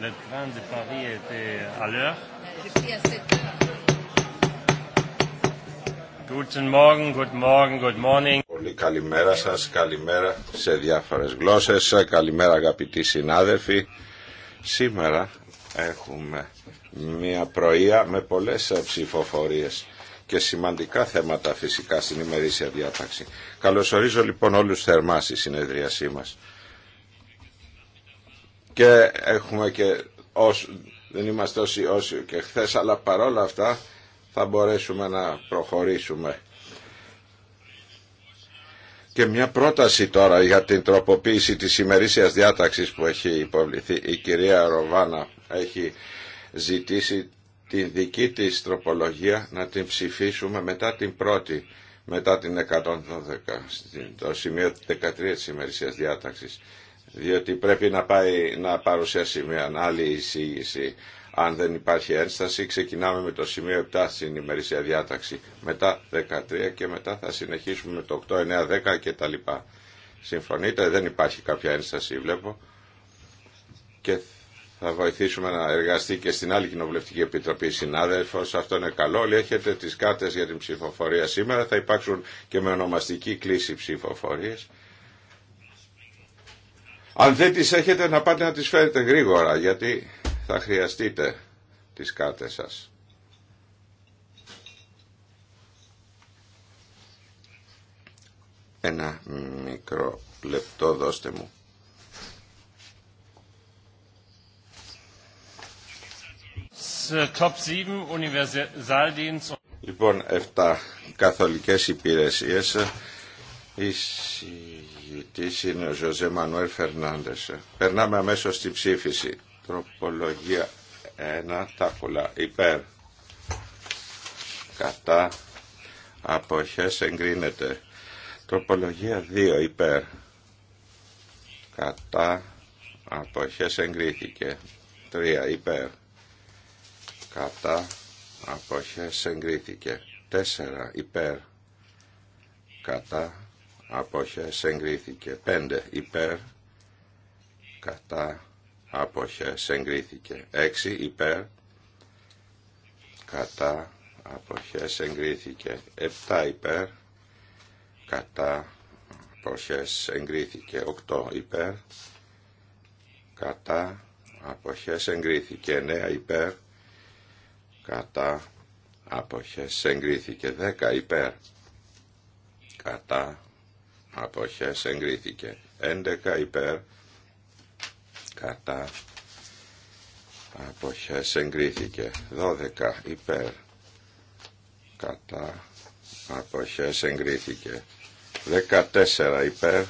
le train de Paris était à l'heure. Guten Morgen, guten Morgen, morning. Πολύ καλημέρα σας, καλημέρα σε διάφορες γλώσσες, καλημέρα αγαπητοί συνάδελφοι. Σήμερα έχουμε μια πρωία με πολλές ψηφοφορίες και σημαντικά θέματα φυσικά στην ημερήσια διάταξη. Καλωσορίζω λοιπόν όλους θερμά στη συνεδρίασή μας και έχουμε και όσο δεν είμαστε όσοι και χθε, αλλά παρόλα αυτά θα μπορέσουμε να προχωρήσουμε. Και μια πρόταση τώρα για την τροποποίηση της ημερήσιας διάταξης που έχει υποβληθεί. Η κυρία Ροβάνα έχει ζητήσει την δική της τροπολογία να την ψηφίσουμε μετά την πρώτη, μετά την 112, το σημείο 13 της ημερησίας διάταξης διότι πρέπει να πάει να παρουσιάσει μια άλλη εισήγηση. Αν δεν υπάρχει ένσταση, ξεκινάμε με το σημείο 7 στην ημερήσια διάταξη. Μετά 13 και μετά θα συνεχίσουμε με το 8, 9, 10 και τα λοιπά. Συμφωνείτε, δεν υπάρχει κάποια ένσταση, βλέπω. Και θα βοηθήσουμε να εργαστεί και στην άλλη κοινοβουλευτική επιτροπή συνάδελφο. Αυτό είναι καλό. Όλοι έχετε τι κάρτε για την ψηφοφορία σήμερα. Θα υπάρξουν και με ονομαστική κλίση ψηφοφορίε. Αν δεν τις έχετε να πάτε να τις φέρετε γρήγορα γιατί θα χρειαστείτε τις κάρτες σας. Ένα μικρό λεπτό δώστε μου. Λοιπόν, 7 καθολικές υπηρεσίες εισηγητής είναι ο Ζωζέ Μανουέλ Φερνάντες. Περνάμε αμέσως στην ψήφιση. Τροπολογία 1, τάκουλα, υπέρ. Κατά απόχέ εγκρίνεται. Τροπολογία 2, υπέρ. Κατά αποχές εγκρίθηκε. 3, υπέρ. Κατά αποχές εγκρίθηκε. 4, υπέρ. Κατά αποχές εγκρίθηκε 5 υπέρ κατά αποχές εγκρίθηκε 6 υπέρ κατά αποχές εγκρίθηκε 7 υπέρ κατά αποχές εγκρίθηκε 8 υπέρ κατά αποχές εγκρίθηκε 9 υπέρ κατά αποχές εγκρίθηκε 10 υπέρ κατά αποχές εγκρίθηκε 11 υπέρ κατά αποχές εγκρίθηκε 12 υπέρ κατά αποχές εγκρίθηκε 14 υπέρ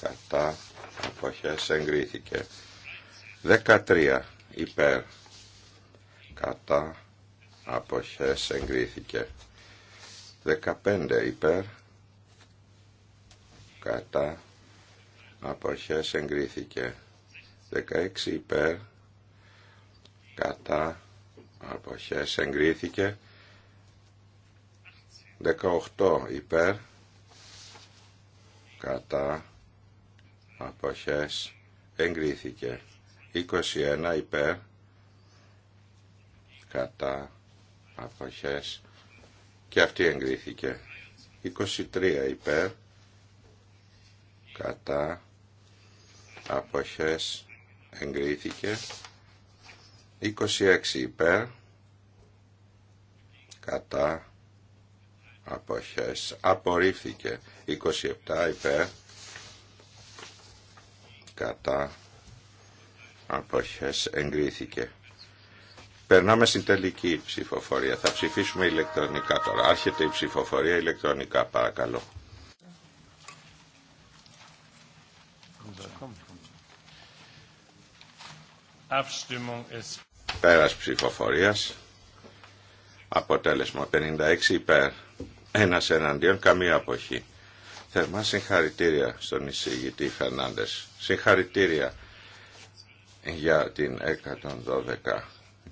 κατά αποχές εγκρίθηκε 13 υπέρ κατά αποχές εγκρίθηκε 15 υπέρ κατά αποχές εγκρίθηκε 16 υπέρ κατά αποχές εγκρίθηκε 18 υπέρ κατά αποχές εγκρίθηκε 21 υπέρ κατά αποχές και αυτή εγκρίθηκε 23 υπέρ κατά αποχές εγκρίθηκε 26 υπέρ κατά αποχές απορρίφθηκε 27 υπέρ κατά αποχές εγκρίθηκε Περνάμε στην τελική ψηφοφορία. Θα ψηφίσουμε ηλεκτρονικά τώρα. Άρχεται η ψηφοφορία ηλεκτρονικά, παρακαλώ. Πέρας ψηφοφορίας. Αποτέλεσμα 56 υπέρ. ένα εναντίον, καμία αποχή. Θερμά συγχαρητήρια στον εισηγητή Φερνάντες. Συγχαρητήρια για την 112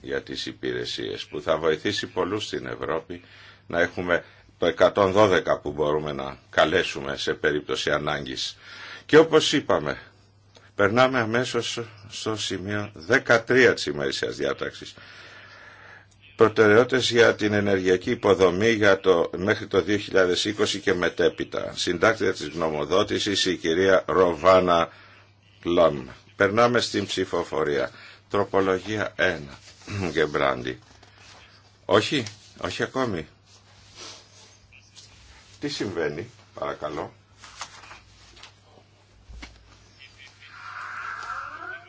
για τις υπηρεσίες που θα βοηθήσει πολλούς στην Ευρώπη να έχουμε το 112 που μπορούμε να καλέσουμε σε περίπτωση ανάγκης. Και όπως είπαμε, Περνάμε αμέσως στο σημείο 13 της ημερησίας διάταξης. Προτεραιότητες για την ενεργειακή υποδομή για το, μέχρι το 2020 και μετέπειτα. Συντάκτρια της γνωμοδότησης η κυρία Ροβάνα Λαμ. Περνάμε στην ψηφοφορία. Τροπολογία 1. Γεμπράντι. Όχι, όχι ακόμη. Τι συμβαίνει, παρακαλώ.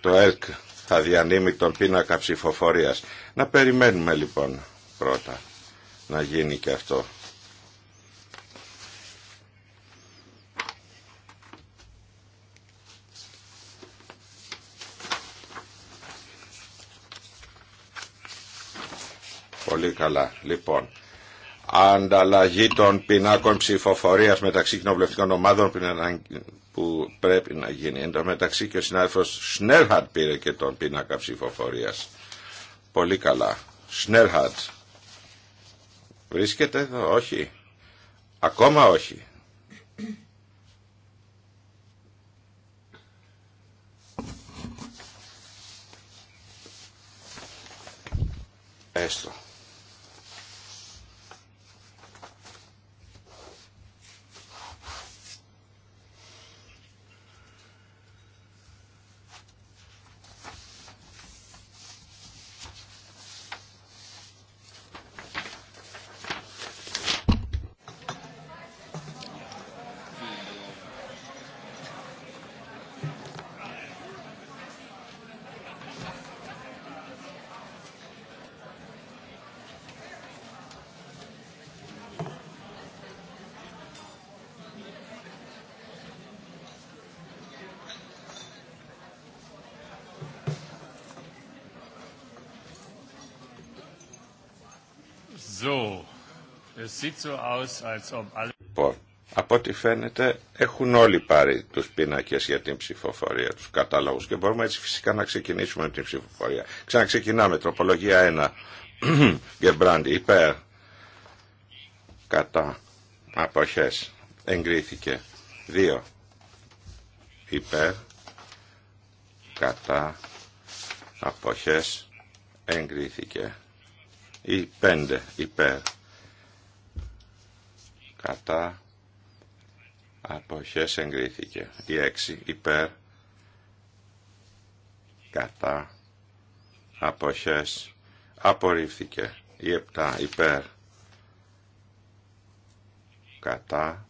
το ΕΛΚ θα διανύμει τον πίνακα ψηφοφορίας. Να περιμένουμε λοιπόν πρώτα να γίνει και αυτό. Πολύ καλά. Λοιπόν, ανταλλαγή των πινάκων ψηφοφορία μεταξύ κοινοβουλευτικών ομάδων που πρέπει να γίνει. Εν τω μεταξύ και ο συνάδελφος Σνέρχαρτ πήρε και τον πίνακα ψηφοφορία. Πολύ καλά. Σνέρχαρτ. Βρίσκεται εδώ, όχι. Ακόμα όχι. Έστω. Λοιπόν, από ό,τι φαίνεται έχουν όλοι πάρει τους πίνακες για την ψηφοφορία, τους κατάλογους και μπορούμε έτσι φυσικά να ξεκινήσουμε την ψηφοφορία. Ξαναξεκινάμε, τροπολογία 1, Γεμπράντι, υπέρ, κατά, αποχές, εγκρίθηκε, 2, υπέρ, κατά, αποχές, εγκρίθηκε ή 5 υπέρ κατά αποχές εγκρίθηκε η 6 υπέρ κατά αποχές απορρίφθηκε η 7 υπέρ κατά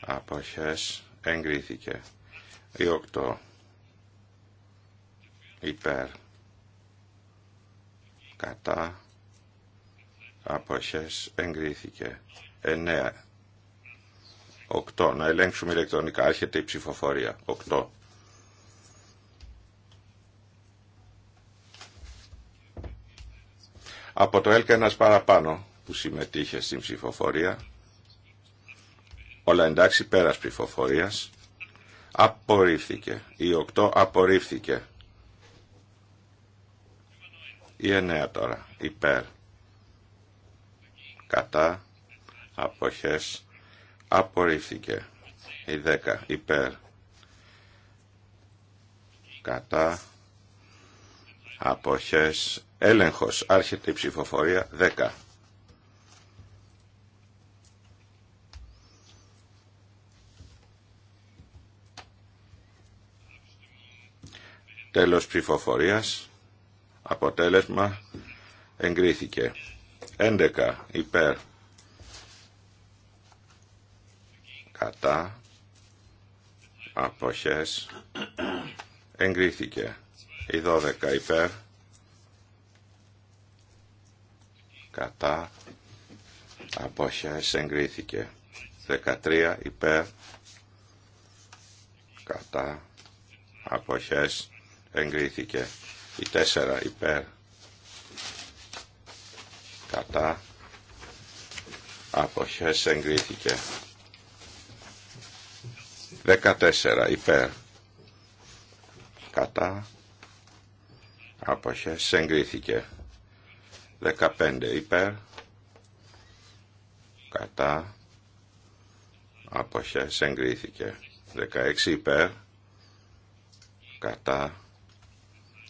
αποχές εγκρίθηκε η 8 υπέρ κατά αποχές εγκρίθηκε 9 8 να ελέγξουμε ηλεκτρονικά άρχεται η ψηφοφορία 8 από το ΕΛΚΑ ένας παραπάνω που συμμετείχε στην ψηφοφορία όλα εντάξει πέρας ψηφοφορίας απορρίφθηκε η 8 απορρίφθηκε η εννέα τώρα. Υπέρ. Κατά. Αποχές. Απορρίφθηκε. Η δέκα, Υπέρ. Κατά. Αποχές. Έλεγχος. Άρχεται η ψηφοφορία. δέκα. Τέλος ψηφοφορίας. Αποτέλεσμα εγκρίθηκε. 11 υπέρ κατά αποχές εγκρίθηκε. 12 υπέρ κατά αποχές εγκρίθηκε. 13 υπέρ κατά αποχές εγκρίθηκε. Η 4 υπέρ. Κατά. Αποχές εγκρίθηκε. 14 υπέρ. Κατά. Αποχές εγκρίθηκε. 15 υπέρ. Κατά. Αποχές εγκρίθηκε. 16 υπέρ. Κατά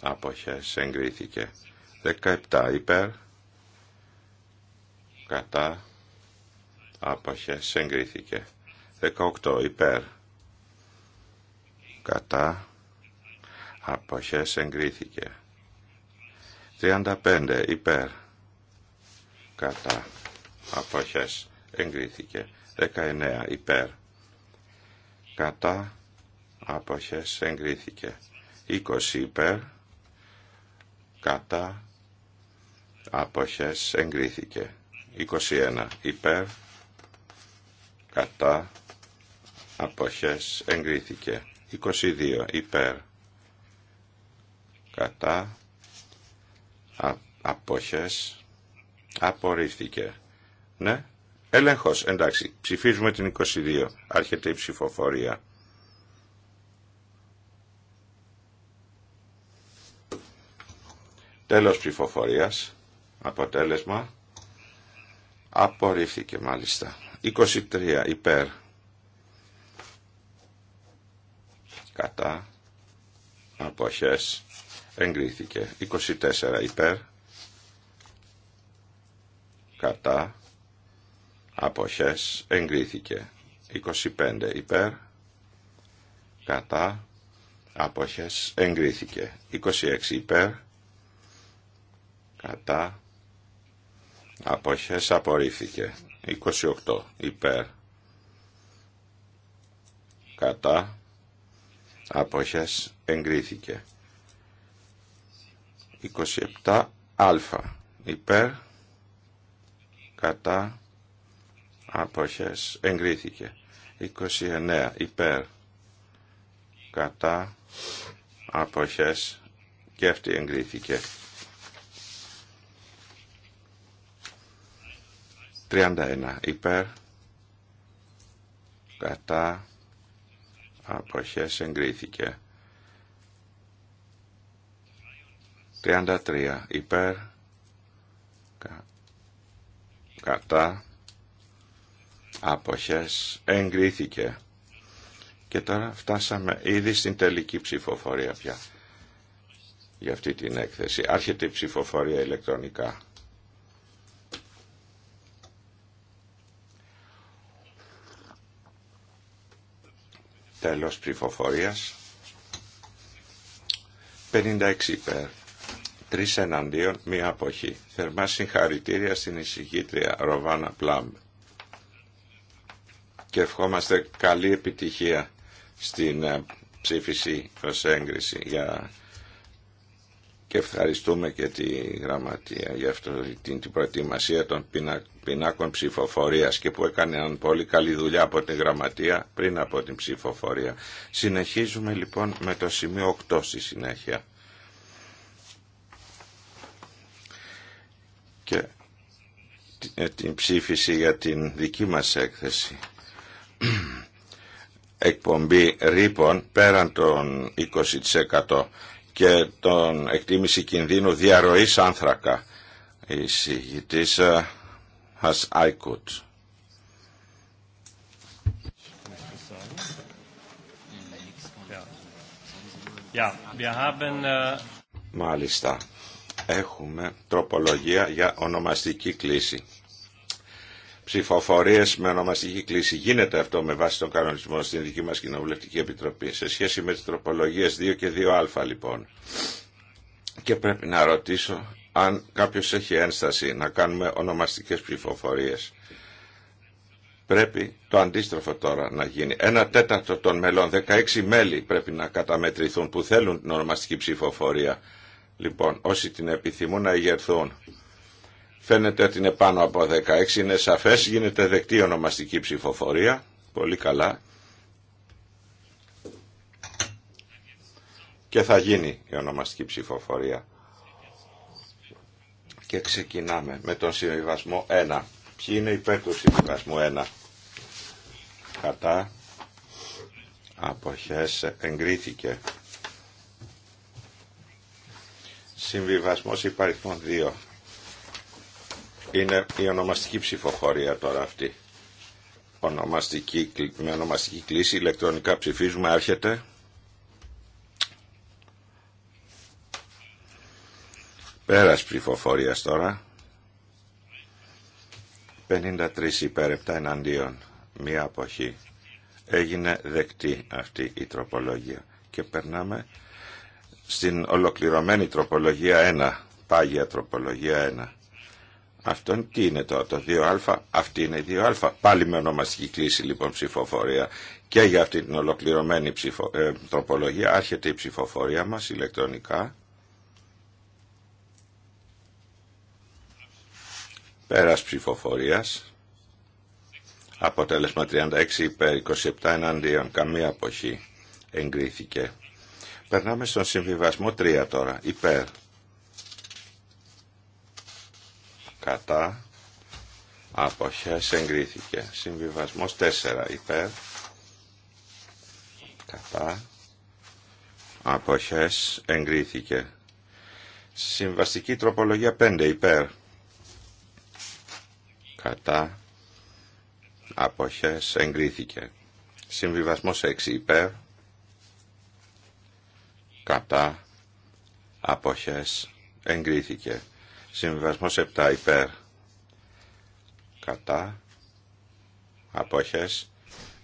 αποχές εγκρίθηκε 17 υπέρ κατά αποχές εγκρίθηκε 18 υπέρ κατά αποχές εγκρίθηκε 35 υπέρ κατά αποχές εγκρίθηκε 19 υπέρ κατά αποχές εγκρίθηκε 20 υπέρ κατά αποχές εγκρίθηκε 21 υπέρ κατά αποχές εγκρίθηκε 22 υπέρ κατά α, αποχές απορρίφθηκε ναι έλεγχος εντάξει ψηφίζουμε την 22 άρχεται η ψηφοφορία Τέλος ψηφοφορίας. Αποτέλεσμα. Απορρίφθηκε μάλιστα. 23 υπέρ. Κατά. Αποχές. Εγκρίθηκε. 24 υπέρ. Κατά. Αποχές. Εγκρίθηκε. 25 υπέρ. Κατά. Αποχές. Εγκρίθηκε. 26 υπέρ κατά αποχές απορρίφθηκε 28 υπέρ κατά αποχές εγκρίθηκε 27 αλφα υπέρ κατά αποχές εγκρίθηκε 29 υπέρ κατά αποχές και αυτή εγκρίθηκε 31 υπέρ κατά αποχές εγκρίθηκε 33 υπέρ κατά αποχές εγκρίθηκε και τώρα φτάσαμε ήδη στην τελική ψηφοφορία πια για αυτή την έκθεση άρχεται η ψηφοφορία ηλεκτρονικά Τέλος ψηφοφορίας. 56 υπέρ. 3 εναντίον, μία αποχή. Θερμά συγχαρητήρια στην εισηγήτρια Ροβάνα Πλάμπ. Και ευχόμαστε καλή επιτυχία στην ε, ψήφιση προς έγκριση για και ευχαριστούμε και τη Γραμματεία για αυτό, την, την προετοιμασία των πινάκων ψηφοφορίας και που έκανε πολύ καλή δουλειά από τη Γραμματεία πριν από την ψηφοφορία. Συνεχίζουμε λοιπόν με το σημείο 8 στη συνέχεια. Και ε, την ψήφιση για την δική μας έκθεση εκπομπή ρήπων πέραν των 20% και τον εκτίμηση κινδύνου διαρροής άνθρακα. Η συγητής ε, Has äh, Μάλιστα. Έχουμε τροπολογία για ονομαστική κλίση ψηφοφορίες με ονομαστική κλίση. Γίνεται αυτό με βάση τον κανονισμό στην δική μα Κοινοβουλευτική Επιτροπή σε σχέση με τις τροπολογίες 2 και 2α λοιπόν. Και πρέπει να ρωτήσω αν κάποιος έχει ένσταση να κάνουμε ονομαστικές ψηφοφορίες. Πρέπει το αντίστροφο τώρα να γίνει. Ένα τέταρτο των μελών, 16 μέλη πρέπει να καταμετρηθούν που θέλουν την ονομαστική ψηφοφορία. Λοιπόν, όσοι την επιθυμούν να ηγερθούν. Φαίνεται ότι είναι πάνω από 16, είναι σαφές, γίνεται δεκτή ονομαστική ψηφοφορία. Πολύ καλά. Και θα γίνει η ονομαστική ψηφοφορία. Και ξεκινάμε με τον συμβιβασμό 1. Ποιοι είναι υπέρ του συμβιβασμού 1. Κατά. Αποχές εγκρίθηκε. Συμβιβασμός υπαριθμών 2. Είναι η ονομαστική ψηφοφορία τώρα αυτή. Ονομαστική, με ονομαστική κλίση ηλεκτρονικά ψηφίζουμε. Άρχεται. Πέρας ψηφοφορίας τώρα. 53 υπέρ 7 εναντίον. Μία αποχή. Έγινε δεκτή αυτή η τροπολογία. Και περνάμε στην ολοκληρωμένη τροπολογία 1. Πάγια τροπολογία 1. Αυτόν τι είναι τώρα το 2α, αυτή είναι η 2α. Πάλι με ονομαστική κλίση λοιπόν ψηφοφορία και για αυτή την ολοκληρωμένη ψηφο, ε, τροπολογία άρχεται η ψηφοφορία μας ηλεκτρονικά. Πέρας ψηφοφορίας. Αποτέλεσμα 36 υπέρ 27 εναντίον. Καμία αποχή εγκρίθηκε. Περνάμε στον συμβιβασμό 3 τώρα. Υπέρ κατά αποχές εγκρίθηκε συμβιβασμός 4 υπέρ κατά αποχές εγκρίθηκε συμβαστική τροπολογία 5 υπέρ κατά αποχές εγκρίθηκε συμβιβασμός 6 υπέρ κατά αποχές εγκρίθηκε Συμβασμό 7 υπέρ κατά αποχές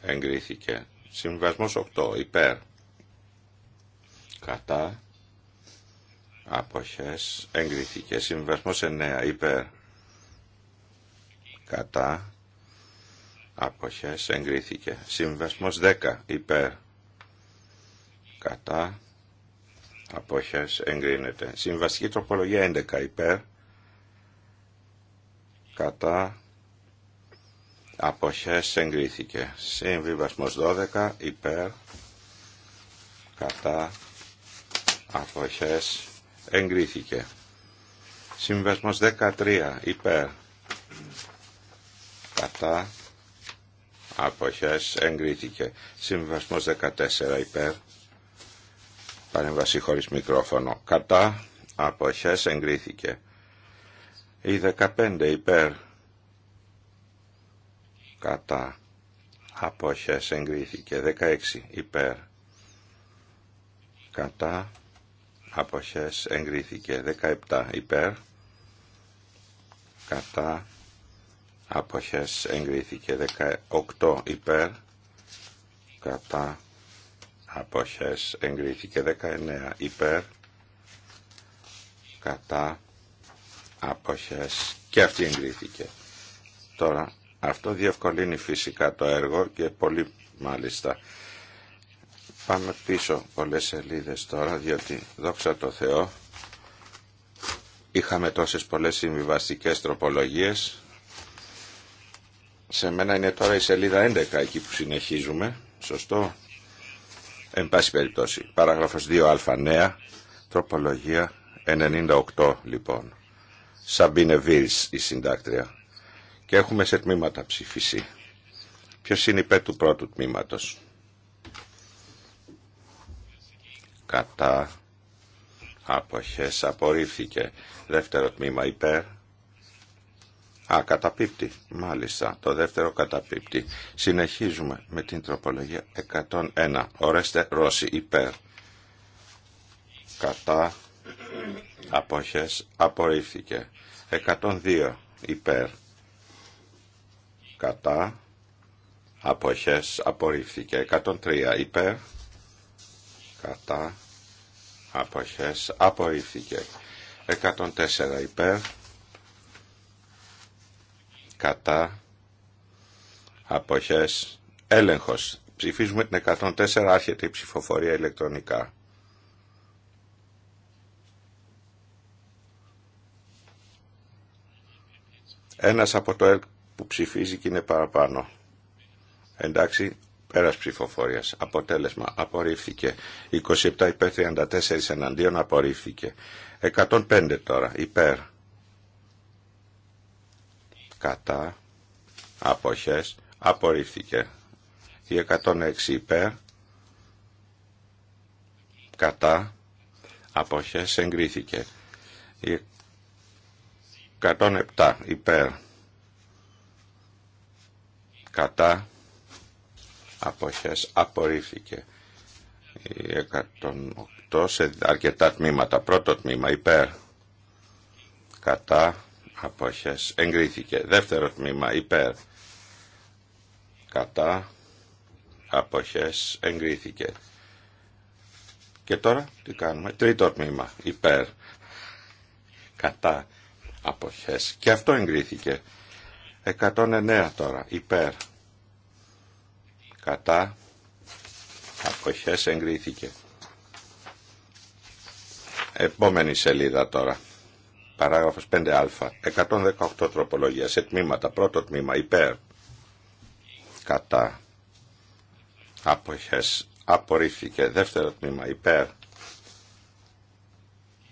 εγκρίθηκε. Συμβασμό 8 υπέρ κατά αποχές εγκρίθηκε. Συμβασμό 9 υπέρ κατά αποχές εγκρίθηκε. Συμβασμό 10 υπέρ κατά αποχές εγκρίνεται. Συμβαστική τροπολογία 11 υπέρ κατά αποχές εγκρίθηκε. Συμβιβασμός 12 υπέρ κατά αποχές εγκρίθηκε. Συμβιβασμός 13 υπέρ κατά αποχές εγκρίθηκε. Συμβιβασμός 14 υπέρ παρέμβαση χωρίς μικρόφωνο κατά αποχές εγκρίθηκε. Η 15 υπέρ κατά απόχες εγκρίθηκε. 16 υπέρ κατά απόχες εγκρίθηκε. 17 υπέρ κατά απόχες εγκρίθηκε. 18 υπέρ κατά απόχες εγκρίθηκε. 19 υπέρ κατά αποχές και αυτή εγκρίθηκε. Τώρα αυτό διευκολύνει φυσικά το έργο και πολύ μάλιστα. Πάμε πίσω πολλές σελίδες τώρα διότι δόξα τω Θεώ είχαμε τόσες πολλές συμβιβαστικές τροπολογίες. Σε μένα είναι τώρα η σελίδα 11 εκεί που συνεχίζουμε. Σωστό. Εν πάση περιπτώσει. Παράγραφος 2α νέα. Τροπολογία 98 λοιπόν. Σαμπίνε Βίλς η συντάκτρια. Και έχουμε σε τμήματα ψήφιση. Ποιος είναι υπέρ του πρώτου τμήματος. Κατά αποχές απορρίφθηκε. Δεύτερο τμήμα υπέρ. Α, καταπίπτει. Μάλιστα, το δεύτερο καταπίπτει. Συνεχίζουμε με την τροπολογία 101. Ορέστε Ρώση υπέρ. Κατά απόχες απορρίφθηκε 102 υπέρ κατά απόχες απορρίφθηκε 103 υπέρ κατά απόχες απορρίφθηκε 104 υπέρ κατά απόχες έλεγχος ψηφίζουμε την 104 άρχεται η ψηφοφορία ηλεκτρονικά Ένας από το ΕΛΚ που ψηφίζει και είναι παραπάνω. Εντάξει, πέρας ψηφοφορίας. Αποτέλεσμα, απορρίφθηκε. 27 υπέρ 34 εναντίον απορρίφθηκε. 105 τώρα, υπέρ. Κατά. Αποχές. Απορρίφθηκε. Η 106 υπέρ. Κατά. Αποχές εγκρίθηκε. 107 υπέρ κατά αποχές απορρίφθηκε η 108 σε αρκετά τμήματα πρώτο τμήμα υπέρ κατά αποχές εγκρίθηκε δεύτερο τμήμα υπέρ κατά αποχές εγκρίθηκε και τώρα τι κάνουμε τρίτο τμήμα υπέρ κατά αποχές και αυτό εγκρίθηκε 109 τώρα υπέρ κατά αποχές εγκρίθηκε επόμενη σελίδα τώρα παράγραφος 5α 118 τροπολογία σε τμήματα πρώτο τμήμα υπέρ κατά αποχές απορρίφθηκε δεύτερο τμήμα υπέρ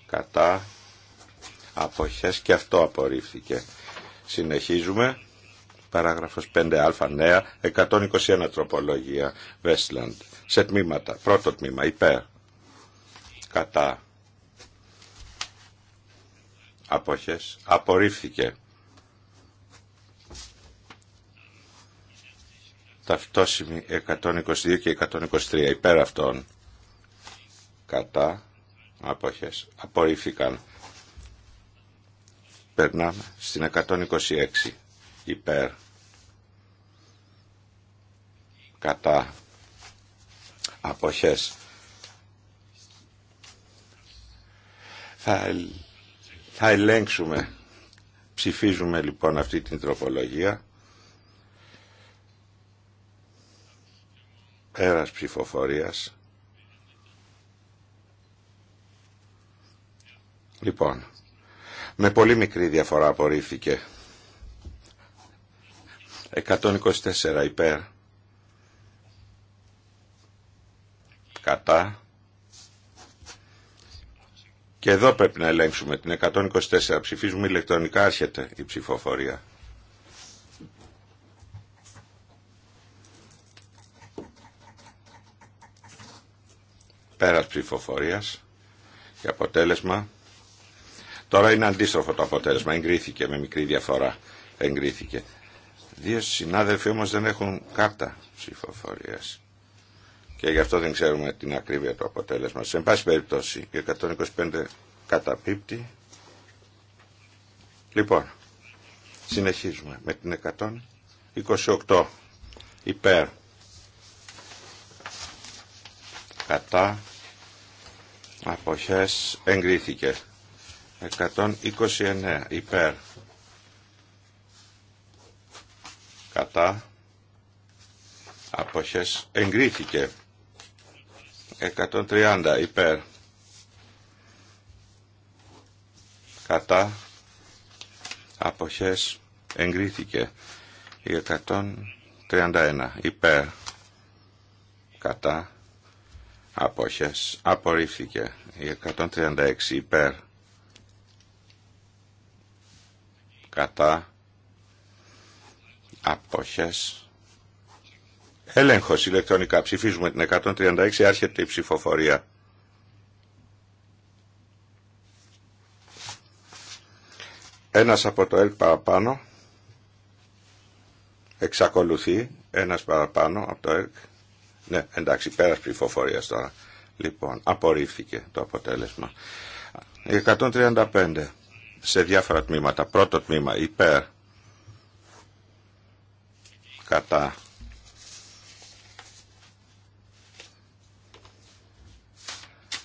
κατά αποχές και αυτό απορρίφθηκε. Συνεχίζουμε. Παράγραφος 5α νέα, 121 τροπολογία, Westland. Σε τμήματα. Πρώτο τμήμα, υπέρ. Κατά. Αποχές. Απορρίφθηκε. Ταυτόσημη 122 και 123 υπέρ αυτών. Κατά. Αποχές. Απορρίφθηκαν. Περνάμε στην 126 υπέρ κατά αποχές. Θα, θα ελέγξουμε. Ψηφίζουμε λοιπόν αυτή την τροπολογία. Πέρας ψηφοφορίας. Λοιπόν, με πολύ μικρή διαφορά απορρίφθηκε. 124 υπέρ. Κατά. Και εδώ πρέπει να ελέγξουμε την 124. Ψηφίζουμε ηλεκτρονικά, άρχεται η ψηφοφορία. Πέρας ψηφοφορίας και αποτέλεσμα Τώρα είναι αντίστροφο το αποτέλεσμα. Εγκρίθηκε με μικρή διαφορά. Εγκρίθηκε. Δύο συνάδελφοι όμω δεν έχουν κάρτα ψηφοφορία. Και γι' αυτό δεν ξέρουμε την ακρίβεια του αποτέλεσμα. Σε πάση περιπτώσει, 125 καταπίπτει. Λοιπόν, συνεχίζουμε με την 128 υπέρ κατά αποχές εγκρίθηκε 129 υπέρ κατά αποχές εγκρίθηκε 130 υπέρ κατά αποχές εγκρίθηκε 131 υπέρ κατά αποχές απορρίφθηκε 136 υπέρ κατά αποχές έλεγχος ηλεκτρονικά ψηφίζουμε την 136 άρχεται η ψηφοφορία ένας από το ΕΛΚ παραπάνω εξακολουθεί ένας παραπάνω από το ΕΛΚ ναι εντάξει πέρας ψηφοφορίας τώρα λοιπόν απορρίφθηκε το αποτέλεσμα 135 σε διάφορα τμήματα. Πρώτο τμήμα υπέρ κατά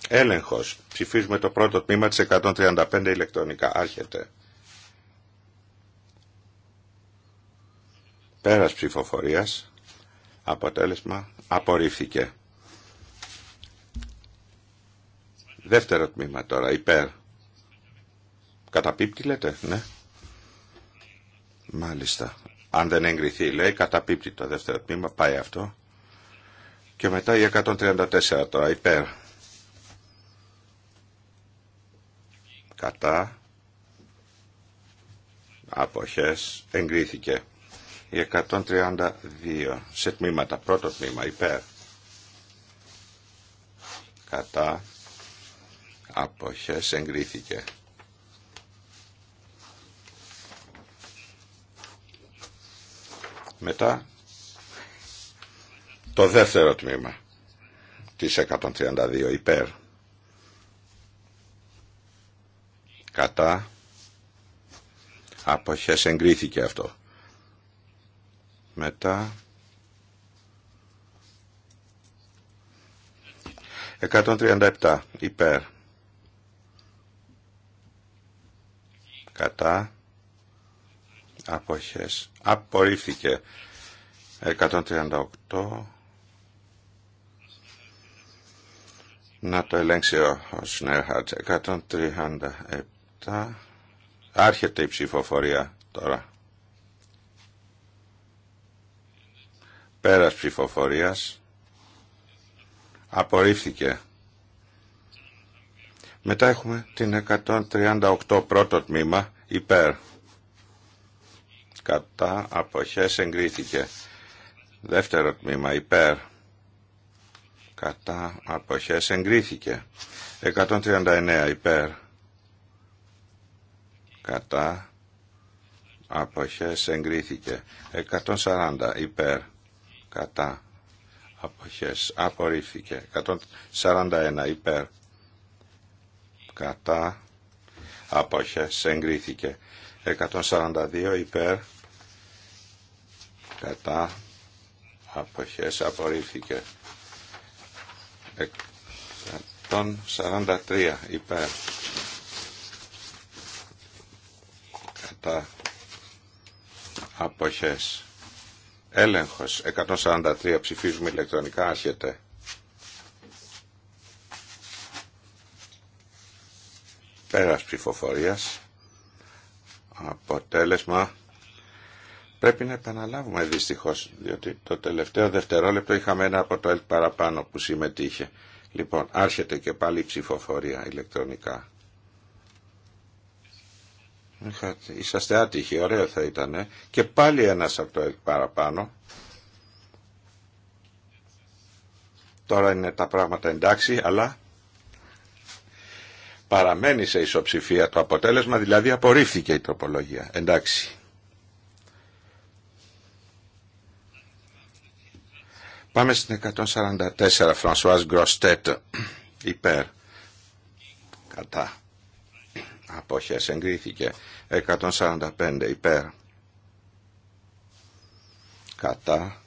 έλεγχος. Ψηφίζουμε το πρώτο τμήμα της 135 ηλεκτρονικά. Άρχεται. Πέρας ψηφοφορίας. Αποτέλεσμα απορρίφθηκε. Δεύτερο τμήμα τώρα, υπέρ. Καταπίπτει λέτε, ναι. Μάλιστα. Αν δεν εγκριθεί, λέει, καταπίπτει το δεύτερο τμήμα, πάει αυτό. Και μετά η 134 τώρα, υπέρ. Κατά. Αποχές. Εγκρίθηκε. Η 132 σε τμήματα. Πρώτο τμήμα, υπέρ. Κατά. Αποχές. Εγκρίθηκε. Μετά το δεύτερο τμήμα της 132 υπέρ κατά αποχές εγκρίθηκε αυτό. Μετά 137 υπέρ κατά αποχές απορρίφθηκε 138 να το ελέγξει ο, ο 137 άρχεται η ψηφοφορία τώρα πέρας ψηφοφορίας απορρίφθηκε μετά έχουμε την 138 πρώτο τμήμα υπέρ κατά αποχές εγκρίθηκε. Δεύτερο τμήμα υπέρ κατά αποχές εγκρίθηκε. 139 υπέρ κατά αποχές εγκρίθηκε. 140 υπέρ κατά αποχές απορρίφθηκε. 141 υπέρ κατά αποχές εγκρίθηκε. 142 υπέρ κατά αποχές απορρίφθηκε 143 υπέρ κατά αποχές έλεγχος 143 ψηφίζουμε ηλεκτρονικά άρχεται πέρας ψηφοφορίας αποτέλεσμα Πρέπει να επαναλάβουμε δυστυχώς, διότι το τελευταίο δευτερόλεπτο είχαμε ένα από το ΕΛΚ παραπάνω που συμμετείχε. Λοιπόν, άρχεται και πάλι η ψηφοφορία ηλεκτρονικά. Είσαστε άτυχοι, ωραίο θα ήταν. Και πάλι ένας από το ΕΛΚ παραπάνω. Τώρα είναι τα πράγματα εντάξει, αλλά παραμένει σε ισοψηφία το αποτέλεσμα, δηλαδή απορρίφθηκε η τροπολογία. Εντάξει. Πάμε στην 144, Φρανσουάς Γκροστέτ, υπέρ, κατά, απόχες, εγκρίθηκε, 145, υπέρ, κατά,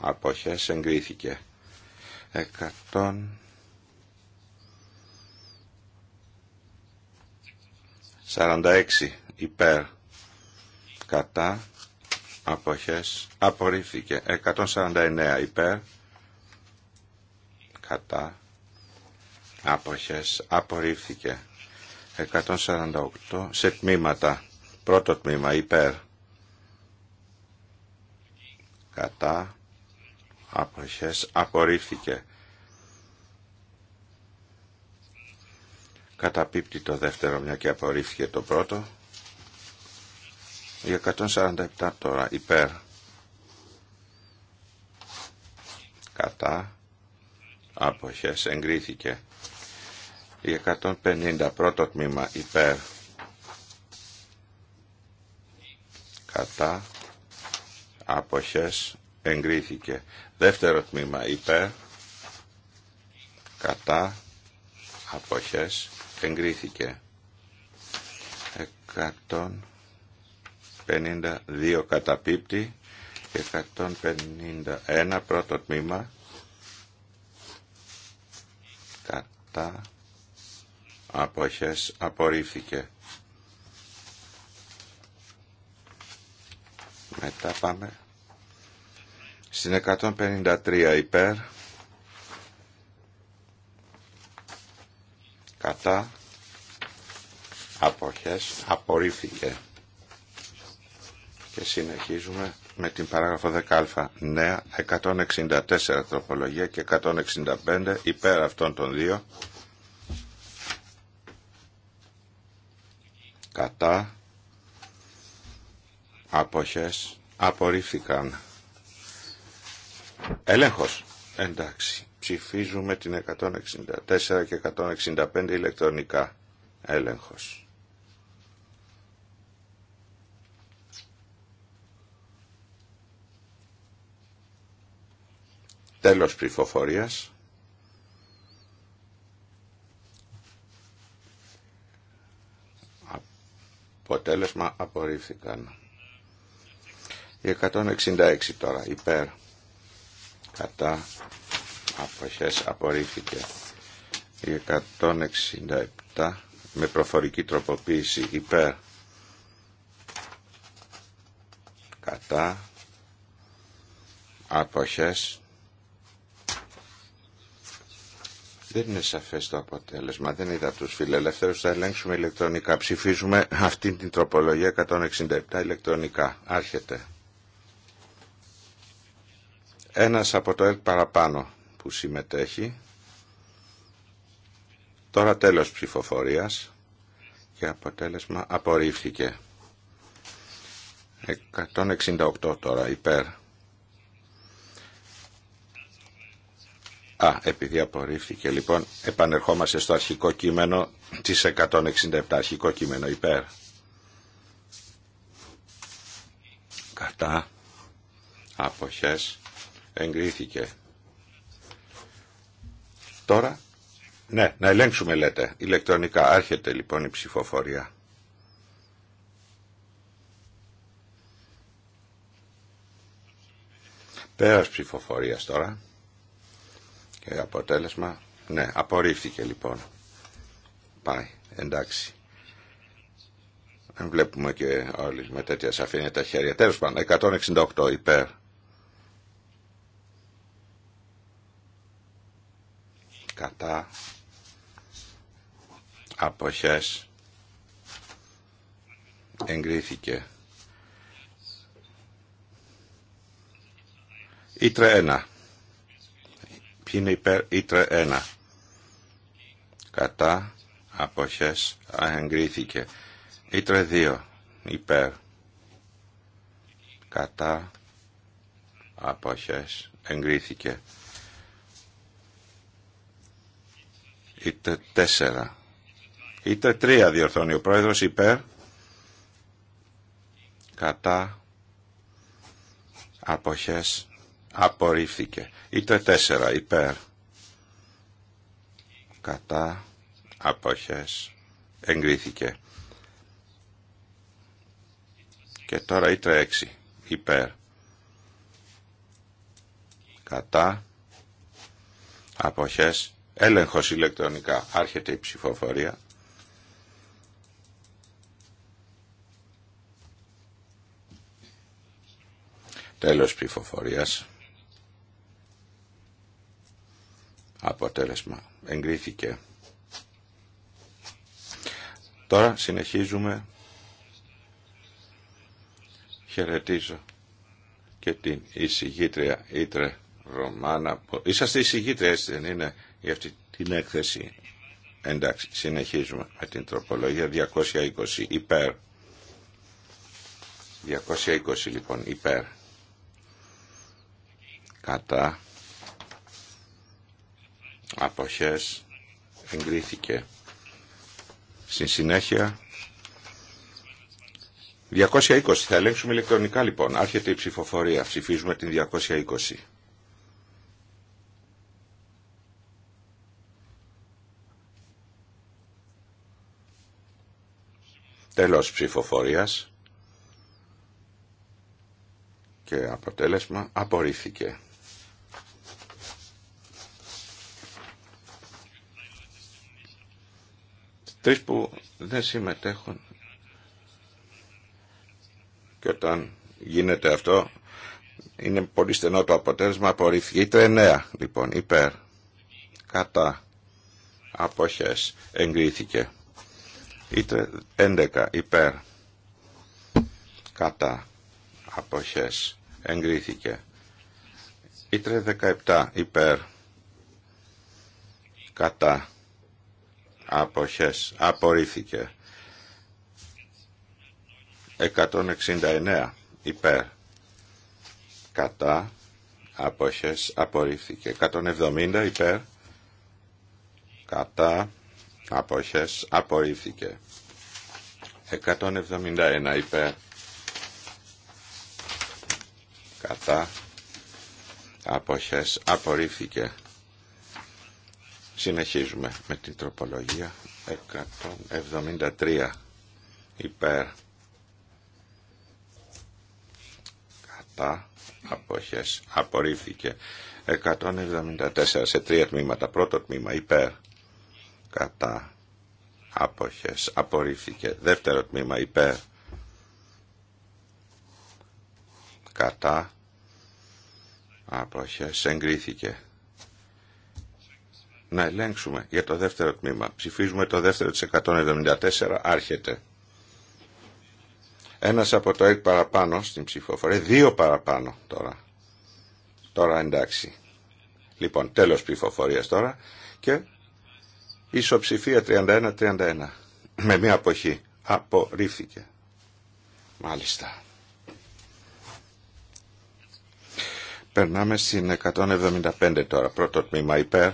απόχες, εγκρίθηκε, 100... 46 υπέρ κατά αποχές απορρίφθηκε 149 υπέρ κατά αποχές απορρίφθηκε 148 σε τμήματα πρώτο τμήμα υπέρ κατά αποχές απορρίφθηκε καταπίπτει το δεύτερο μια και απορρίφθηκε το πρώτο η 147 τώρα υπέρ. Κατά. Άποχες. Εγκρίθηκε. Η 150 πρώτο τμήμα υπέρ. Κατά. Άποχες. Εγκρίθηκε. Δεύτερο τμήμα υπέρ. Κατά. Άποχες. Εγκρίθηκε. 100. 52 καταπίπτει 151 πρώτο τμήμα κατά αποχές απορρίφθηκε. Μετά πάμε στην 153 υπέρ κατά αποχές απορρίφθηκε συνεχίζουμε με την παράγραφο 10α. Νέα 164 τροπολογία και 165 υπέρ αυτών των δύο. Κατά αποχές απορρίφθηκαν. Έλεγχος. Εντάξει. Ψηφίζουμε την 164 και 165 ηλεκτρονικά. Έλεγχος. Τέλος ψηφοφορίας. Αποτέλεσμα απορρίφθηκαν. Η 166 τώρα, υπέρ, κατά, αποχές, απορρίφθηκε. Η 167 με προφορική τροποποίηση, υπέρ, κατά, αποχές, Δεν είναι σαφέ το αποτέλεσμα. Δεν είδα του φιλελεύθερου. Θα ελέγξουμε ηλεκτρονικά. Ψηφίζουμε αυτή την τροπολογία 167 ηλεκτρονικά. Άρχεται. Ένας από το ΕΛΤ παραπάνω που συμμετέχει. Τώρα τέλος ψηφοφορίας και αποτέλεσμα απορρίφθηκε. 168 τώρα υπέρ Α, επειδή απορρίφθηκε λοιπόν, επανερχόμαστε στο αρχικό κείμενο της 167, αρχικό κείμενο υπέρ. Κατά αποχές εγκρίθηκε. Τώρα, ναι, να ελέγξουμε λέτε, ηλεκτρονικά. Άρχεται λοιπόν η ψηφοφορία. Πέρας ψηφοφορίας τώρα. Και αποτέλεσμα, ναι, απορρίφθηκε λοιπόν. Πάει, εντάξει. Δεν βλέπουμε και όλοι με τέτοια σαφήνεια τα χέρια. Τέλος πάντων, 168 υπέρ. Κατά αποχές εγκρίθηκε. Ήτρε 1 είναι υπέρ ήτρε 1. Κατά αποχές εγκρίθηκε. Ήτρε 2. Υπέρ. Κατά αποχές εγκρίθηκε. Ήτρε 4. Ήτρε 3 διορθώνει ο πρόεδρος υπέρ. Κατά αποχές απορρίφθηκε. Ήτρε 4 υπέρ κατά αποχές εγκρίθηκε. Και τώρα ήτρε 6 υπέρ κατά αποχές έλεγχος ηλεκτρονικά άρχεται η ψηφοφορία τέλος ψηφοφορίας Αποτέλεσμα. Εγκρίθηκε. Τώρα συνεχίζουμε. Χαιρετίζω και την εισηγήτρια Ήτρε Ρωμάνα. Είσαστε εισηγήτρια, έτσι δεν είναι, για αυτή την έκθεση. Εντάξει, συνεχίζουμε με την τροπολογία 220 υπέρ. 220 λοιπόν υπέρ. Κατά αποχές εγκρίθηκε. Στη συνέχεια 220 θα ελέγξουμε ηλεκτρονικά λοιπόν. Άρχεται η ψηφοφορία. Ψηφίζουμε την 220. Τέλος ψηφοφορίας και αποτέλεσμα απορρίφθηκε. Τρεις που δεν συμμετέχουν. Και όταν γίνεται αυτό, είναι πολύ στενό το αποτέλεσμα, απορριφθείται 9, λοιπόν, υπέρ. Κατά αποχές εγκρίθηκε. Είτε 11 υπέρ κατά αποχές εγκρίθηκε. Ήτρε 17 υπέρ κατά αποχές απορρίφθηκε 169 υπέρ κατά αποχές απορρίφθηκε 170 υπέρ κατά αποχές απορρίφθηκε 171 υπέρ κατά αποχές απορρίφθηκε Συνεχίζουμε με την τροπολογία 173 υπέρ κατά αποχές απορρίφθηκε 174 σε τρία τμήματα πρώτο τμήμα υπέρ κατά αποχές απορρίφθηκε δεύτερο τμήμα υπέρ κατά αποχές εγκρίθηκε να ελέγξουμε για το δεύτερο τμήμα. Ψηφίζουμε το δεύτερο της 174, άρχεται. Ένας από το ΕΚ παραπάνω στην ψηφοφορία, δύο παραπάνω τώρα. Τώρα εντάξει. Λοιπόν, τέλος ψηφοφορίας τώρα και ισοψηφία 31-31. Με μία αποχή. Απορρίφθηκε. Μάλιστα. Περνάμε στην 175 τώρα. Πρώτο τμήμα υπέρ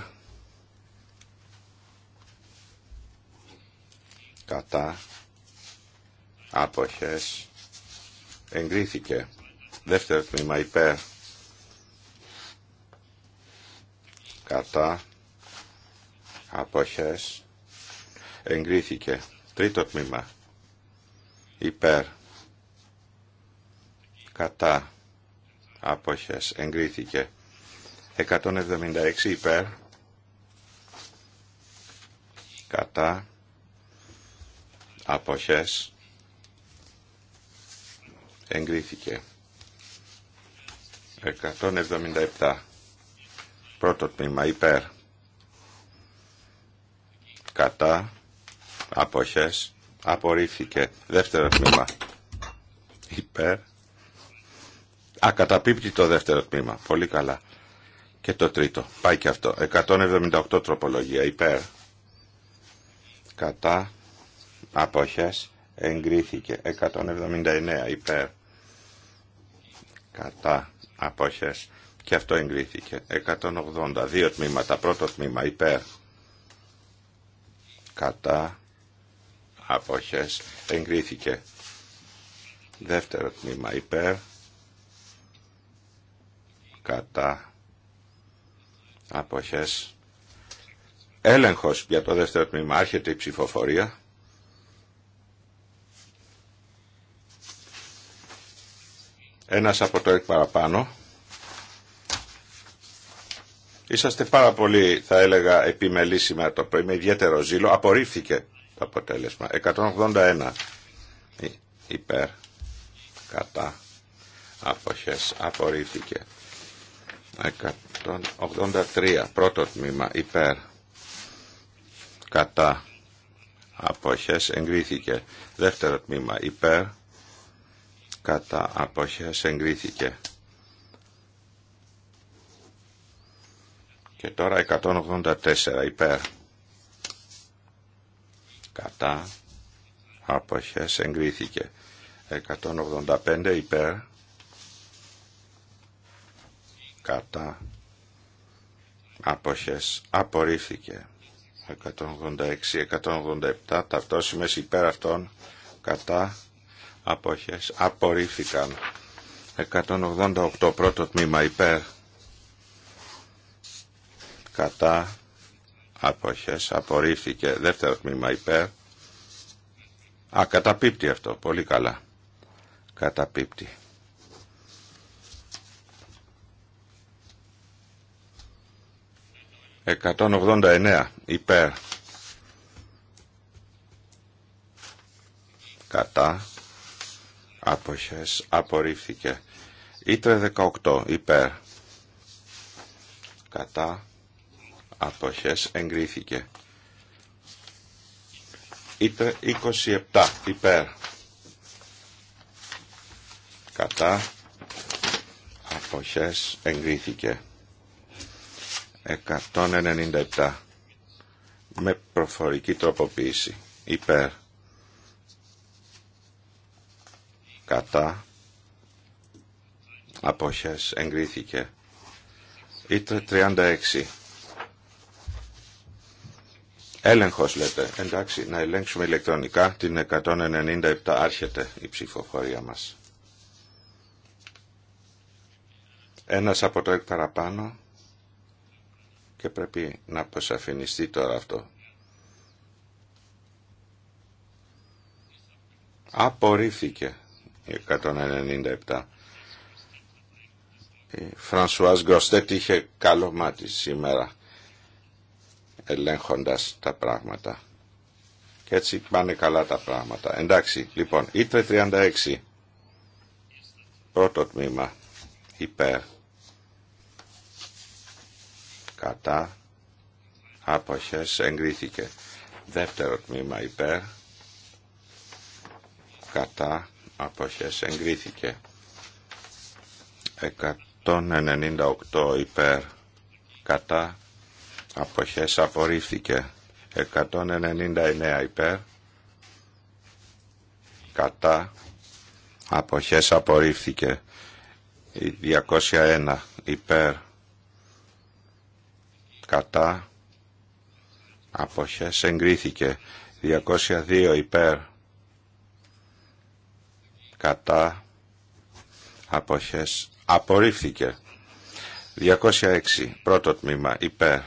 κατά άποχες εγκρίθηκε δεύτερο τμήμα υπέρ κατά άποχες εγκρίθηκε τρίτο τμήμα υπέρ κατά άποχες εγκρίθηκε 176 υπέρ κατά αποχές εγκρίθηκε 177 πρώτο τμήμα υπέρ κατά αποχές απορρίφθηκε δεύτερο τμήμα υπέρ ακαταπίπτει το δεύτερο τμήμα πολύ καλά και το τρίτο πάει και αυτό 178 τροπολογία υπέρ κατά αποχές εγκρίθηκε 179 υπέρ κατά αποχές και αυτό εγκρίθηκε 180 δύο τμήματα πρώτο τμήμα υπέρ κατά αποχές εγκρίθηκε δεύτερο τμήμα υπέρ κατά αποχές έλεγχος για το δεύτερο τμήμα άρχεται η ψηφοφορία ένας από το εκ παραπάνω. Είσαστε πάρα πολύ, θα έλεγα, επιμελή σήμερα το πρωί, με ιδιαίτερο ζήλο. Απορρίφθηκε το αποτέλεσμα. 181 υπέρ, κατά, αποχές, απορρίφθηκε. 183 πρώτο τμήμα υπέρ, κατά, αποχές, εγκρίθηκε. Δεύτερο τμήμα υπέρ, κατά αποχές εγκρίθηκε. Και τώρα 184 υπέρ κατά αποχές εγκρίθηκε. 185 υπέρ κατά αποχές απορρίφθηκε. 186-187 ταυτόσημες υπέρ αυτών κατά αποχές απορρίφθηκαν 188 πρώτο τμήμα υπέρ κατά αποχές απορρίφθηκε δεύτερο τμήμα υπέρ α καταπίπτει αυτό πολύ καλά καταπίπτει Εκατόν υπέρ κατά αποχές απορρίφθηκε. Ήτρε 18 υπέρ κατά αποχές εγκρίθηκε. Ήτρε 27 υπέρ κατά αποχές εγκρίθηκε. 197 με προφορική τροποποίηση υπέρ κατά απόχες εγκρίθηκε ήτρε 36 έλεγχος λέτε εντάξει να ελέγξουμε ηλεκτρονικά την 197 άρχεται η ψηφοφορία μας ένας από το εκ παραπάνω και πρέπει να αποσαφινιστεί τώρα αυτό απορρίφθηκε 197. Η Φρανσουάς Γκροστέτ είχε καλό μάτι σήμερα ελέγχοντας τα πράγματα. Και έτσι πάνε καλά τα πράγματα. Εντάξει, λοιπόν, ήτρε 36. Πρώτο τμήμα. Υπέρ. Κατά. Άποχες. Εγκρίθηκε. Δεύτερο τμήμα. Υπέρ. Κατά αποχές εγκρίθηκε 198 υπέρ κατά αποχές απορρίφθηκε 199 υπέρ κατά αποχές απορρίφθηκε 201 υπέρ κατά αποχές εγκρίθηκε 202 υπέρ κατά αποχές απορρίφθηκε 206 πρώτο τμήμα υπέρ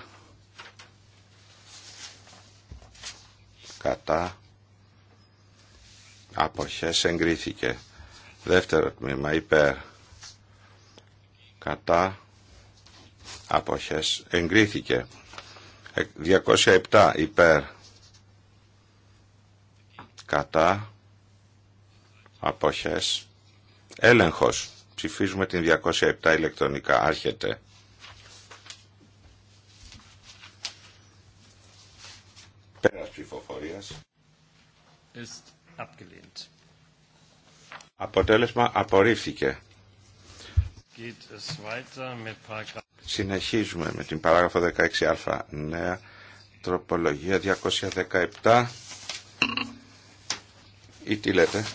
κατά αποχές εγκρίθηκε δεύτερο τμήμα υπέρ κατά αποχές εγκρίθηκε 207 ε, υπέρ κατά αποχές, έλεγχος, ψηφίζουμε την 207 ηλεκτρονικά, άρχεται. Πέρας ψηφοφορίας. Ist Αποτέλεσμα απορρίφθηκε. Geht es mit Συνεχίζουμε με την παράγραφο 16α νέα τροπολογία 217 ή τι λέτε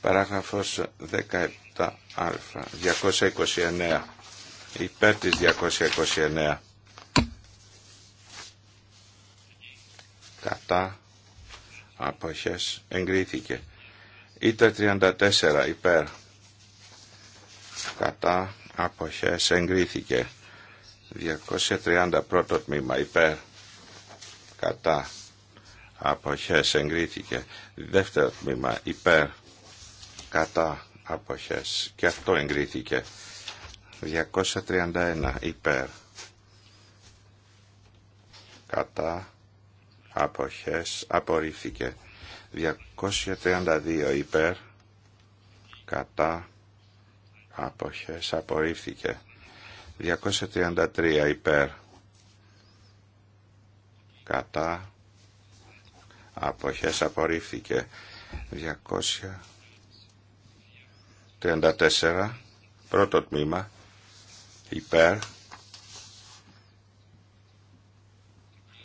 Παράγραφος 17α, 229, υπέρ της 229. Κατά αποχές εγκρίθηκε. ήτε 34 υπέρ. Κατά αποχές εγκρίθηκε. 230 πρώτο τμήμα υπέρ. Κατά αποχές εγκρίθηκε. Δεύτερο τμήμα υπέρ κατά αποχές και αυτό εγκρίθηκε 231 υπέρ κατά αποχές απορρίφθηκε 232 υπέρ κατά αποχές απορρίφθηκε 233 υπέρ κατά αποχές απορρίφθηκε 200 34 πρώτο τμήμα υπέρ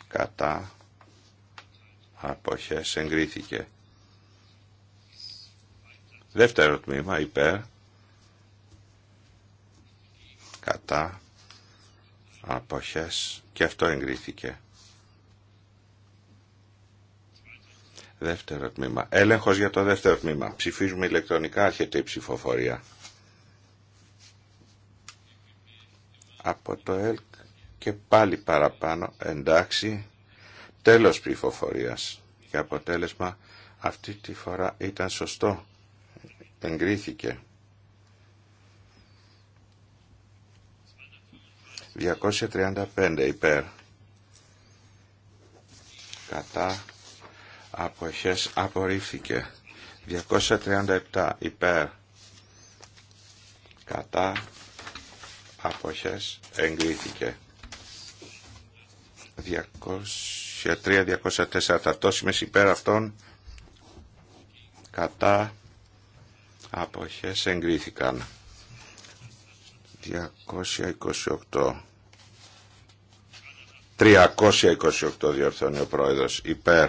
κατά αποχές εγκρίθηκε δεύτερο τμήμα υπέρ κατά αποχές και αυτό εγκρίθηκε Δεύτερο τμήμα. Έλεγχος για το δεύτερο τμήμα. Ψηφίζουμε ηλεκτρονικά, έρχεται η ψηφοφορία. Από το ΕΛΚ και πάλι παραπάνω, εντάξει, τέλος ψηφοφορίας. Και αποτέλεσμα αυτή τη φορά ήταν σωστό. Εγκρίθηκε. 235 υπέρ. Κατά αποχές απορρίφθηκε 237 υπέρ κατά αποχές εγκρίθηκε 203-204 ταυτόσιμες υπέρ αυτών κατά αποχές εγκρίθηκαν 228 328 διορθώνει ο πρόεδρος υπέρ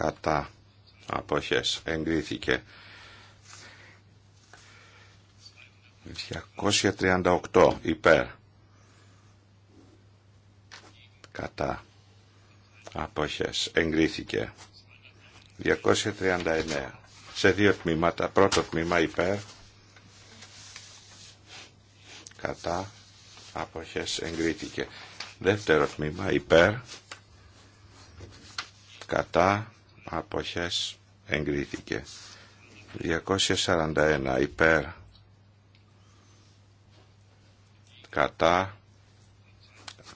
κατά αποχές εγκρίθηκε 238 υπέρ κατά αποχές εγκρίθηκε 239 σε δύο τμήματα πρώτο τμήμα υπέρ κατά αποχές εγκρίθηκε δεύτερο τμήμα υπέρ κατά αποχές εγκρίθηκε 241 υπέρ κατά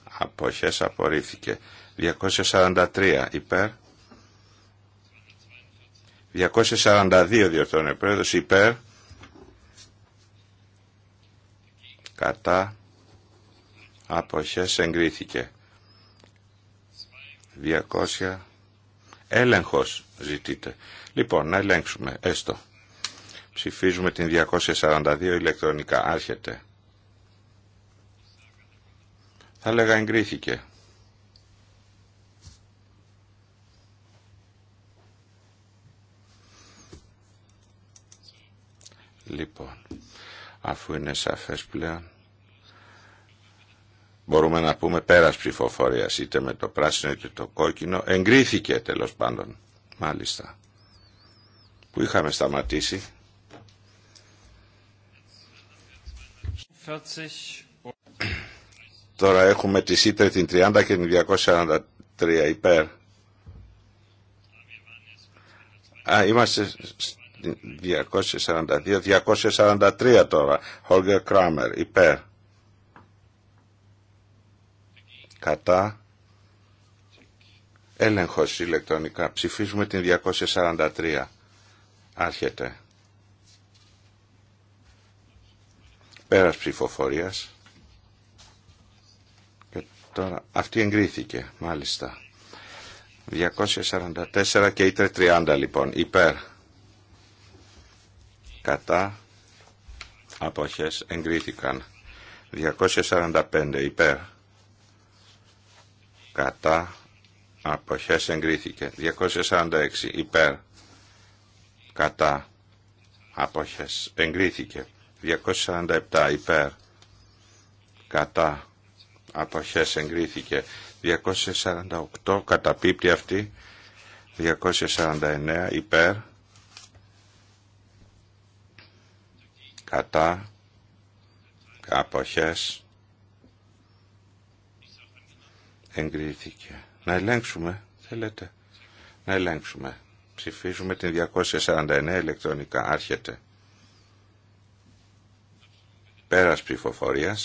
αποχές απορρίφθηκε 243 υπέρ 242 διορθώνε πρόεδρος υπέρ κατά αποχές εγκρίθηκε 200 Έλεγχος ζητείτε. Λοιπόν, να ελέγξουμε, έστω. Ψηφίζουμε την 242 ηλεκτρονικά. Άρχεται. Θα λέγα εγκρίθηκε. Λοιπόν, αφού είναι σαφές πλέον, μπορούμε να πούμε πέρας ψηφοφορίας είτε με το πράσινο είτε το κόκκινο εγκρίθηκε τέλος πάντων μάλιστα που είχαμε σταματήσει 40. Τώρα έχουμε τη ΣΥΤΡΕ την 30 και την 243 υπέρ. Α, είμαστε 242, 243 τώρα. Holger Kramer υπέρ. κατά έλεγχος ηλεκτρονικά. Ψηφίζουμε την 243. Άρχεται. Πέρας ψηφοφορίας. Και τώρα αυτή εγκρίθηκε μάλιστα. 244 και ήτρε 30 λοιπόν. Υπέρ. Κατά. Αποχές εγκρίθηκαν. 245 υπέρ κατά αποχές εγκρίθηκε 246 υπέρ κατά αποχές εγκρίθηκε 247 υπέρ κατά αποχές εγκρίθηκε 248 καταπίπτει αυτή 249 υπέρ κατά αποχές εγκρίθηκε. Να ελέγξουμε, θέλετε. Να ελέγξουμε. Ψηφίζουμε την 249 ηλεκτρονικά. Άρχεται. Πέρας ψηφοφορία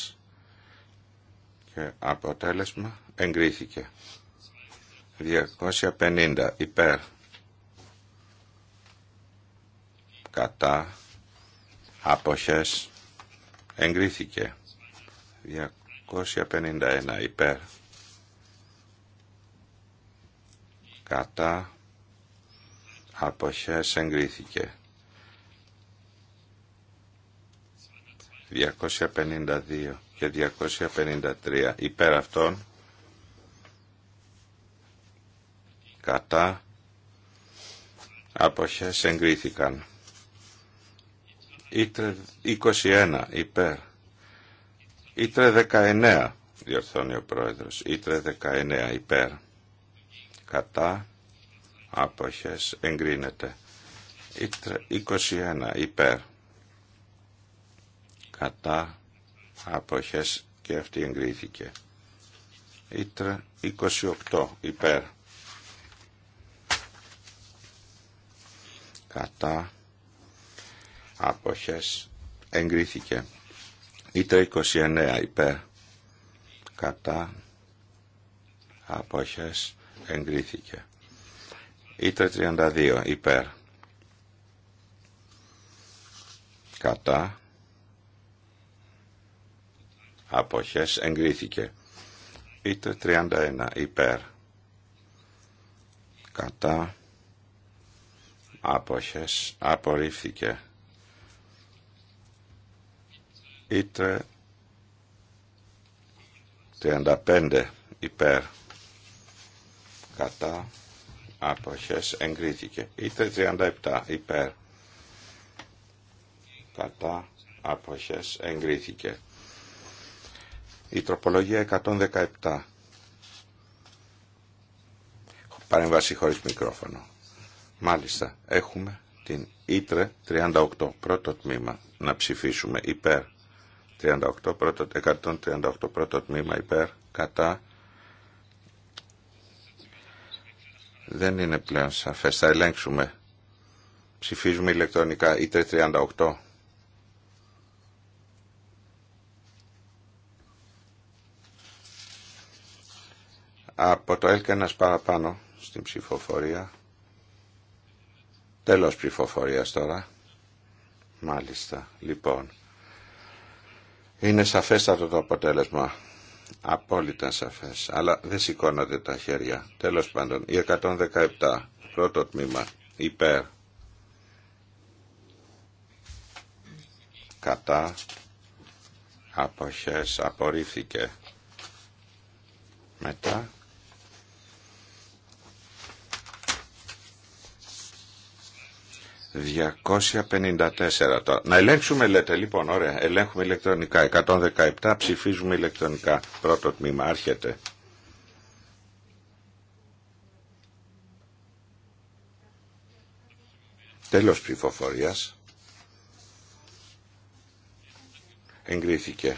και αποτέλεσμα εγκρίθηκε. 250 υπέρ. Κατά. Αποχές. Εγκρίθηκε. 251 υπέρ κατά αποχές εγκρίθηκε 252 και 253 υπέρ αυτών κατά αποχές εγκρίθηκαν 21 υπέρ Ήτρε 19 διορθώνει ο πρόεδρος Ήτρε 19 υπέρ κατά άποχες εγκρίνεται 21 υπέρ κατά άποχες και αυτή εγκρίθηκε Ήτρα 28 υπέρ κατά άποχες εγκρίθηκε Ήτρα 29 υπέρ κατά άποχες εγκρίθηκε. Ήτρε 32 υπέρ. Κατά. Αποχές εγκρίθηκε. Ήτρε 31 υπέρ. Κατά. Αποχές απορρίφθηκε. Ήτρε 35 υπέρ κατά αποχές εγκρίθηκε. Είτε 37 υπέρ κατά αποχές εγκρίθηκε. Η τροπολογία 117. Παρέμβαση χωρίς μικρόφωνο. Μάλιστα, έχουμε την Ήτρε 38, πρώτο τμήμα, να ψηφίσουμε υπέρ. 38, πρώτο, 138 πρώτο τμήμα υπέρ, κατά, Δεν είναι πλέον σαφές. Θα ελέγξουμε. Ψηφίζουμε ηλεκτρονικά ή 38. Από το ΕΛΚ ένας παραπάνω στην ψηφοφορία. Τέλος ψηφοφορίας τώρα. Μάλιστα. Λοιπόν. Είναι σαφέστατο το αποτέλεσμα. Απόλυτα σαφές. Αλλά δεν σηκώνονται τα χέρια. Τέλος πάντων, η 117, πρώτο τμήμα, υπέρ. Κατά αποχές απορρίφθηκε. Μετά 254 Να ελέγξουμε λέτε λοιπόν, ωραία, ελέγχουμε ηλεκτρονικά. 117 ψηφίζουμε ηλεκτρονικά. Πρώτο τμήμα, άρχεται. Τέλος ψηφοφορίας. Εγκρίθηκε.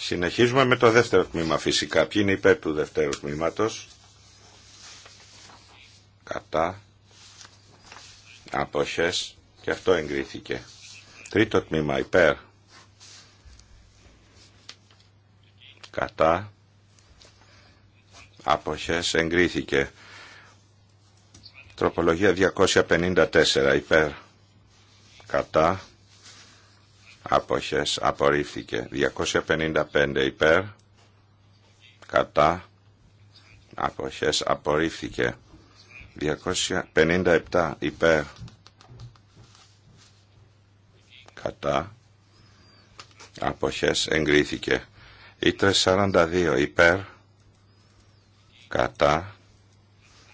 Συνεχίζουμε με το δεύτερο τμήμα φυσικά. Ποιοι είναι υπέρ του δεύτερου τμήματος κατά αποχές και αυτό εγκρίθηκε. Τρίτο τμήμα υπέρ κατά αποχές εγκρίθηκε. Τροπολογία 254 υπέρ κατά άποχες απορρίφθηκε 255 υπέρ κατά άποχες απορρίφθηκε 257 υπέρ κατά αποχές εγκρίθηκε ήτρε Y342. υπέρ κατά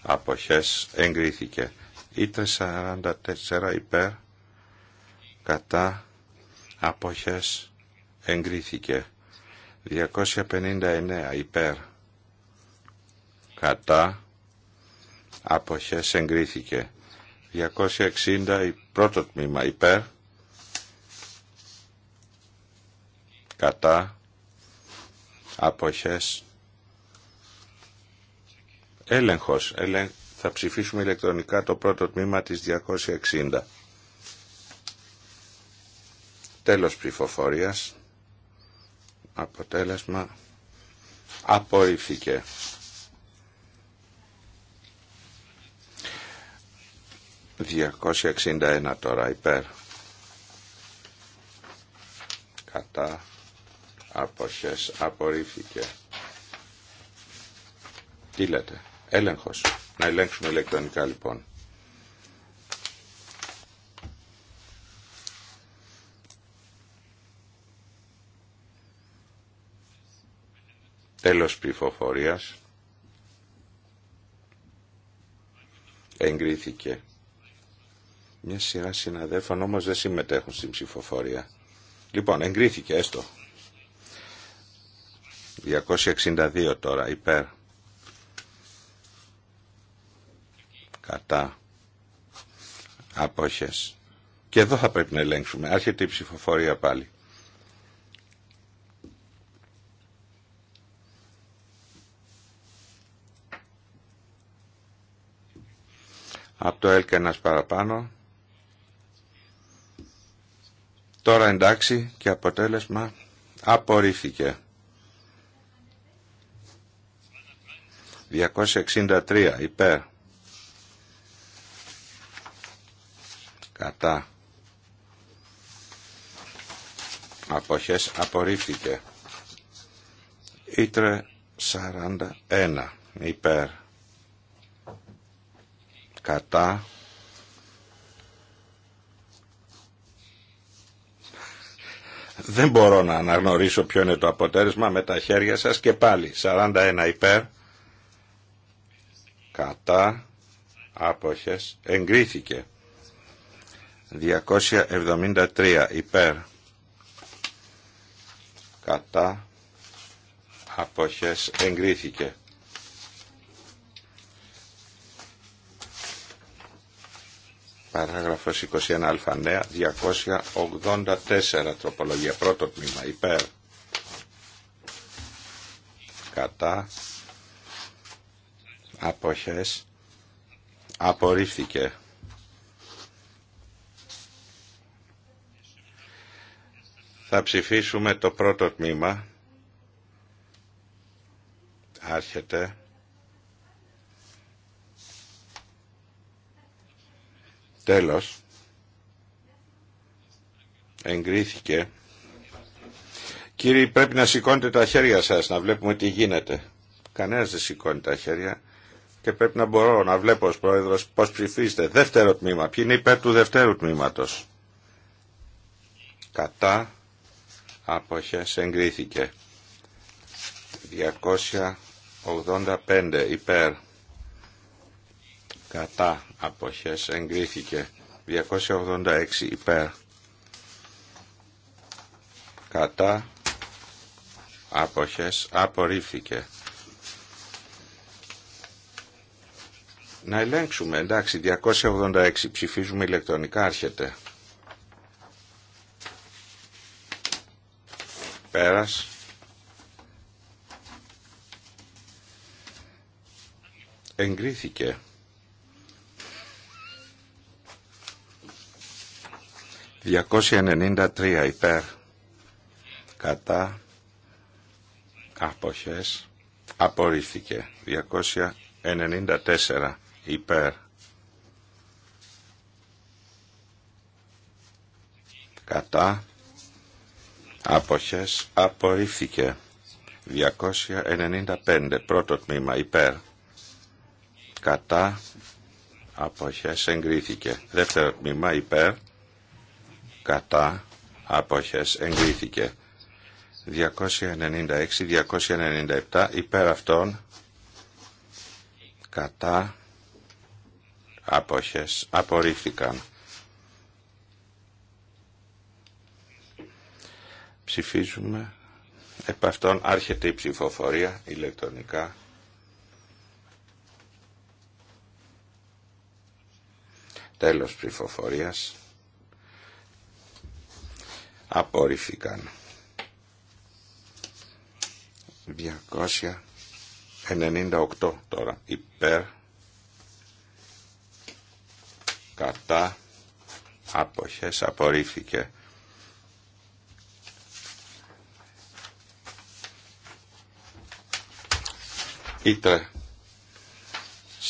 αποχές εγκρίθηκε ήτρε Y344. υπέρ κατά αποχές εγκρίθηκε 259 υπέρ κατά αποχές εγκρίθηκε 260 πρώτο τμήμα υπέρ κατά αποχές έλεγχος θα ψηφίσουμε ηλεκτρονικά το πρώτο τμήμα της 260 τέλος ψηφοφορίας αποτέλεσμα απορρίφθηκε 261 τώρα υπέρ κατά αποχές απορρίφθηκε τι λέτε έλεγχος να ελέγξουμε ηλεκτρονικά λοιπόν τέλος ψηφοφορίας εγκρίθηκε μια σειρά συναδέφων όμως δεν συμμετέχουν στην ψηφοφορία. Λοιπόν, εγκρίθηκε έστω. 262 τώρα, υπέρ. Κατά. Απόχες. Και εδώ θα πρέπει να ελέγξουμε. Άρχεται η ψηφοφορία πάλι. Από το ΕΛΚ ένας παραπάνω. Τώρα εντάξει και αποτέλεσμα απορρίφθηκε. 263 υπέρ. Κατά. Αποχές απορρίφθηκε. Ήτρε 41 υπέρ. Κατά δεν μπορώ να αναγνωρίσω ποιο είναι το αποτέλεσμα με τα χέρια σας και πάλι 41 υπέρ κατά άποχες εγκρίθηκε 273 υπέρ κατά άποχες εγκρίθηκε παράγραφος 21α νέα 284 τροπολογία πρώτο τμήμα υπέρ κατά αποχές απορρίφθηκε θα ψηφίσουμε το πρώτο τμήμα άρχεται Τέλος, εγκρίθηκε. Κύριοι, πρέπει να σηκώνετε τα χέρια σας, να βλέπουμε τι γίνεται. Κανένας δεν σηκώνει τα χέρια και πρέπει να μπορώ να βλέπω ως πρόεδρος πώς ψηφίστε. Δεύτερο τμήμα. Ποιοι είναι υπέρ του δευτέρου τμήματος. Κατά άποχες εγκρίθηκε. 285 υπέρ κατά αποχές εγκρίθηκε 286 υπέρ κατά αποχές απορρίφθηκε να ελέγξουμε εντάξει 286 ψηφίζουμε ηλεκτρονικά άρχεται πέρας εγκρίθηκε 293 υπέρ κατά αποχές απορρίφθηκε 294 υπέρ κατά αποχές απορρίφθηκε 295 πρώτο τμήμα υπέρ κατά αποχές εγκρίθηκε δεύτερο τμήμα υπέρ κατά αποχές εγκρίθηκε 296-297 υπέρ αυτών κατά αποχές απορρίφθηκαν ψηφίζουμε επ' αυτών άρχεται η ψηφοφορία ηλεκτρονικά τέλος ψηφοφορίας απορρίφθηκαν. 298 τώρα υπέρ κατά αποχές απορρίφθηκε. Ήτρε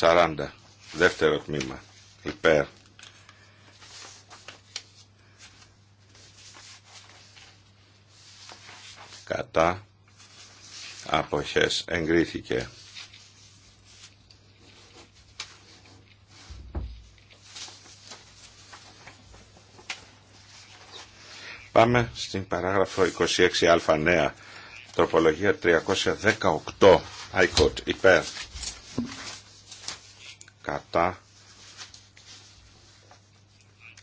40 δεύτερο τμήμα υπέρ κατά αποχές εγκρίθηκε. Πάμε στην παράγραφο 26α νέα, τροπολογία 318, αϊκότ, υπέρ, κατά,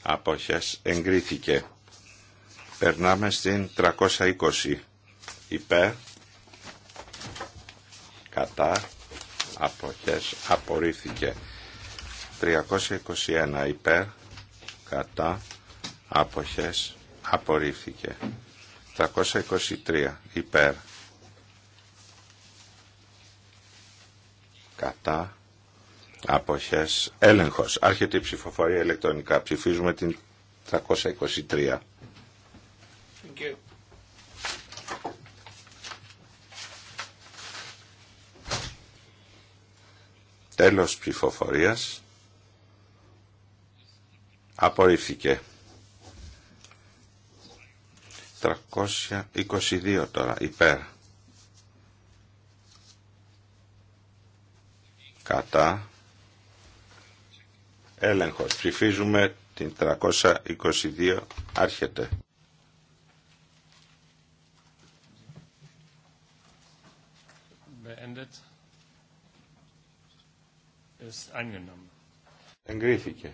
αποχές, εγκρίθηκε. Περνάμε στην 320, υπέρ κατά αποχές απορρίφθηκε 321 υπέρ κατά αποχές απορρίφθηκε 323 υπέρ κατά αποχές έλεγχος άρχεται η ψηφοφορία ηλεκτρονικά ψηφίζουμε την 323 Τέλος ψηφοφορίας. Απορρίφθηκε. 322 τώρα, υπέρ. Κατά. Έλεγχος. Ψηφίζουμε την 322. Άρχεται ist angenommen. Εγκρίθηκε.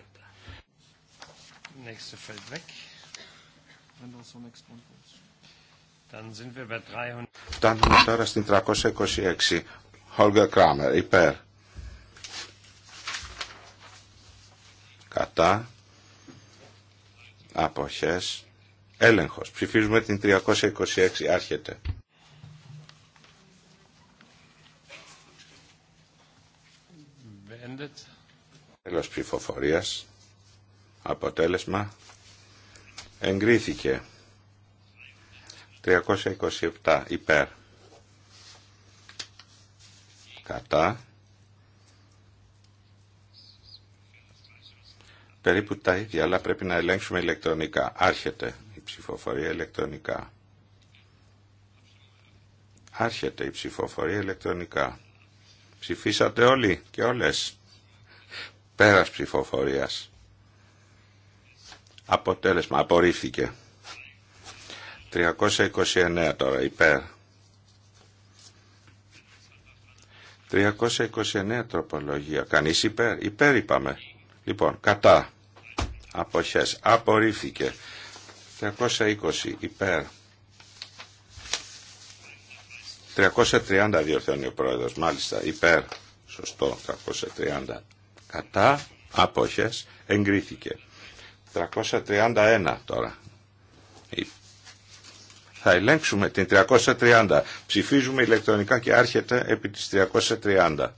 Φτάνουμε τώρα στην 326. Holger Kramer, υπέρ. Κατά. Αποχές. Έλεγχος. Ψηφίζουμε την 326. Άρχεται. Τέλο Τέλος ψηφοφορίας. Αποτέλεσμα. Εγκρίθηκε. 327 υπέρ. Κατά. Περίπου τα ίδια, αλλά πρέπει να ελέγξουμε ηλεκτρονικά. Άρχεται η ψηφοφορία ηλεκτρονικά. Άρχεται η ψηφοφορία ηλεκτρονικά. Ψηφίσατε όλοι και όλες. Πέρας ψηφοφορίας. Αποτέλεσμα. Απορρίφθηκε. 329 τώρα υπέρ. 329 τροπολογία. Κανείς υπέρ. Υπέρ είπαμε. Λοιπόν, κατά. Αποχές. Απορρίφθηκε. 320 υπέρ. 330 διορθώνει ο πρόεδρος. Μάλιστα. Υπέρ. Σωστό. 330 κατά άποχες εγκρίθηκε. 331 τώρα. Θα ελέγξουμε την 330. Ψηφίζουμε ηλεκτρονικά και άρχεται επί της 330.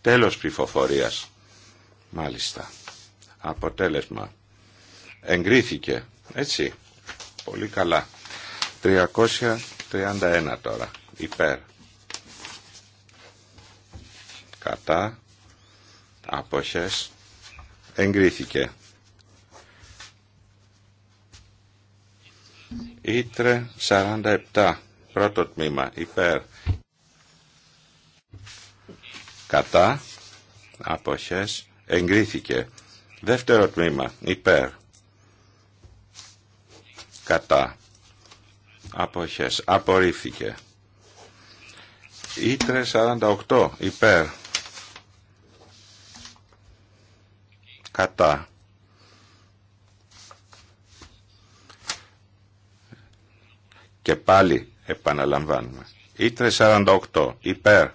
Τέλος ψηφοφορίας. Μάλιστα. Αποτέλεσμα. Εγκρίθηκε. Έτσι. Πολύ καλά. 331 τώρα. Υπέρ κατά άποχες εγκρίθηκε Ήτρε 47 πρώτο τμήμα υπέρ κατά άποχες εγκρίθηκε δεύτερο τμήμα υπέρ κατά άποχες απορρίφθηκε Ήτρε 48 υπέρ κατά και πάλι επαναλαμβάνουμε ήτρε 48 υπέρ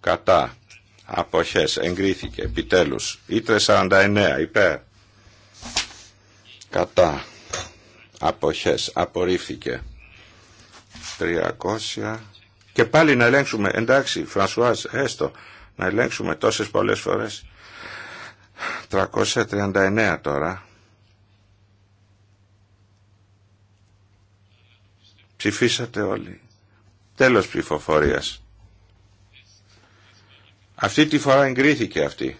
κατά αποχές εγκρίθηκε επιτέλους ήτρε 49 υπέρ κατά αποχές απορρίφθηκε 300 και πάλι να ελέγξουμε εντάξει Φρανσουάζ έστω να ελέγξουμε τόσες πολλές φορές 339 τώρα. Ψηφίσατε όλοι. Τέλος ψηφοφορίας. Αυτή τη φορά εγκρίθηκε αυτή.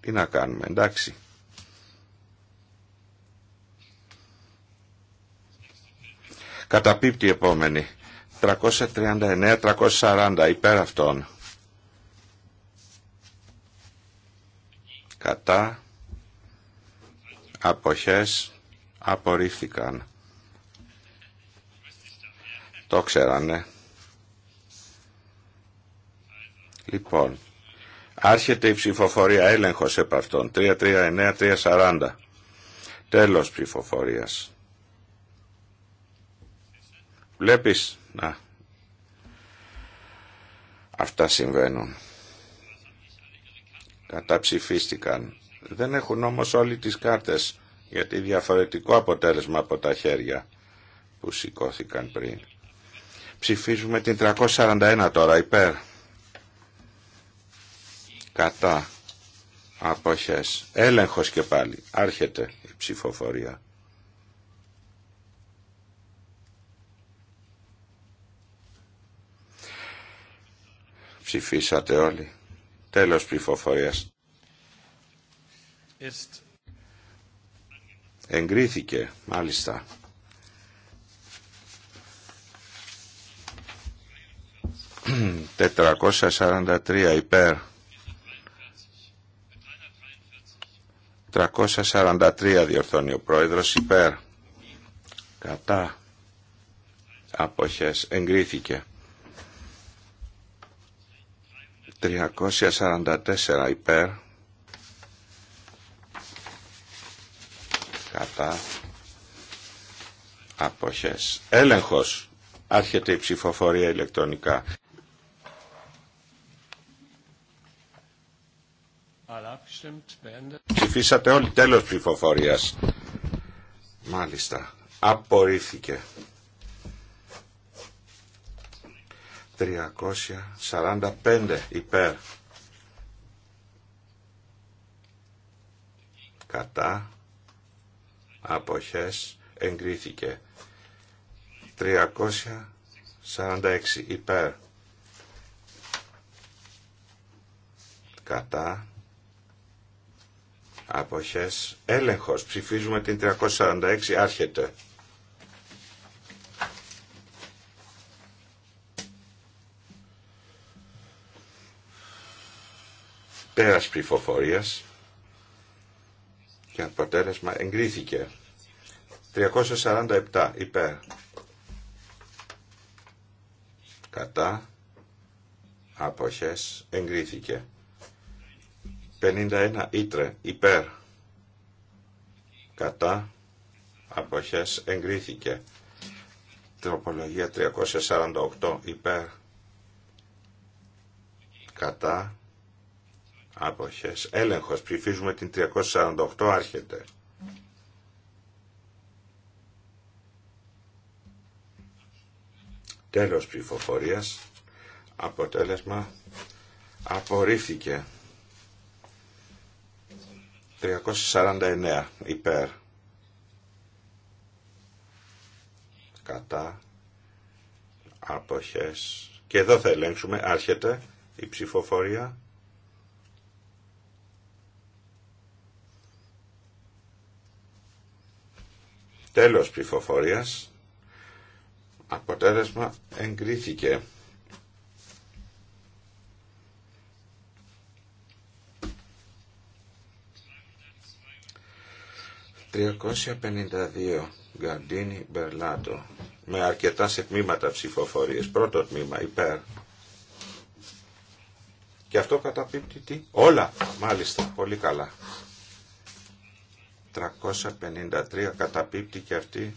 Τι να κάνουμε, εντάξει. Καταπίπτει επόμενη. 339-340 υπέρ αυτών. κατά αποχές απορρίφθηκαν. Το ξέρανε. Λοιπόν, άρχεται η ψηφοφορία έλεγχος επ' αυτών. 339-340. Τέλος ψηφοφορίας. Βλέπεις, να, αυτά συμβαίνουν καταψηφίστηκαν. Δεν έχουν όμως όλοι τις κάρτες, γιατί διαφορετικό αποτέλεσμα από τα χέρια που σηκώθηκαν πριν. Ψηφίζουμε την 341 τώρα, υπέρ. Κατά. Αποχές. Έλεγχος και πάλι. Άρχεται η ψηφοφορία. Ψηφίσατε όλοι. Τέλος ψηφοφορίας. Εγκρίθηκε, μάλιστα. 443 υπέρ. 343 διορθώνει ο πρόεδρος υπέρ. Κατά. Αποχές. Εγκρίθηκε. 344 υπέρ κατά αποχές. Έλεγχος. Άρχεται η ψηφοφορία ηλεκτρονικά. Ψηφίσατε όλοι τέλος ψηφοφορίας. Μάλιστα. Απορρίφθηκε. 345 υπέρ κατά αποχές εγκρίθηκε 346 υπέρ κατά αποχές έλεγχος ψηφίζουμε την 346 άρχεται Πέρας ψηφοφορίας και αποτέλεσμα εγκρίθηκε. 347 υπέρ. Κατά. Αποχές εγκρίθηκε. 51 ήτρε υπέρ. Κατά. Αποχές εγκρίθηκε. Τροπολογία 348 υπέρ. Κατά αποχές. Έλεγχος. Ψηφίζουμε την 348. Άρχεται. Τέλος ψηφοφορίας. Αποτέλεσμα. Απορρίφθηκε. 349 υπέρ. Κατά. Αποχές. Και εδώ θα ελέγξουμε. Άρχεται η ψηφοφορία. Τέλος ψηφοφορίας. Αποτέλεσμα εγκρίθηκε. «352 Γκαντίνι Μπερλάτο» με αρκετά σε τμήματα ψηφοφορίες. Πρώτο τμήμα υπέρ. Και αυτό καταπίπτει τι. Όλα. Μάλιστα. Πολύ καλά. 353 καταπίπτει και αυτή.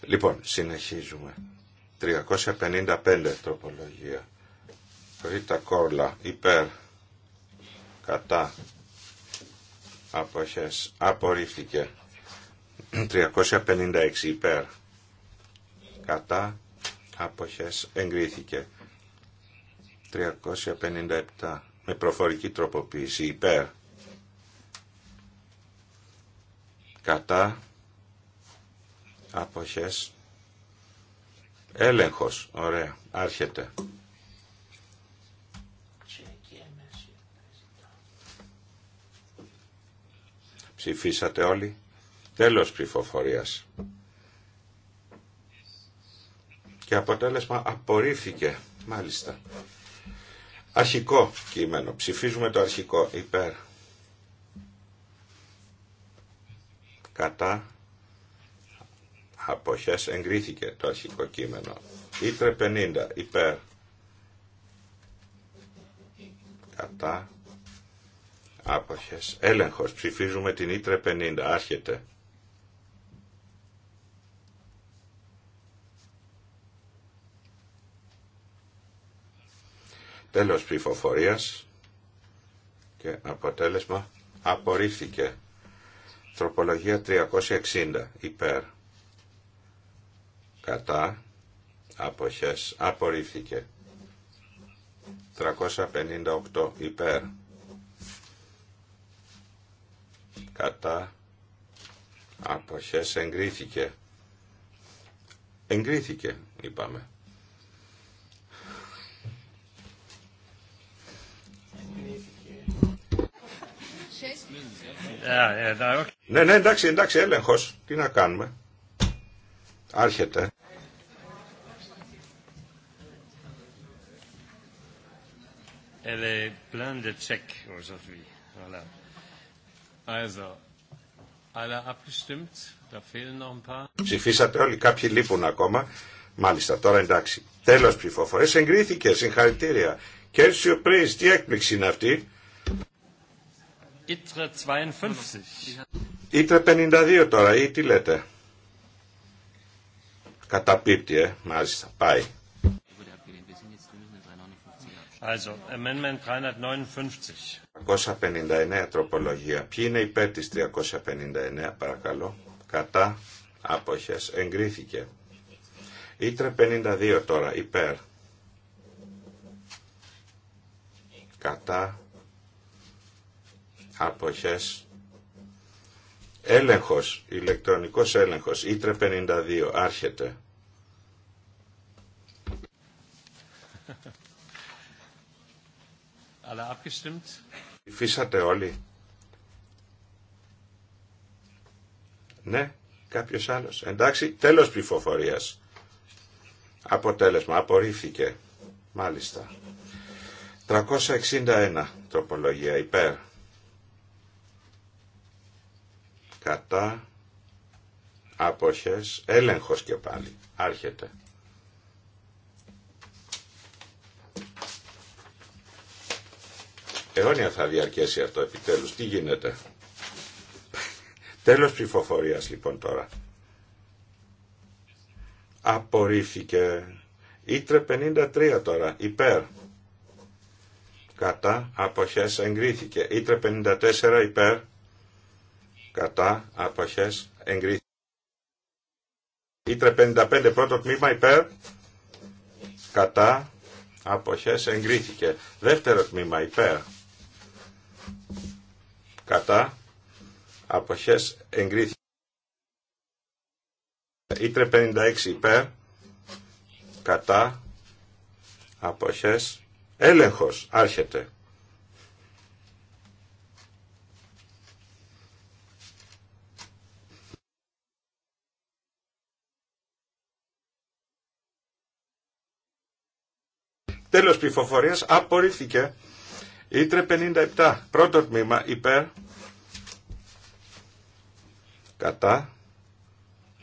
Λοιπόν, συνεχίζουμε. 355 τροπολογία. Ρίτα κόρλα, υπέρ, κατά, αποχές, απορρίφθηκε. 356 υπέρ κατά αποχές εγκρίθηκε 357 με προφορική τροποποίηση υπέρ κατά αποχές έλεγχος ωραία άρχεται ψηφίσατε όλοι Τέλος ψηφοφορίας. Και αποτέλεσμα απορρίφθηκε. Μάλιστα. Αρχικό κείμενο. Ψηφίζουμε το αρχικό. Υπέρ. Κατά. Αποχές εγκρίθηκε το αρχικό κείμενο. Ήτρε 50. Υπέρ. Κατά. Άποχες. Έλεγχος. Ψηφίζουμε την Ήτρε 50. Άρχεται. Τέλος ψηφοφορίας και αποτέλεσμα απορρίφθηκε. Τροπολογία 360 υπέρ. Κατά αποχές απορρίφθηκε. 358 υπέρ. Κατά αποχές εγκρίθηκε. Εγκρίθηκε είπαμε. Ναι, ναι, εντάξει, εντάξει, έλεγχος. Τι να κάνουμε. Άρχεται. Elle Ψηφίσατε όλοι, κάποιοι λείπουν ακόμα. Μάλιστα, τώρα εντάξει. Τέλος ψηφοφορές. εγκρίθηκε, συγχαρητήρια. Κέρσιο πριν. τι έκπληξη είναι αυτή. Ήτρε 52. τώρα ή τι λέτε. Καταπίπτει, ε. Μάλιστα. Πάει. Also, Amendment 359. 359 τροπολογία. Ποιοι είναι υπέρ της 359 παρακαλώ. Κατά άποχες. Εγκρίθηκε. Ήτρε 52 τώρα. Υπέρ. Κατά αποχές έλεγχος ηλεκτρονικός έλεγχος ήτρε 52 άρχεται Υφίσατε όλοι. Ναι, κάποιος άλλος. Εντάξει, τέλος ψηφοφορίας. Αποτέλεσμα, απορρίφθηκε. Μάλιστα. 361 τροπολογία υπέρ. κατά, άποχες, έλεγχος και πάλι, άρχεται. Αιώνια θα διαρκέσει αυτό επιτέλους. Τι γίνεται. Τέλος ψηφοφορίας λοιπόν τώρα. Απορρίφθηκε. Ήτρε 53 τώρα. Υπέρ. Κατά. Αποχές εγκρίθηκε. Ήτρε 54 υπέρ κατά, αποχές, εγκρίθηκε. Ήτρε 55 πρώτο τμήμα υπέρ, κατά, αποχές, εγκρίθηκε. Δεύτερο τμήμα υπέρ, κατά, αποχές, εγκρίθηκε. Ήτρε 56 υπέρ, κατά, αποχές, έλεγχος, άρχεται. Τέλος πληροφορία, απορρίφθηκε. Ήτρε 57. Πρώτο τμήμα υπέρ. Κατά.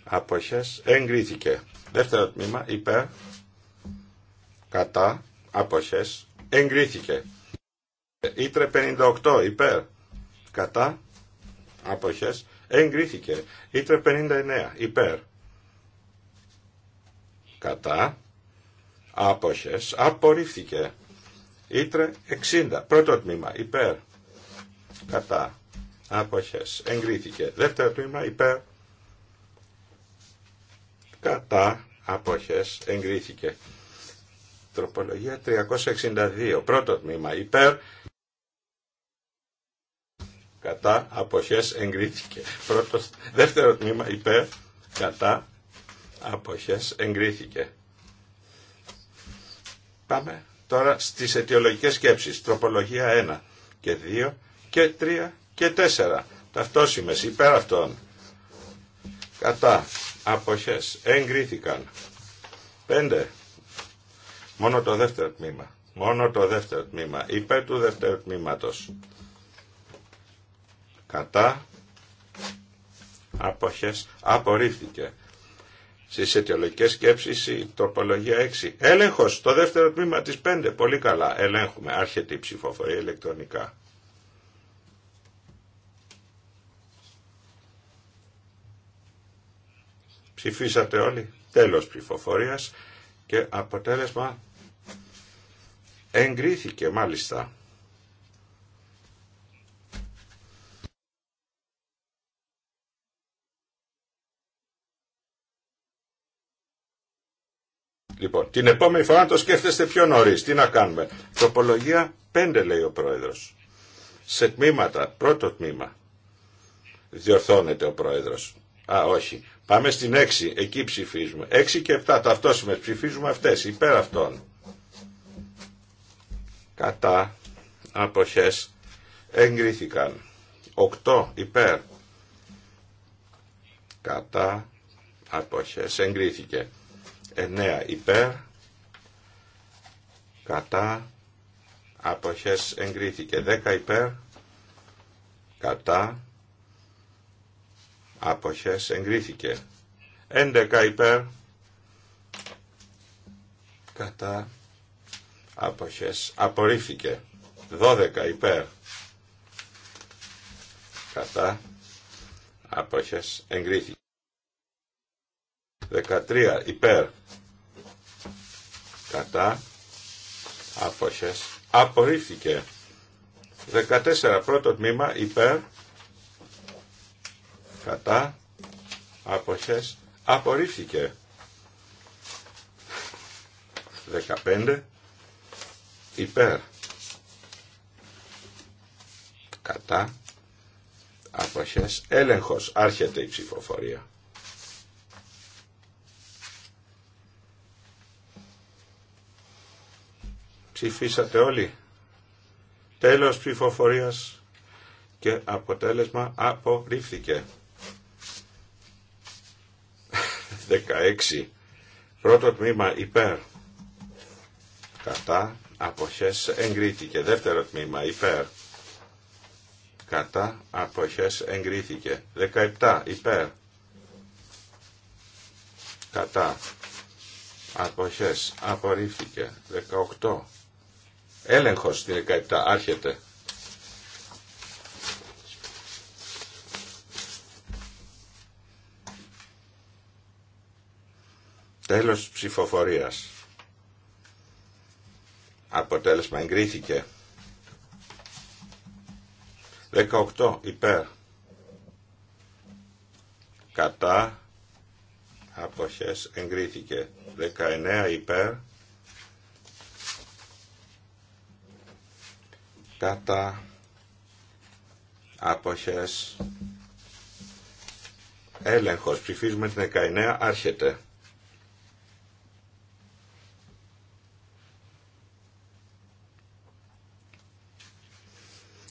Απόχες. Εγκρίθηκε. Δεύτερο τμήμα υπέρ. Κατά. Απόχες. Εγκρίθηκε. Ήτρε 58. Υπέρ. Κατά. Απόχες. Εγκρίθηκε. Ήτρε 59. Υπέρ. Κατά άποχες, απορρίφθηκε. Ήτρε 60, πρώτο τμήμα, υπέρ, κατά, άποχες, εγκρίθηκε. Δεύτερο τμήμα, υπέρ, κατά, άποχες, εγκρίθηκε. Τροπολογία 362, πρώτο τμήμα, υπέρ, κατά, αποχές, εγκρίθηκε. Πρώτο, δεύτερο τμήμα, υπέρ, κατά, αποχές, εγκρίθηκε. Πάμε τώρα στις αιτιολογικές σκέψεις. Τροπολογία 1 και 2 και 3 και 4. Ταυτόσημες υπέρ αυτών. Κατά. Αποχές. Εγκρίθηκαν. 5. Μόνο το δεύτερο τμήμα. Μόνο το δεύτερο τμήμα. Υπέρ του δεύτερου τμήματος. Κατά. Αποχές. Απορρίφθηκε. Στι αιτιολογικέ σκέψει η τροπολογία 6. Έλεγχος, το δεύτερο τμήμα της 5. Πολύ καλά, ελέγχουμε. Άρχεται η ψηφοφορία ηλεκτρονικά. Ψηφίσατε όλοι. Τέλος ψηφοφορίας και αποτέλεσμα εγκρίθηκε μάλιστα. Λοιπόν, την επόμενη φορά να το σκέφτεστε πιο νωρί. Τι να κάνουμε. Τροπολογία 5 λέει ο πρόεδρο. Σε τμήματα. Πρώτο τμήμα. Διορθώνεται ο πρόεδρο. Α, όχι. Πάμε στην 6. Εκεί ψηφίζουμε. 6 και 7 ταυτόσιμε. Ψηφίζουμε αυτέ. Υπέρ αυτών. Κατά. Αποχέ. Εγκρίθηκαν. 8 υπέρ. Κατά. Αποχέ. Εγκρίθηκε. 9 υπέρ κατά αποχές εγκρίθηκε 10 υπέρ κατά αποχές εγκρίθηκε 11 υπέρ κατά αποχές απορρίφθηκε 12 υπέρ κατά αποχές εγκρίθηκε 13 υπέρ κατά άποχες απορρίφθηκε 14 πρώτο τμήμα υπέρ κατά άποχες απορρίφθηκε 15 υπέρ κατά άποχες έλεγχος άρχεται η ψηφοφορία Ψηφίσατε όλοι. Τέλος ψηφοφορίας και αποτέλεσμα απορρίφθηκε. 16. Πρώτο τμήμα υπέρ. Κατά. Αποχές εγκρίθηκε. Δεύτερο τμήμα υπέρ. Κατά. Αποχές εγκρίθηκε. 17. Υπέρ. Κατά. Αποχές απορρίφθηκε. 18 Έλεγχος στην 17. Άρχεται. Τέλος ψηφοφορίας. Αποτέλεσμα εγκρίθηκε. 18 υπέρ. Κατά. Αποχές εγκρίθηκε. 19 υπέρ. κατά αποχές έλεγχος ψηφίζουμε την 19 άρχεται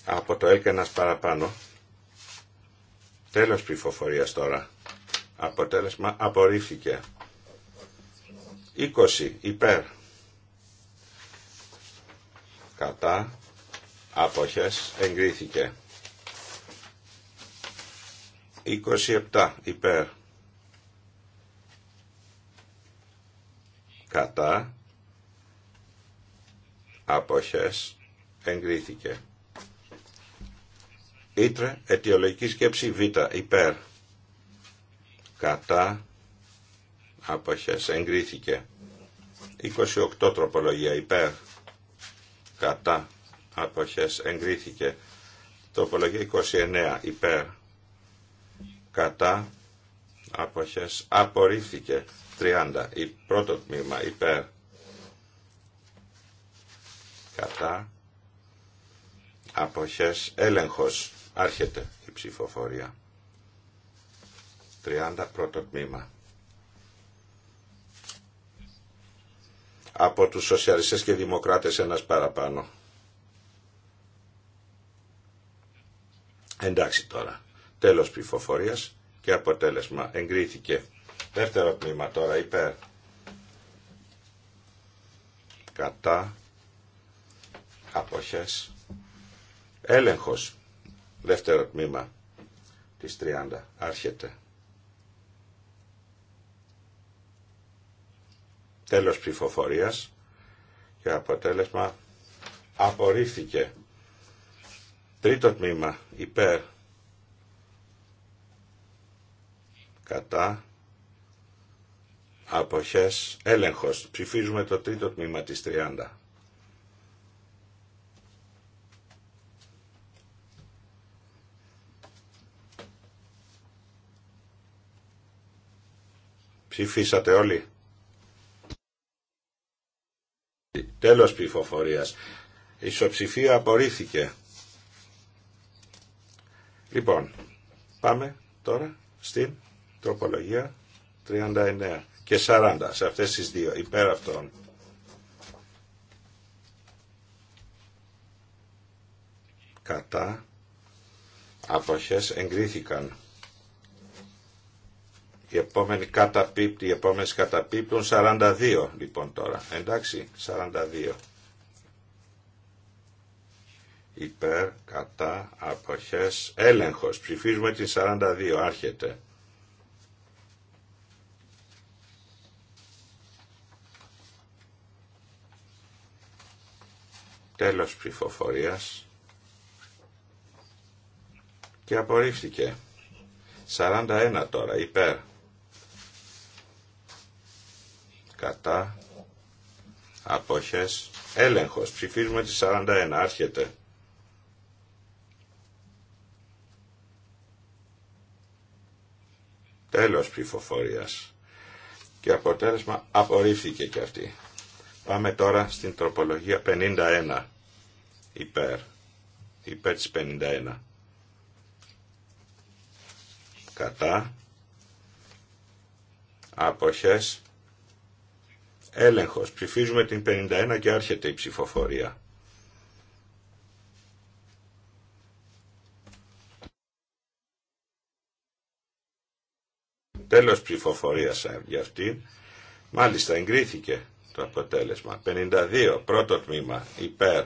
από το έλκενας παραπάνω τέλος ψηφοφορίας τώρα αποτέλεσμα απορρίφθηκε 20 υπέρ κατά Αποχές εγκρίθηκε. 27 υπέρ. Κατά. Αποχές εγκρίθηκε. Ήτρε αιτιολογική σκέψη Β υπέρ. Κατά. Αποχές εγκρίθηκε. 28 τροπολογία υπέρ. Κατά αποχές εγκρίθηκε. τοπολογία 29 υπέρ κατά αποχές απορρίφθηκε. 30 η πρώτο τμήμα υπέρ κατά αποχές έλεγχος άρχεται η ψηφοφορία. 30 πρώτο τμήμα. Από τους Σοσιαλιστές και δημοκράτες ένας παραπάνω. Εντάξει τώρα. Τέλος ψηφοφορίας και αποτέλεσμα. Εγκρίθηκε. Δεύτερο τμήμα τώρα υπέρ. Κατά. Αποχές. Έλεγχος. Δεύτερο τμήμα της 30. Άρχεται. Τέλος ψηφοφορίας και αποτέλεσμα απορρίφθηκε. Τρίτο τμήμα υπέρ κατά αποχές έλεγχος. Ψηφίζουμε το τρίτο τμήμα της 30. Ψηφίσατε όλοι. Τέλος ψηφοφορίας. Η ισοψηφία απορρίφθηκε. Λοιπόν, πάμε τώρα στην τροπολογία 39 και 40 σε αυτές τις δύο, υπέρ αυτών. Κατά αποχές εγκρίθηκαν. Η επόμενη καταπίπτουν, οι επόμενες καταπίπτουν 42 λοιπόν τώρα. Εντάξει, 42 υπέρ, κατά, αποχές, έλεγχος. Ψηφίζουμε την 42, άρχεται. Τέλος ψηφοφορίας. Και απορρίφθηκε. 41 τώρα, υπέρ. Κατά, αποχές, έλεγχος. Ψηφίζουμε τη 41, άρχεται. Τέλος ψηφοφορίας. Και αποτέλεσμα απορρίφθηκε και αυτή. Πάμε τώρα στην τροπολογία 51. Υπέρ. Υπέρ της 51. Κατά. Αποχές. Έλεγχος. Ψηφίζουμε την 51 και άρχεται η ψηφοφορία. Τέλος ψηφοφορίας ε, για αυτή. Μάλιστα εγκρίθηκε το αποτέλεσμα. 52 πρώτο τμήμα υπέρ.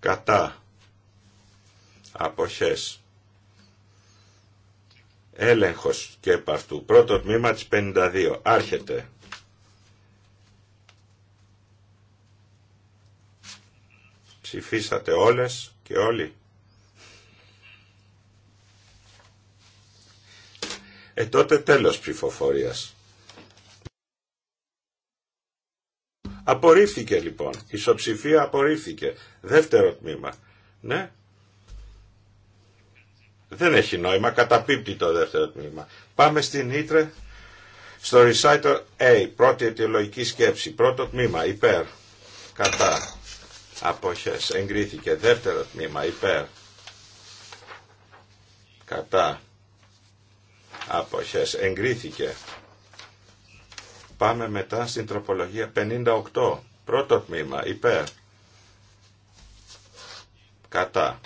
Κατά. Αποχές. Έλεγχος και επ' αυτού. Πρώτο τμήμα της 52. Άρχεται. Ψηφίσατε όλες και όλοι. Ε, τότε τέλος ψηφοφορίας. Απορρίφθηκε λοιπόν. Η ισοψηφία απορρίφθηκε. Δεύτερο τμήμα. Ναι. Δεν έχει νόημα. Καταπίπτει το δεύτερο τμήμα. Πάμε στην Ήτρε. Στο recital A. Πρώτη αιτιολογική σκέψη. Πρώτο τμήμα. Υπέρ. Κατά. Αποχές. Εγκρίθηκε. Δεύτερο τμήμα. Υπέρ. Κατά αποχές εγκρίθηκε. Πάμε μετά στην τροπολογία 58. Πρώτο τμήμα υπέρ. Κατά.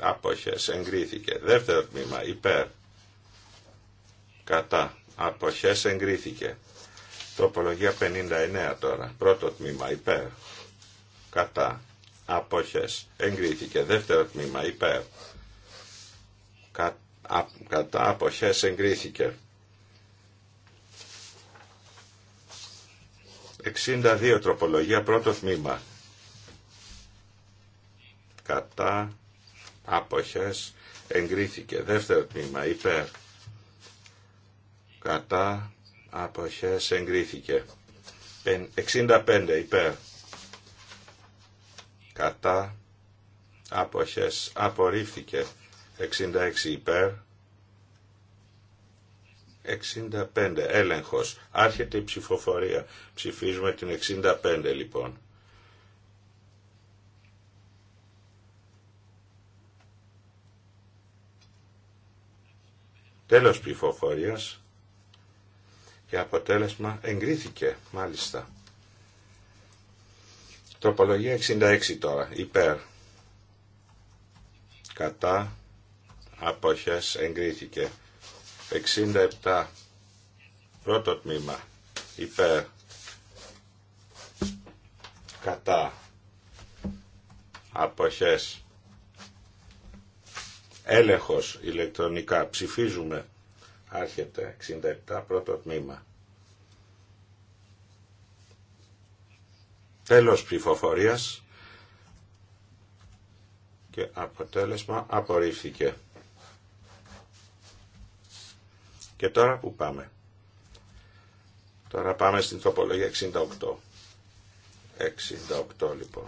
Αποχές εγκρίθηκε. Δεύτερο τμήμα υπέρ. Κατά. Αποχές εγκρίθηκε. Τροπολογία 59 τώρα. Πρώτο τμήμα υπέρ. Κατά. Αποχές εγκρίθηκε. Δεύτερο τμήμα υπέρ κατά αποχές εγκρίθηκε. 62 τροπολογία πρώτο τμήμα. Κατά αποχές εγκρίθηκε. Δεύτερο τμήμα υπέρ. Κατά αποχές εγκρίθηκε. 65 υπέρ. Κατά αποχές απορρίφθηκε. 66 υπέρ. 65 έλεγχος. Άρχεται η ψηφοφορία. Ψηφίζουμε την 65 λοιπόν. Τέλος ψηφοφορίας και αποτέλεσμα εγκρίθηκε μάλιστα. Τροπολογία 66 τώρα, υπέρ, κατά, αποχές εγκρίθηκε 67 πρώτο τμήμα υπέρ κατά αποχές έλεγχος ηλεκτρονικά ψηφίζουμε άρχεται 67 πρώτο τμήμα τέλος ψηφοφορίας και αποτέλεσμα απορρίφθηκε Και τώρα που πάμε. Τώρα πάμε στην τροπολογία 68. 68 λοιπόν.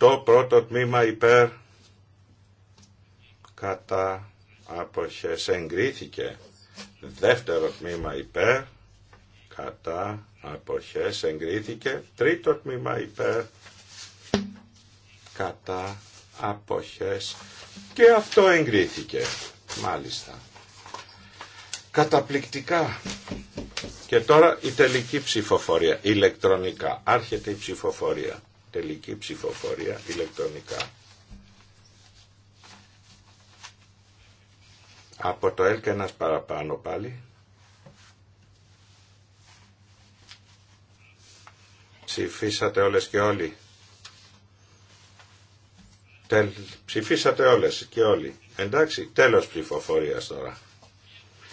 68 πρώτο τμήμα υπέρ κατά αποχές εγκρίθηκε δεύτερο τμήμα υπέρ κατά αποχές εγκρίθηκε τρίτο τμήμα υπέρ κατά αποχές και αυτό εγκρίθηκε μάλιστα καταπληκτικά και τώρα η τελική ψηφοφορία ηλεκτρονικά άρχεται η ψηφοφορία τελική ψηφοφορία ηλεκτρονικά από το ΕΛΚ ένας παραπάνω πάλι ψηφίσατε όλες και όλοι Τελ... Ψηφίσατε όλες και όλοι. Εντάξει, τέλος ψηφοφορίας τώρα.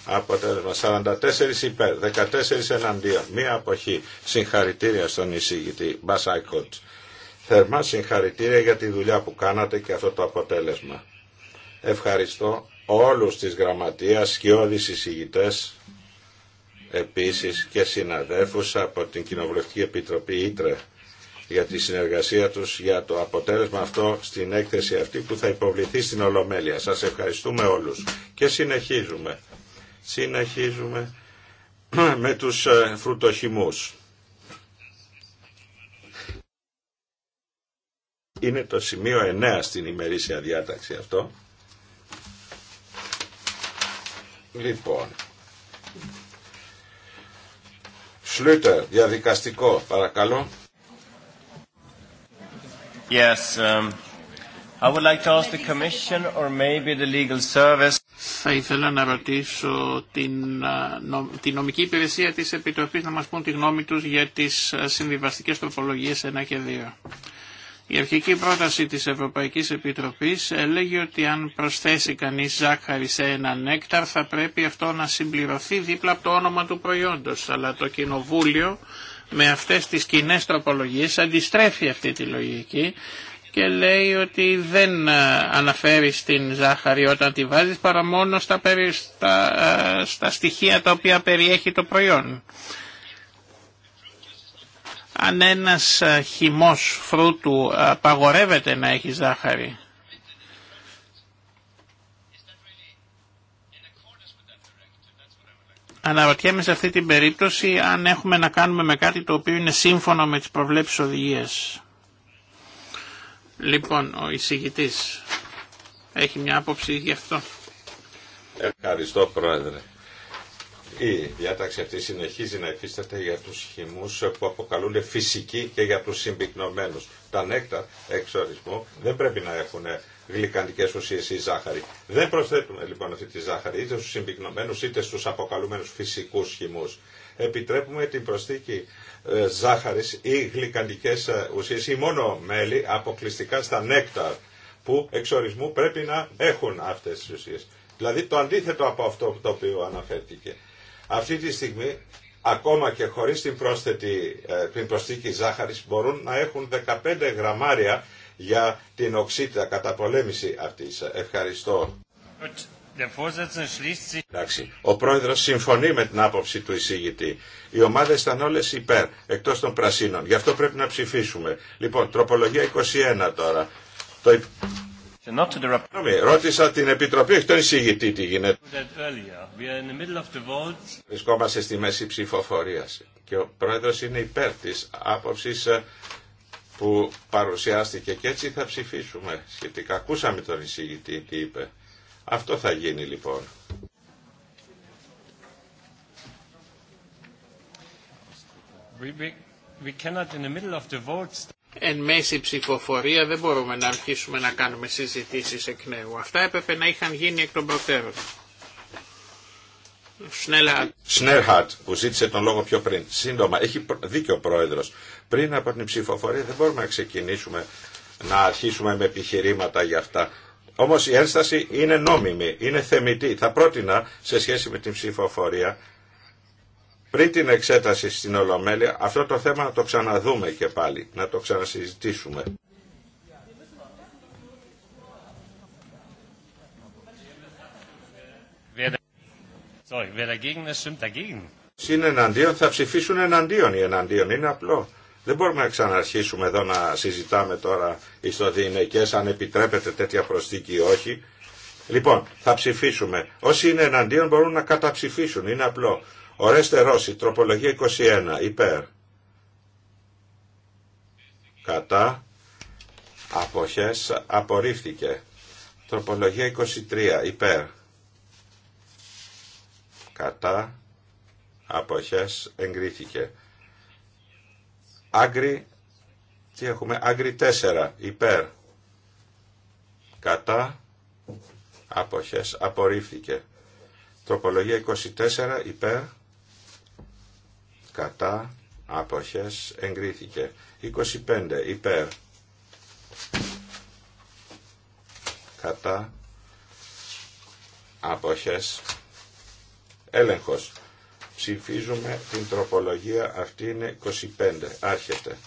Αποτέλεσμα 44 υπέρ, 14 εναντίον, μία αποχή. Συγχαρητήρια στον εισηγητή Μπασάικοτ. Θερμά συγχαρητήρια για τη δουλειά που κάνατε και αυτό το αποτέλεσμα. Ευχαριστώ όλους τις γραμματείας και όλους οι εισηγητές επίσης και συναδέλφους από την Κοινοβουλευτική Επιτροπή Ήτρε για τη συνεργασία τους για το αποτέλεσμα αυτό στην έκθεση αυτή που θα υποβληθεί στην Ολομέλεια. Σας ευχαριστούμε όλους και συνεχίζουμε. Συνεχίζουμε με τους ε, φρουτοχυμούς. Είναι το σημείο 9 στην ημερήσια διάταξη αυτό. Λοιπόν. Σλούτερ, διαδικαστικό, παρακαλώ. Θα ήθελα να ρωτήσω την, την νομική υπηρεσία της Επιτροπής να μας πούν τη γνώμη τους για τις συμβιβαστικές τροπολογίες 1 και 2. Η αρχική πρόταση της Ευρωπαϊκής Επιτροπής έλεγε ότι αν προσθέσει κανείς ζάχαρη σε ένα νέκταρ θα πρέπει αυτό να συμπληρωθεί δίπλα από το όνομα του προϊόντος. Αλλά το Κοινοβούλιο με αυτές τις κοινέ τροπολογίες αντιστρέφει αυτή τη λογική και λέει ότι δεν ε, αναφέρει την ζάχαρη όταν τη βάζεις παρά μόνο στα, στα, ε, στα στοιχεία τα οποία περιέχει το προϊόν. Αν ένας ε, χυμός φρούτου απαγορεύεται να έχει ζάχαρη Αναρωτιέμαι σε αυτή την περίπτωση αν έχουμε να κάνουμε με κάτι το οποίο είναι σύμφωνο με τις προβλέψεις οδηγίες. Λοιπόν, ο εισηγητής έχει μια άποψη γι' αυτό. Ευχαριστώ Πρόεδρε. Η διάταξη αυτή συνεχίζει να υφίσταται για τους χυμούς που αποκαλούνται φυσικοί και για τους συμπυκνωμένους. Τα νέκτα εξορισμού δεν πρέπει να έχουν γλυκαντικέ ουσίε ή ζάχαρη. Δεν προσθέτουμε λοιπόν αυτή τη ζάχαρη είτε στου συμπυκνωμένους είτε στου αποκαλούμενου φυσικού χυμού. Επιτρέπουμε την προσθήκη ε, ζάχαρη ή γλυκαντικέ ε, ουσίε ή μόνο μέλι αποκλειστικά στα νέκταρ που εξ ορισμού πρέπει να έχουν αυτέ τι ουσίε. Δηλαδή το αντίθετο από αυτό το οποίο αναφέρθηκε. Αυτή τη στιγμή ακόμα και χωρίς την, πρόσθετη, ε, την προσθήκη ζάχαρης μπορούν να έχουν 15 γραμμάρια για την οξύτητα καταπολέμηση αυτής. Ευχαριστώ. Ο πρόεδρος συμφωνεί με την άποψη του εισήγητη. Οι ομάδες ήταν όλες υπέρ, εκτός των πρασίνων. Γι' αυτό πρέπει να ψηφίσουμε. Λοιπόν, τροπολογία 21 τώρα. ρώτησα την Επιτροπή, όχι τον εισηγητή τι γίνεται. Βρισκόμαστε στη μέση ψηφοφορίας και ο πρόεδρος είναι υπέρ της άποψης ε, που παρουσιάστηκε και έτσι θα ψηφίσουμε σχετικά. Ακούσαμε τον εισηγητή τι είπε. Αυτό θα γίνει λοιπόν. Εν μέση ψηφοφορία δεν μπορούμε να αρχίσουμε να κάνουμε συζητήσεις εκ νέου. Αυτά έπρεπε να είχαν γίνει εκ των προτέρων. Σνέρχατ που ζήτησε τον λόγο πιο πριν. Σύντομα, έχει δίκιο ο πρόεδρος. Πριν από την ψηφοφορία δεν μπορούμε να ξεκινήσουμε να αρχίσουμε με επιχειρήματα για αυτά. Όμως η ένσταση είναι νόμιμη, είναι θεμητή. Θα πρότεινα σε σχέση με την ψηφοφορία πριν την εξέταση στην Ολομέλεια αυτό το θέμα να το ξαναδούμε και πάλι, να το ξανασυζητήσουμε. Είναι εναντίον, θα ψηφίσουν εναντίον οι εναντίον. Είναι απλό. Δεν μπορούμε να ξαναρχίσουμε εδώ να συζητάμε τώρα εις το διηνεκές αν επιτρέπεται τέτοια προσθήκη ή όχι. Λοιπόν, θα ψηφίσουμε. Όσοι είναι εναντίον μπορούν να καταψηφίσουν. Είναι απλό. Ορέστε Ρώση, τροπολογία 21, υπέρ. Κατά. Αποχές απορρίφθηκε. Τροπολογία 23, υπέρ κατά, αποχές, εγκρίθηκε. Άγκρι, τι έχουμε, άγκρι 4, υπέρ, κατά, αποχές, απορρίφθηκε. Τροπολογία 24, υπέρ, κατά, αποχές, εγκρίθηκε. 25, υπέρ, κατά, αποχές, Έλεγχος. Ψηφίζουμε την τροπολογία αυτή είναι 25. Άρχεται.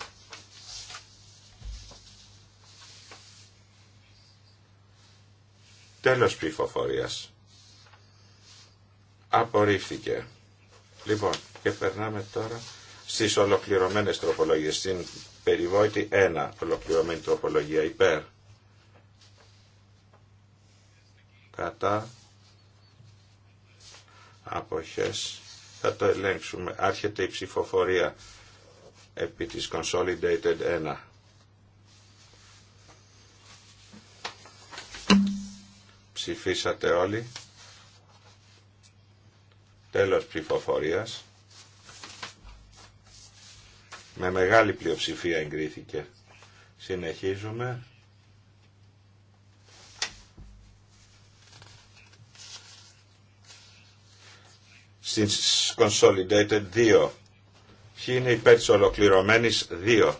Τέλος ψηφοφορίας. Απορρίφθηκε. Λοιπόν, και περνάμε τώρα στις ολοκληρωμένες τροπολογίες. Στην περιβόητη 1 ολοκληρωμένη τροπολογία υπέρ. Κατά αποχές θα το ελέγξουμε. Άρχεται η ψηφοφορία επί της Consolidated 1. Ψηφίσατε όλοι. Τέλος ψηφοφορίας. Με μεγάλη πλειοψηφία εγκρίθηκε. Συνεχίζουμε στις Consolidated 2. Ποιοι είναι υπέρ της ολοκληρωμένης 2.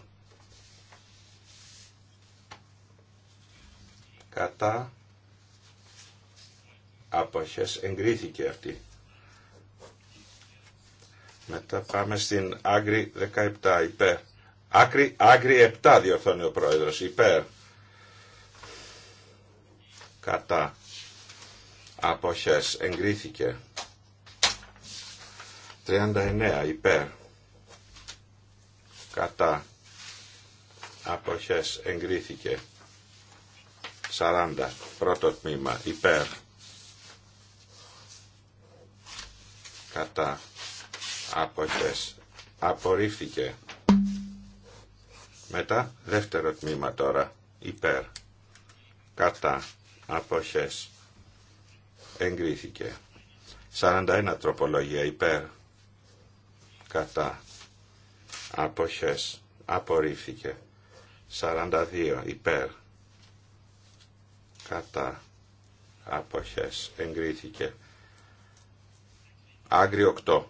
Κατά άποχες εγκρίθηκε αυτή. Μετά πάμε στην Άγκρη 17 υπέρ. Άκρη, Άγκρη 7 διορθώνει ο πρόεδρος υπέρ. Κατά άποχες εγκρίθηκε. 39 υπέρ κατά αποχές εγκρίθηκε 40 πρώτο τμήμα υπέρ κατά αποχές απορρίφθηκε μετά δεύτερο τμήμα τώρα υπέρ κατά αποχές εγκρίθηκε 41 τροπολογία υπέρ κατά αποχές απορρίφθηκε 42 υπέρ κατά αποχές εγκρίθηκε άγριο 8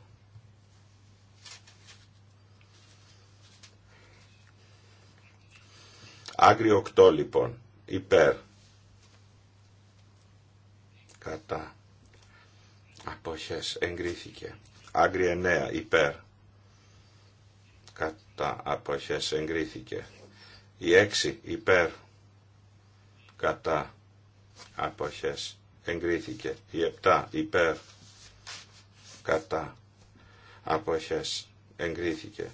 Άγριο 8 λοιπόν, υπέρ, κατά, αποχές, εγκρίθηκε. Άγριο 9, υπέρ, τα αποχές εγκρίθηκε. Η 6 υπέρ κατά αποχές εγκρίθηκε. Η 7 υπέρ κατά αποχές εγκρίθηκε.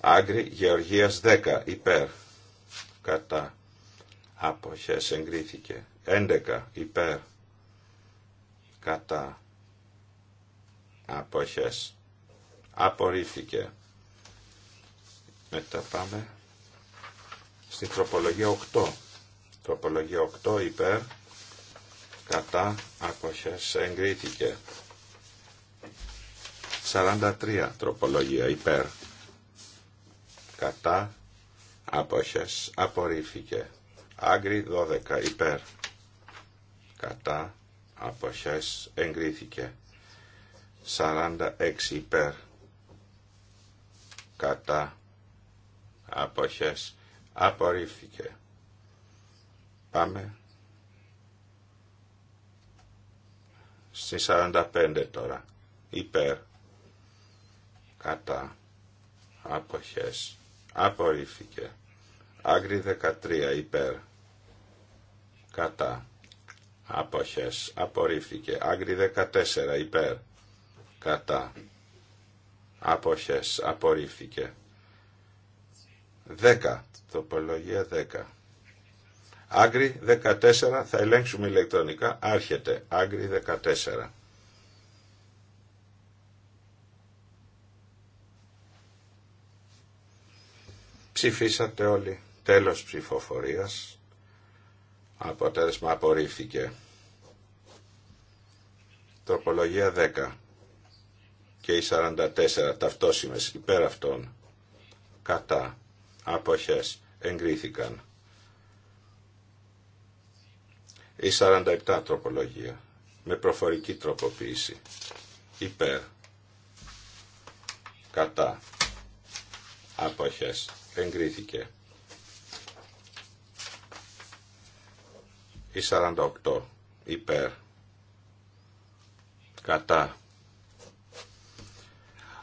Άγκρη Γεωργίας 10 υπέρ κατά αποχές εγκρίθηκε. 11 υπέρ κατά αποχές απορρίφθηκε. Μετά πάμε στην τροπολογία 8. Τροπολογία 8 υπέρ κατά άποχες εγκρίθηκε. 43 τροπολογία υπέρ κατά άποχες απορρίφθηκε. Άγκρι 12 υπέρ κατά αποχές εγκρίθηκε 46 υπέρ κατά αποχές απορρίφθηκε. Πάμε στις 45 τώρα. Υπέρ κατά αποχές απορρίφθηκε. Άγκρι 13 υπέρ κατά αποχές απορρίφθηκε. Άγκρι 14 υπέρ κατά αποχές απορρίφθηκε. 10. Τοπολογία 10. Άγκρι 14. Θα ελέγξουμε ηλεκτρονικά. Άρχεται. Άγκρι 14. Ψηφίσατε όλοι. Τέλος ψηφοφορίας. Αποτέλεσμα απορρίφθηκε. Τροπολογία 10 και οι 44 ταυτόσιμες υπέρ αυτών κατά αποχές εγκρίθηκαν. Η 47 τροπολογία με προφορική τροποποίηση υπέρ κατά αποχές εγκρίθηκε. Η 48 υπέρ κατά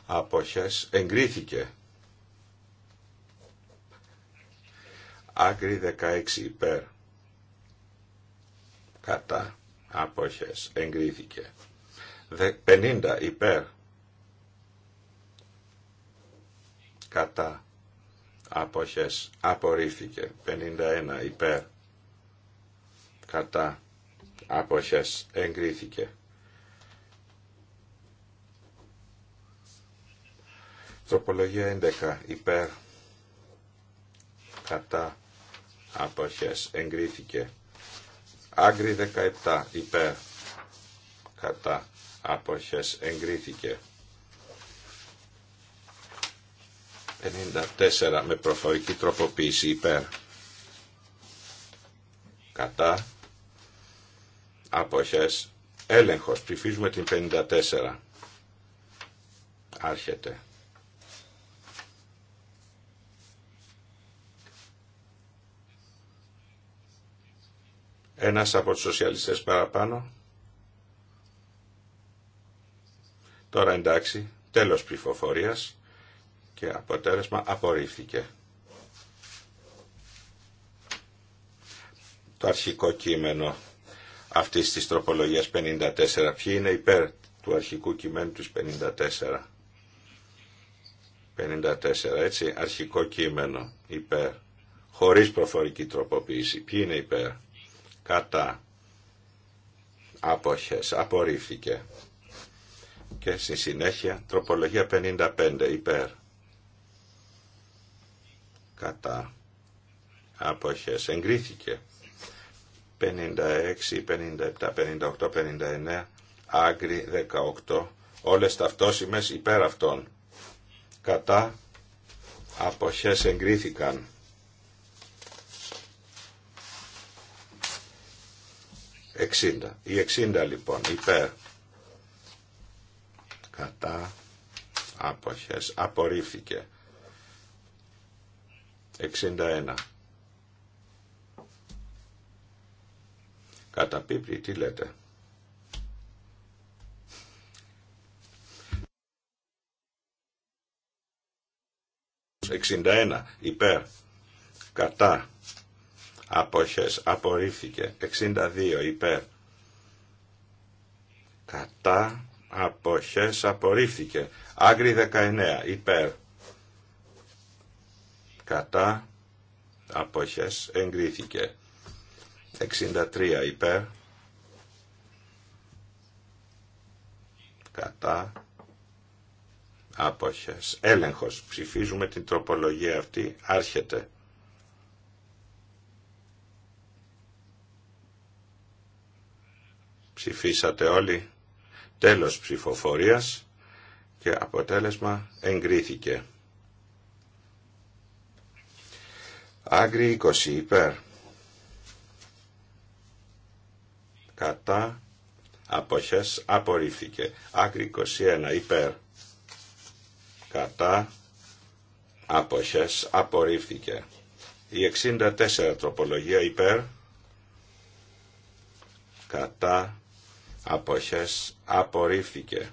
αποχές εγκρίθηκε Άγκρι 16 υπέρ. Κατά. Άποχες. Εγκρίθηκε. 50 υπέρ. Κατά. Άποχες. Απορρίφθηκε. 51 υπέρ. Κατά. Άποχες. Εγκρίθηκε. Τροπολογία 11 υπέρ. Κατά αποχές εγκρίθηκε. Άγκρι 17 υπέρ κατά αποχές εγκρίθηκε. 54 με προφορική τροποποίηση υπέρ κατά αποχές έλεγχος. Ψηφίζουμε την 54. Άρχεται. Ένας από τους σοσιαλιστές παραπάνω. Τώρα εντάξει, τέλος ψηφοφορίας και αποτέλεσμα απορρίφθηκε. Το αρχικό κείμενο αυτής της τροπολογίας 54. Ποιοι είναι υπέρ του αρχικού κειμένου της 54. 54 έτσι, αρχικό κείμενο υπέρ, χωρίς προφορική τροποποίηση. Ποιοι είναι υπέρ κατά άποχες απορρίφθηκε και στη συνέχεια τροπολογία 55 υπέρ κατά άποχες εγκρίθηκε 56, 57, 58, 59 άγκρι 18 όλες ταυτόσιμες υπέρ αυτών κατά αποχές εγκρίθηκαν 60. Η 60 λοιπόν υπέρ κατά άποχες απορρίφθηκε. 61. Καταπίπτει, τι λέτε. Εξήντα υπέρ, κατά, αποχές απορρίφθηκε 62 υπέρ κατά αποχές απορρίφθηκε άγκρι 19 υπέρ κατά αποχές εγκρίθηκε 63 υπέρ κατά άποχες. Έλεγχος. Ψηφίζουμε την τροπολογία αυτή. Άρχεται. Ψηφίσατε όλοι. Τέλος ψηφοφορίας και αποτέλεσμα εγκρίθηκε. Άγκρι 20 υπέρ. Κατά αποχές απορρίφθηκε. Άγκρι 21 υπέρ. Κατά αποχές απορρίφθηκε. Η 64 τροπολογία υπέρ. Κατά αποχές απορρίφθηκε.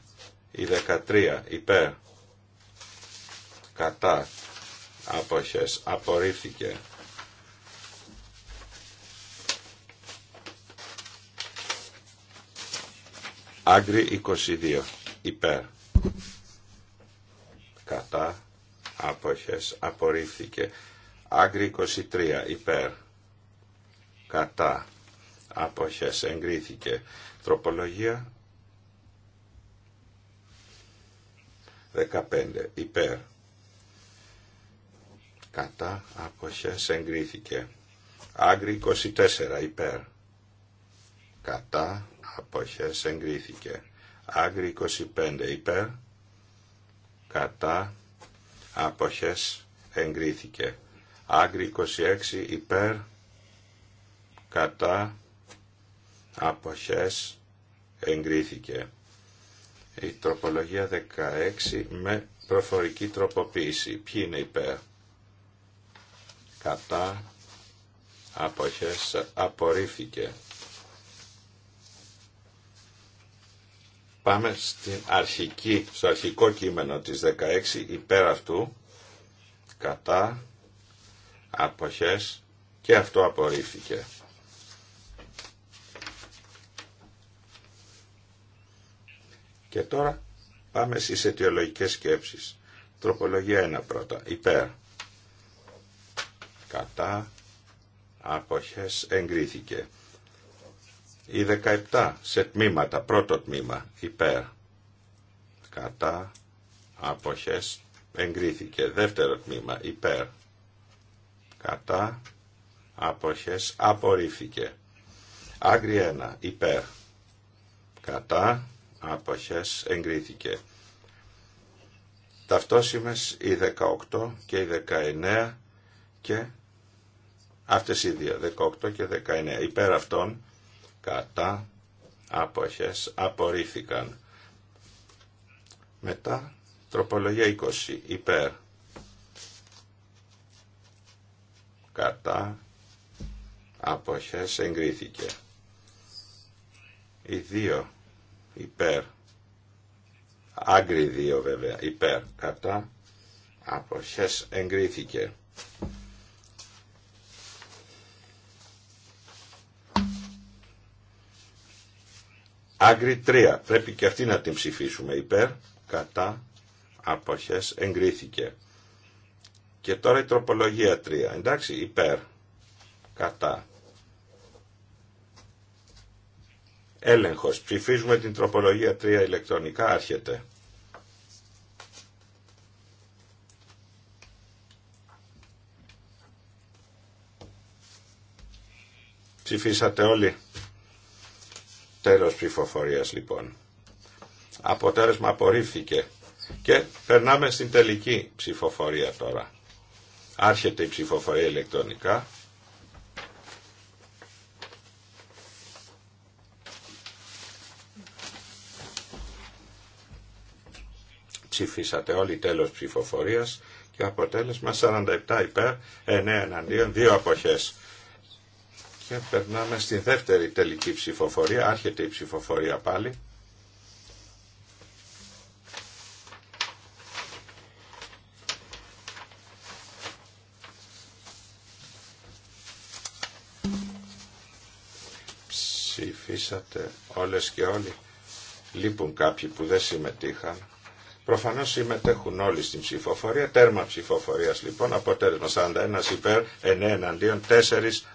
Η 13 υπέρ κατά αποχές απορρίφθηκε. Άγκρι 22 υπέρ κατά άποχες απορρίφθηκε. Άγκρι 23 υπέρ κατά άποχες εγκρίθηκε. Τροπολογία 15 υπέρ. Κατά αποχές εγκρίθηκε. Άγρι 24 υπέρ. Κατά απόχέ εγκρίθηκε. Άγρι 25 υπέρ. Κατά απόχέ, εγκρίθηκε. Άγρι 26 υπέρ. Κατά αποχές εγκρίθηκε. Η τροπολογία 16 με προφορική τροποποίηση. Ποιοι είναι υπέρ. Κατά αποχές απορρίφθηκε. Πάμε στην αρχική, στο αρχικό κείμενο της 16 υπέρ αυτού. Κατά αποχές και αυτό απορρίφθηκε. Και τώρα πάμε στις αιτιολογικές σκέψεις. Τροπολογία 1 πρώτα. Υπέρ. Κατά. Αποχές εγκρίθηκε. Η 17 σε τμήματα. Πρώτο τμήμα. Υπέρ. Κατά. Αποχές εγκρίθηκε. Δεύτερο τμήμα. Υπέρ. Κατά. Αποχές απορρίφθηκε. Άγρι 1. Υπέρ. Κατά αποχές εγκρίθηκε. Ταυτόσημες οι 18 και οι 19 και αυτές οι δύο, 18 και 19. Υπέρ αυτών κατά αποχές απορρίφθηκαν. Μετά τροπολογία 20 υπέρ κατά αποχές εγκρίθηκε. Οι δύο υπέρ. Άγκρι 2 βέβαια, υπέρ, κατά, αποχές εγκρίθηκε. Άγκρι 3, πρέπει και αυτή να την ψηφίσουμε, υπέρ, κατά, αποχές εγκρίθηκε. Και τώρα η τροπολογία 3, εντάξει, υπέρ, κατά, Έλεγχος. Ψηφίζουμε την τροπολογία 3 ηλεκτρονικά. Άρχεται. Ψηφίσατε όλοι. Τέλος ψηφοφορίας λοιπόν. Αποτέλεσμα απορρίφθηκε. Και περνάμε στην τελική ψηφοφορία τώρα. Άρχεται η ψηφοφορία ηλεκτρονικά. Ψηφίσατε όλοι τέλος ψηφοφορίας και αποτέλεσμα 47 υπέρ, 9 εναντίον, 2 αποχές. Και περνάμε στη δεύτερη τελική ψηφοφορία. Άρχεται η ψηφοφορία πάλι. Ψηφίσατε όλες και όλοι. Λείπουν κάποιοι που δεν συμμετείχαν. Προφανώς συμμετέχουν όλοι στην ψηφοφορία. Τέρμα ψηφοφορίας λοιπόν. Αποτέλεσμα 41 υπέρ, 9 εναντίον, 4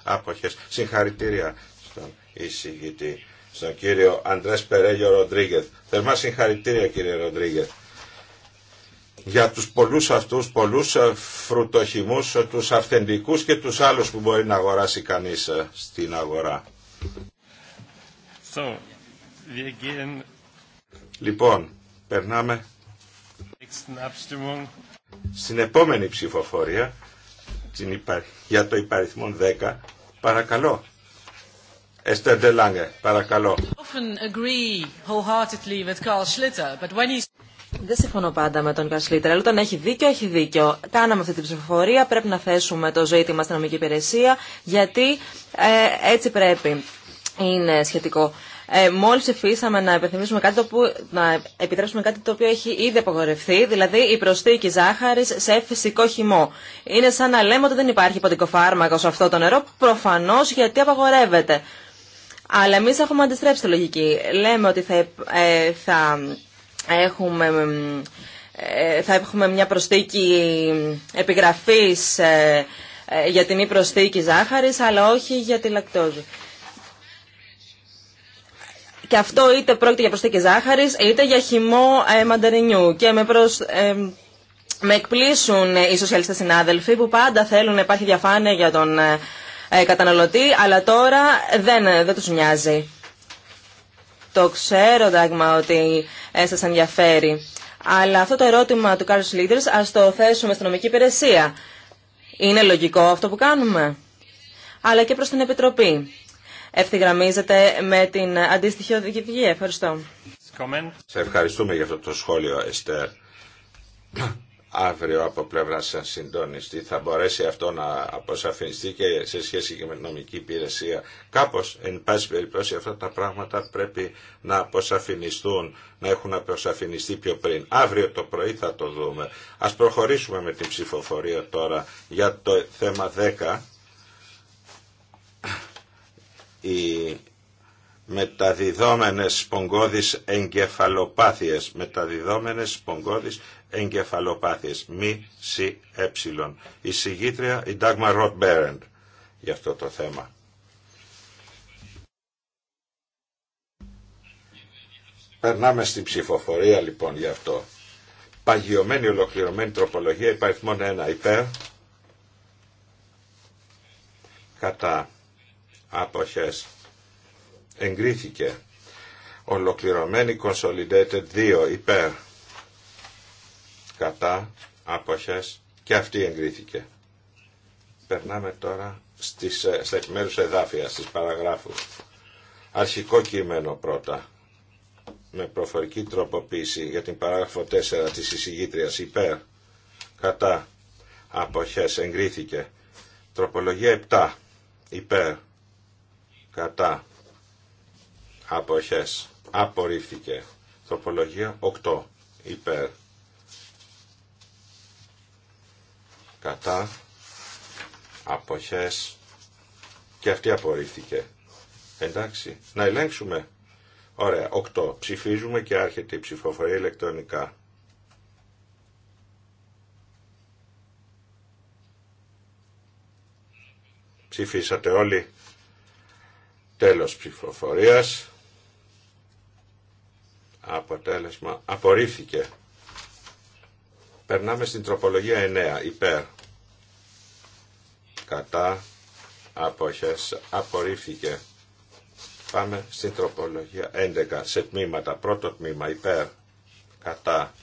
άποχες. Συγχαρητήρια στον εισηγητή, στον κύριο Αντρέ Περέγιο Ροντρίγκεθ. Θερμά συγχαρητήρια κύριε Ροντρίγκεθ για τους πολλούς αυτούς, πολλούς ε, φρουτοχυμούς, ε, τους αυθεντικούς και τους άλλους που μπορεί να αγοράσει κανείς ε, στην αγορά. So, again... Λοιπόν, περνάμε στην επόμενη ψηφοφορία για το υπαριθμό 10, παρακαλώ. Esther de Lange, παρακαλώ. Δεν συμφωνώ πάντα με τον Κασλίτερ, αλλά όταν έχει δίκιο, έχει δίκιο. Κάναμε αυτή την ψηφοφορία, πρέπει να θέσουμε το ζήτημα στην νομική υπηρεσία, γιατί ε, έτσι πρέπει. Είναι σχετικό ε, μόλι ψηφίσαμε να, κάτι το να επιτρέψουμε κάτι το οποίο έχει ήδη απογορευτεί δηλαδή η προσθήκη ζάχαρη σε φυσικό χυμό. Είναι σαν να λέμε ότι δεν υπάρχει φάρμακο σε αυτό το νερό, προφανώ γιατί απαγορεύεται. Αλλά εμεί έχουμε αντιστρέψει τη λογική. Λέμε ότι θα, ε, θα έχουμε ε, θα έχουμε μια προσθήκη επιγραφής ε, για την ή προσθήκη ζάχαρης, αλλά όχι για τη λακτόζη. Και αυτό είτε πρόκειται για προσθήκη ζάχαρης, είτε για χυμό ε, Και με προς... Ε, με εκπλήσουν ε, οι σοσιαλιστές συνάδελφοι που πάντα θέλουν να υπάρχει διαφάνεια για τον ε, καταναλωτή, αλλά τώρα δεν, δεν τους νοιάζει. Το ξέρω, Δάγμα, ότι ε, σας ενδιαφέρει. Αλλά αυτό το ερώτημα του Κάρου Λίτρης α το θέσουμε στην νομική υπηρεσία. Είναι λογικό αυτό που κάνουμε. Αλλά και προ την Επιτροπή ευθυγραμμίζεται με την αντίστοιχη οδηγία. Ευχαριστώ. Σε ευχαριστούμε για αυτό το σχόλιο, Εστέρ. Αύριο από πλευρά σα συντονιστή θα μπορέσει αυτό να αποσαφινιστεί και σε σχέση και με την νομική υπηρεσία. Κάπω, εν πάση περιπτώσει, αυτά τα πράγματα πρέπει να αποσαφινιστούν, να έχουν αποσαφινιστεί πιο πριν. Αύριο το πρωί θα το δούμε. Α προχωρήσουμε με την ψηφοφορία τώρα για το θέμα 10 οι μεταδιδόμενες σπογγώδεις εγκεφαλοπάθειες, μεταδιδόμενες σπογγώδεις εγκεφαλοπάθειες, μη σι έψιλον. Η συγγήτρια η Ντάγμα Ροτ Μπέρεντ για αυτό το θέμα. Περνάμε στην ψηφοφορία λοιπόν γι' αυτό. Παγιωμένη ολοκληρωμένη τροπολογία μόνο ένα υπέρ κατά αποχές. Εγκρίθηκε. Ολοκληρωμένη Consolidated 2 υπέρ κατά αποχές και αυτή εγκρίθηκε. Περνάμε τώρα στις, ε, στα επιμέρους εδάφια, στις παραγράφους. Αρχικό κείμενο πρώτα, με προφορική τροποποίηση για την παράγραφο 4 της εισηγήτριας υπέρ, κατά, αποχές, εγκρίθηκε. Τροπολογία 7, υπέρ, κατά αποχές απορρίφθηκε τροπολογία 8 υπέρ κατά αποχές και αυτή απορρίφθηκε εντάξει να ελέγξουμε ωραία 8 ψηφίζουμε και άρχεται η ψηφοφορία ηλεκτρονικά ψηφίσατε όλοι Τέλος ψηφοφορίας. Αποτέλεσμα. Απορρίφθηκε. Περνάμε στην τροπολογία 9. Υπέρ. Κατά. Απόχες. Απορρίφθηκε. Πάμε στην τροπολογία 11. Σε τμήματα. Πρώτο τμήμα. Υπέρ. Κατά.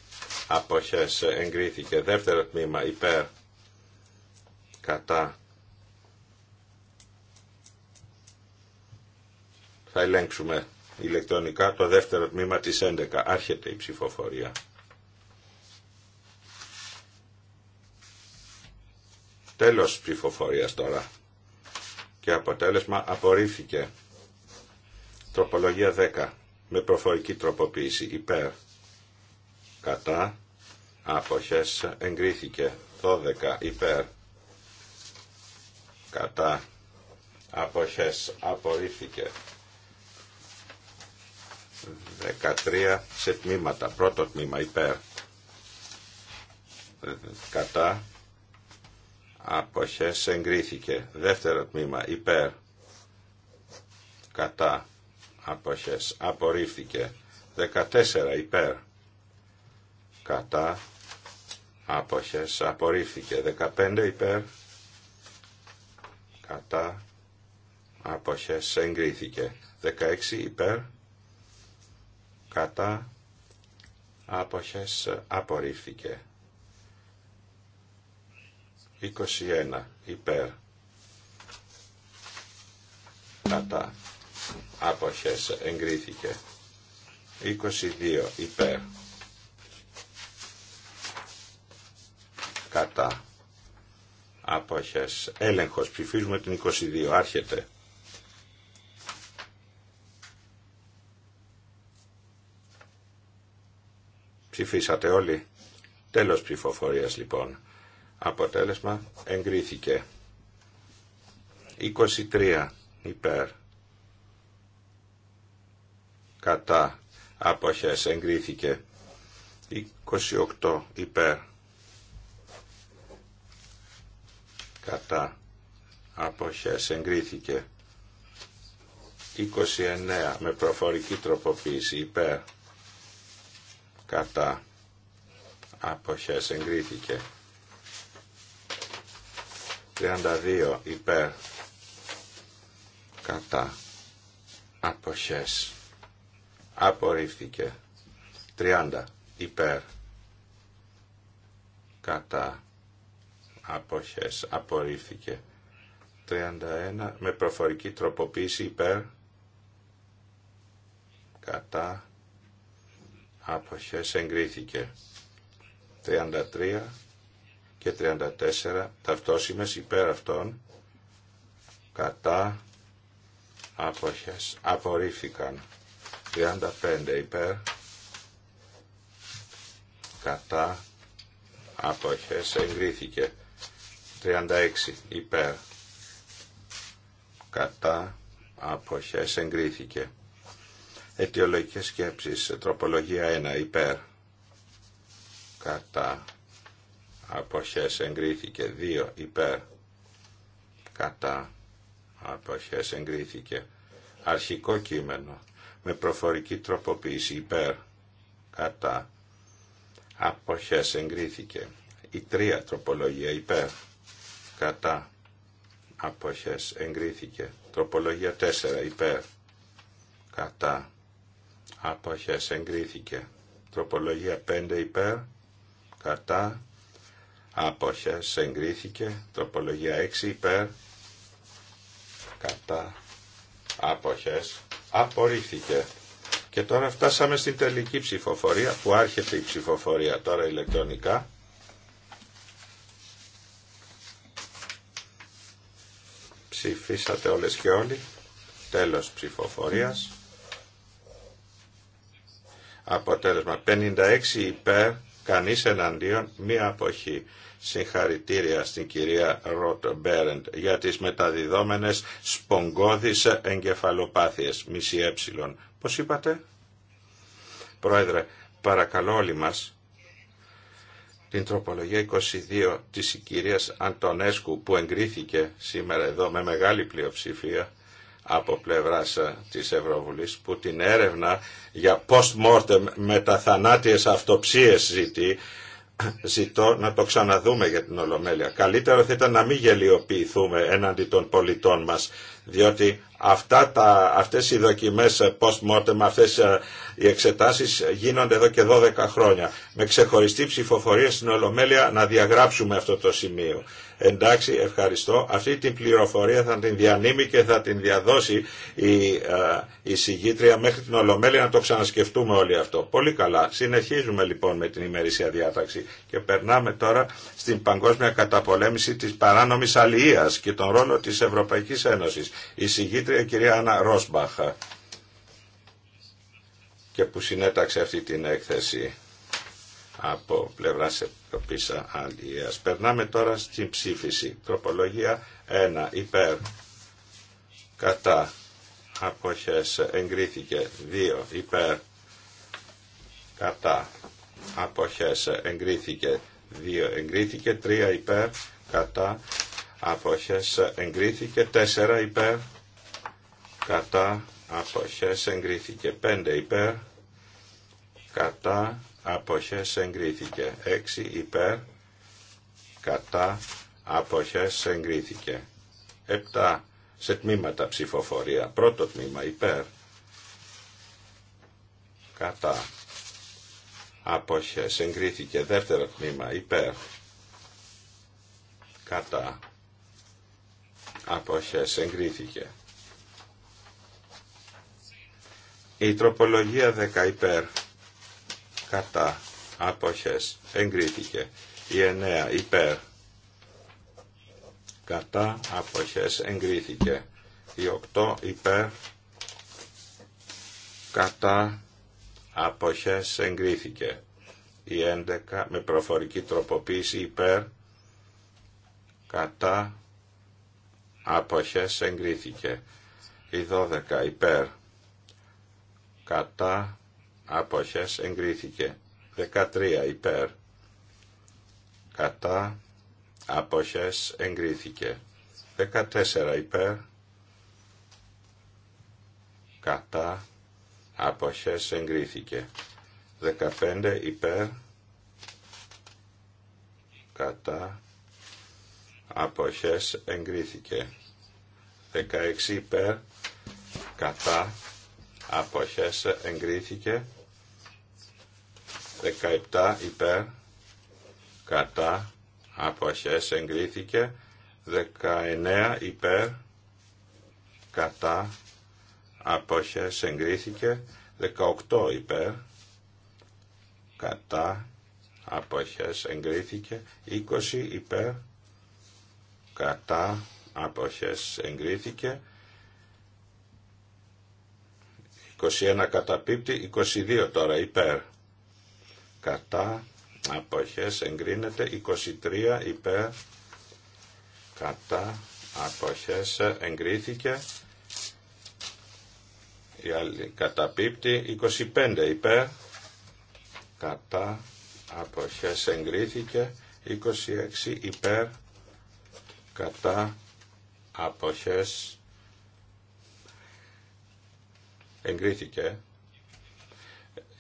Απόχες. Εγκρίθηκε. Δεύτερο τμήμα. Υπέρ. Κατά. Θα ελέγξουμε ηλεκτρονικά το δεύτερο τμήμα της 11. Άρχεται η ψηφοφορία. Τέλος ψηφοφορίας τώρα. Και αποτέλεσμα απορρίφθηκε. Τροπολογία 10. Με προφορική τροποποίηση. Υπέρ. Κατά. Άποχες. Εγκρίθηκε. 12. Υπέρ. Κατά. Αποχές. Απορρίφθηκε. 13 σε τμήματα. Πρώτο τμήμα υπέρ. Ε, κατά. Αποχές εγκρίθηκε. Δεύτερο τμήμα υπέρ. Κατά. Αποχές απορρίφθηκε. 14 υπέρ. Κατά. Αποχές απορρίφθηκε. 15 υπέρ. Κατά. Αποχές εγκρίθηκε. 16 υπέρ κατά άποχες απορρίφθηκε. 21 υπέρ κατά άποχες εγκρίθηκε. 22 υπέρ κατά άποχες έλεγχος. Ψηφίζουμε την 22. Άρχεται. Ψηφίσατε όλοι. Τέλος ψηφοφορίας λοιπόν. Αποτέλεσμα εγκρίθηκε. 23 υπέρ. Κατά. Αποχές εγκρίθηκε. 28 υπέρ. Κατά. Αποχές εγκρίθηκε. 29 με προφορική τροποποίηση υπέρ κατά αποχές εγκρίθηκε 32 υπέρ κατά αποχές απορρίφθηκε 30 υπέρ κατά αποχές απορρίφθηκε 31 με προφορική τροποποίηση υπέρ κατά αποχές εγκρίθηκε. 33 και 34 ταυτόσημες υπέρ αυτών κατά άποχες απορρίφθηκαν 35 υπέρ κατά άποχες εγκρίθηκε 36 υπέρ κατά άποχες εγκρίθηκε Αιτιολογικές σκέψεις, τροπολογία 1, υπέρ, κατά, αποχές εγκρίθηκε, 2, υπέρ, κατά, αποχές εγκρίθηκε, αρχικό κείμενο, με προφορική τροποποίηση, υπέρ, κατά, αποχές εγκρίθηκε, η τρία τροπολογία, υπέρ, κατά, αποχές εγκρίθηκε, τροπολογία 4, υπέρ, κατά, αποχές εγκρίθηκε. Τροπολογία 5 υπέρ, κατά, αποχές εγκρίθηκε. Τροπολογία 6 υπέρ, κατά, αποχές απορρίφθηκε. Και τώρα φτάσαμε στην τελική ψηφοφορία που άρχεται η ψηφοφορία τώρα ηλεκτρονικά. Ψηφίσατε όλες και όλοι. Τέλος ψηφοφορίας. Αποτέλεσμα 56 υπέρ, κανείς εναντίον, μία αποχή. Συγχαρητήρια στην κυρία Ροτ Μπέρεντ για τις μεταδιδόμενες σπογκώδεις εγκεφαλοπάθειες, μισή έψιλον. Ε. Πώς είπατε? Πρόεδρε, παρακαλώ όλοι μας την τροπολογία 22 της κυρίας Αντωνέσκου που εγκρίθηκε σήμερα εδώ με μεγάλη πλειοψηφία από πλευράς ε, της Ευρωβουλής που την έρευνα για post-mortem μεταθανάτιες αυτοψίες ζητεί ζητώ να το ξαναδούμε για την Ολομέλεια. Καλύτερο θα ήταν να μην γελιοποιηθούμε έναντι των πολιτών μας, διότι Αυτά τα, αυτές οι δοκιμές post-mortem, αυτές ε, οι εξετάσεις γίνονται εδώ και 12 χρόνια. Με ξεχωριστή ψηφοφορία στην Ολομέλεια να διαγράψουμε αυτό το σημείο. Εντάξει, ευχαριστώ. Αυτή την πληροφορία θα την διανύμει και θα την διαδώσει η, ε, η συγγήτρια μέχρι την Ολομέλεια να το ξανασκεφτούμε όλοι αυτό. Πολύ καλά. Συνεχίζουμε λοιπόν με την ημερήσια διάταξη και περνάμε τώρα στην παγκόσμια καταπολέμηση της παράνομης αλληλείας και τον ρόλο της Ευρωπαϊκής Ένωσης. Η η κυρία Άννα Ροσμπαχα και που συνέταξε αυτή την έκθεση από πλευρά Επιτροπής Αλίας. Περνάμε τώρα στην ψήφιση. Τροπολογία 1. Υπέρ. Κατά. Αποχές. Εγκρίθηκε. 2. Υπέρ. Κατά. Αποχές. Εγκρίθηκε. 2. Εγκρίθηκε. 3. Υπέρ. Κατά. Αποχές. Εγκρίθηκε. 4. Υπέρ κατά αποχές εγκρίθηκε 5 υπέρ κατά αποχές εγκρίθηκε 6 υπέρ κατά αποχές εγκρίθηκε 7 σε τμήματα ψηφοφορία πρώτο τμήμα υπέρ κατά αποχές εγκρίθηκε δεύτερο τμήμα υπέρ κατά αποχές εγκρίθηκε Η τροπολογία 10 υπέρ κατά αποχές εγκρίθηκε. Η 9 υπέρ κατά αποχές εγκρίθηκε. Η 8 υπέρ κατά αποχές εγκρίθηκε. Η 11 με προφορική τροποποίηση υπέρ κατά αποχές εγκρίθηκε. Η 12 υπέρ κατά άποχες εγκρίθηκε 13 υπέρ κατά άποχες εγκρίθηκε 14 υπέρ κατά άποχες εγκρίθηκε 15 υπέρ κατά άποχες εγκρίθηκε 16 υπέρ κατά αποχές εγκρίθηκε 17 υπέρ κατά αποχές εγκρίθηκε 19 υπέρ κατά αποχές εγκρίθηκε 18 υπέρ κατά αποχές εγκρίθηκε 20 υπέρ κατά αποχές εγκρίθηκε 21 καταπίπτει, 22 τώρα υπέρ. Κατά αποχές εγκρίνεται, 23 υπέρ. Κατά αποχές εγκρίθηκε. Η καταπίπτει, 25 υπέρ. Κατά αποχές εγκρίθηκε, 26 υπέρ. Κατά αποχές Εγκρίθηκε.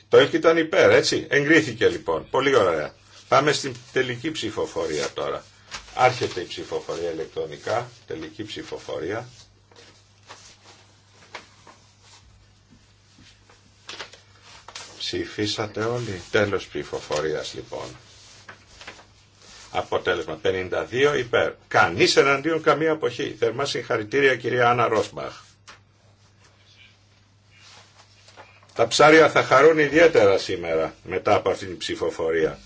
Το έχει ήταν υπέρ, έτσι. Εγκρίθηκε λοιπόν. Πολύ ωραία. Πάμε στην τελική ψηφοφορία τώρα. Άρχεται η ψηφοφορία ηλεκτρονικά. Τελική ψηφοφορία. Ψηφίσατε όλοι. Τέλος ψηφοφορίας λοιπόν. Αποτέλεσμα 52 υπέρ. Κανείς εναντίον καμία αποχή. Θερμά συγχαρητήρια κυρία Άννα Ρόσμπαχ. Τα ψάρια θα χαρούν ιδιαίτερα σήμερα μετά από αυτήν την ψηφοφορία.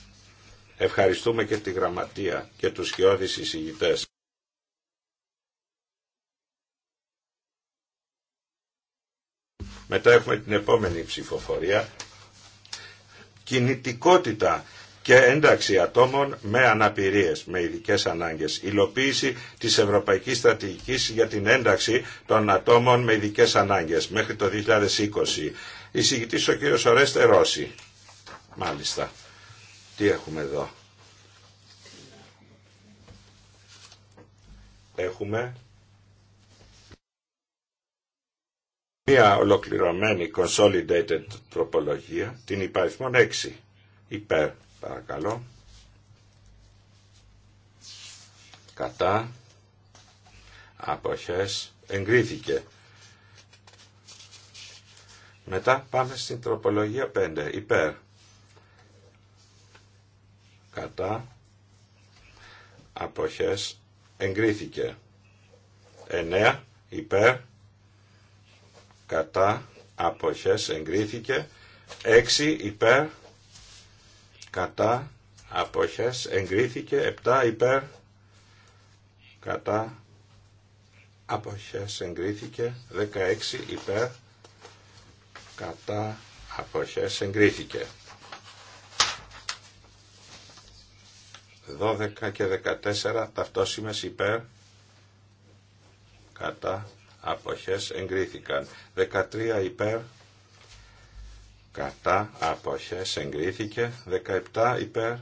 Ευχαριστούμε και τη Γραμματεία και τους χειώδεις εισηγητές. Μετά έχουμε την επόμενη ψηφοφορία. Κινητικότητα και ένταξη ατόμων με αναπηρίες, με ειδικές ανάγκες. Υλοποίηση της Ευρωπαϊκής Στρατηγικής για την ένταξη των ατόμων με ειδικές ανάγκες μέχρι το 2020. Η ο κύριο Ορέστε Ρώση. Μάλιστα. Τι έχουμε εδώ. Έχουμε μία ολοκληρωμένη consolidated τροπολογία, την υπαριθμόν 6. Υπέρ, παρακαλώ. Κατά. Αποχές. Εγκρίθηκε. Μετά πάμε στην τροπολογία 5. Υπέρ. Κατά. Αποχές. Εγκρίθηκε. 9. Υπέρ. Κατά. Αποχές. Εγκρίθηκε. 6. Υπέρ. Κατά. Αποχές. Εγκρίθηκε. 7. Υπέρ. Κατά. Αποχές. Εγκρίθηκε. 16. Υπέρ κατά αποχές εγκρίθηκε. 12 και 14 ταυτόσημες υπέρ κατά αποχές εγκρίθηκαν. 13 υπέρ κατά αποχές εγκρίθηκε. 17 υπέρ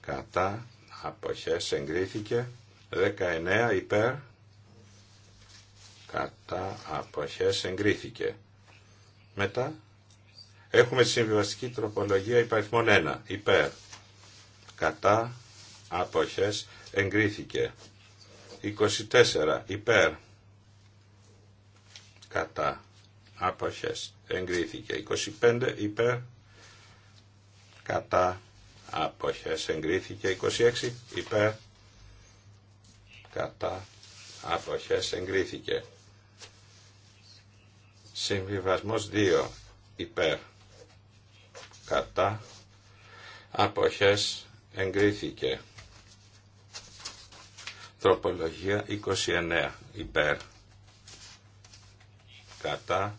κατά αποχές εγκρίθηκε. 19 υπέρ κατά αποχές εγκρίθηκε. Μετά έχουμε συμβιβαστική τροπολογία υπαριθμών 1. Υπέρ. Κατά. Αποχές. Εγκρίθηκε. 24. Υπέρ. Κατά. Αποχές. Εγκρίθηκε. 25. Υπέρ. Κατά. Αποχές. Εγκρίθηκε. 26. Υπέρ. Κατά. Αποχές. Εγκρίθηκε. Συμβιβασμός 2 υπέρ κατά αποχές εγκρίθηκε. Τροπολογία 29 υπέρ κατά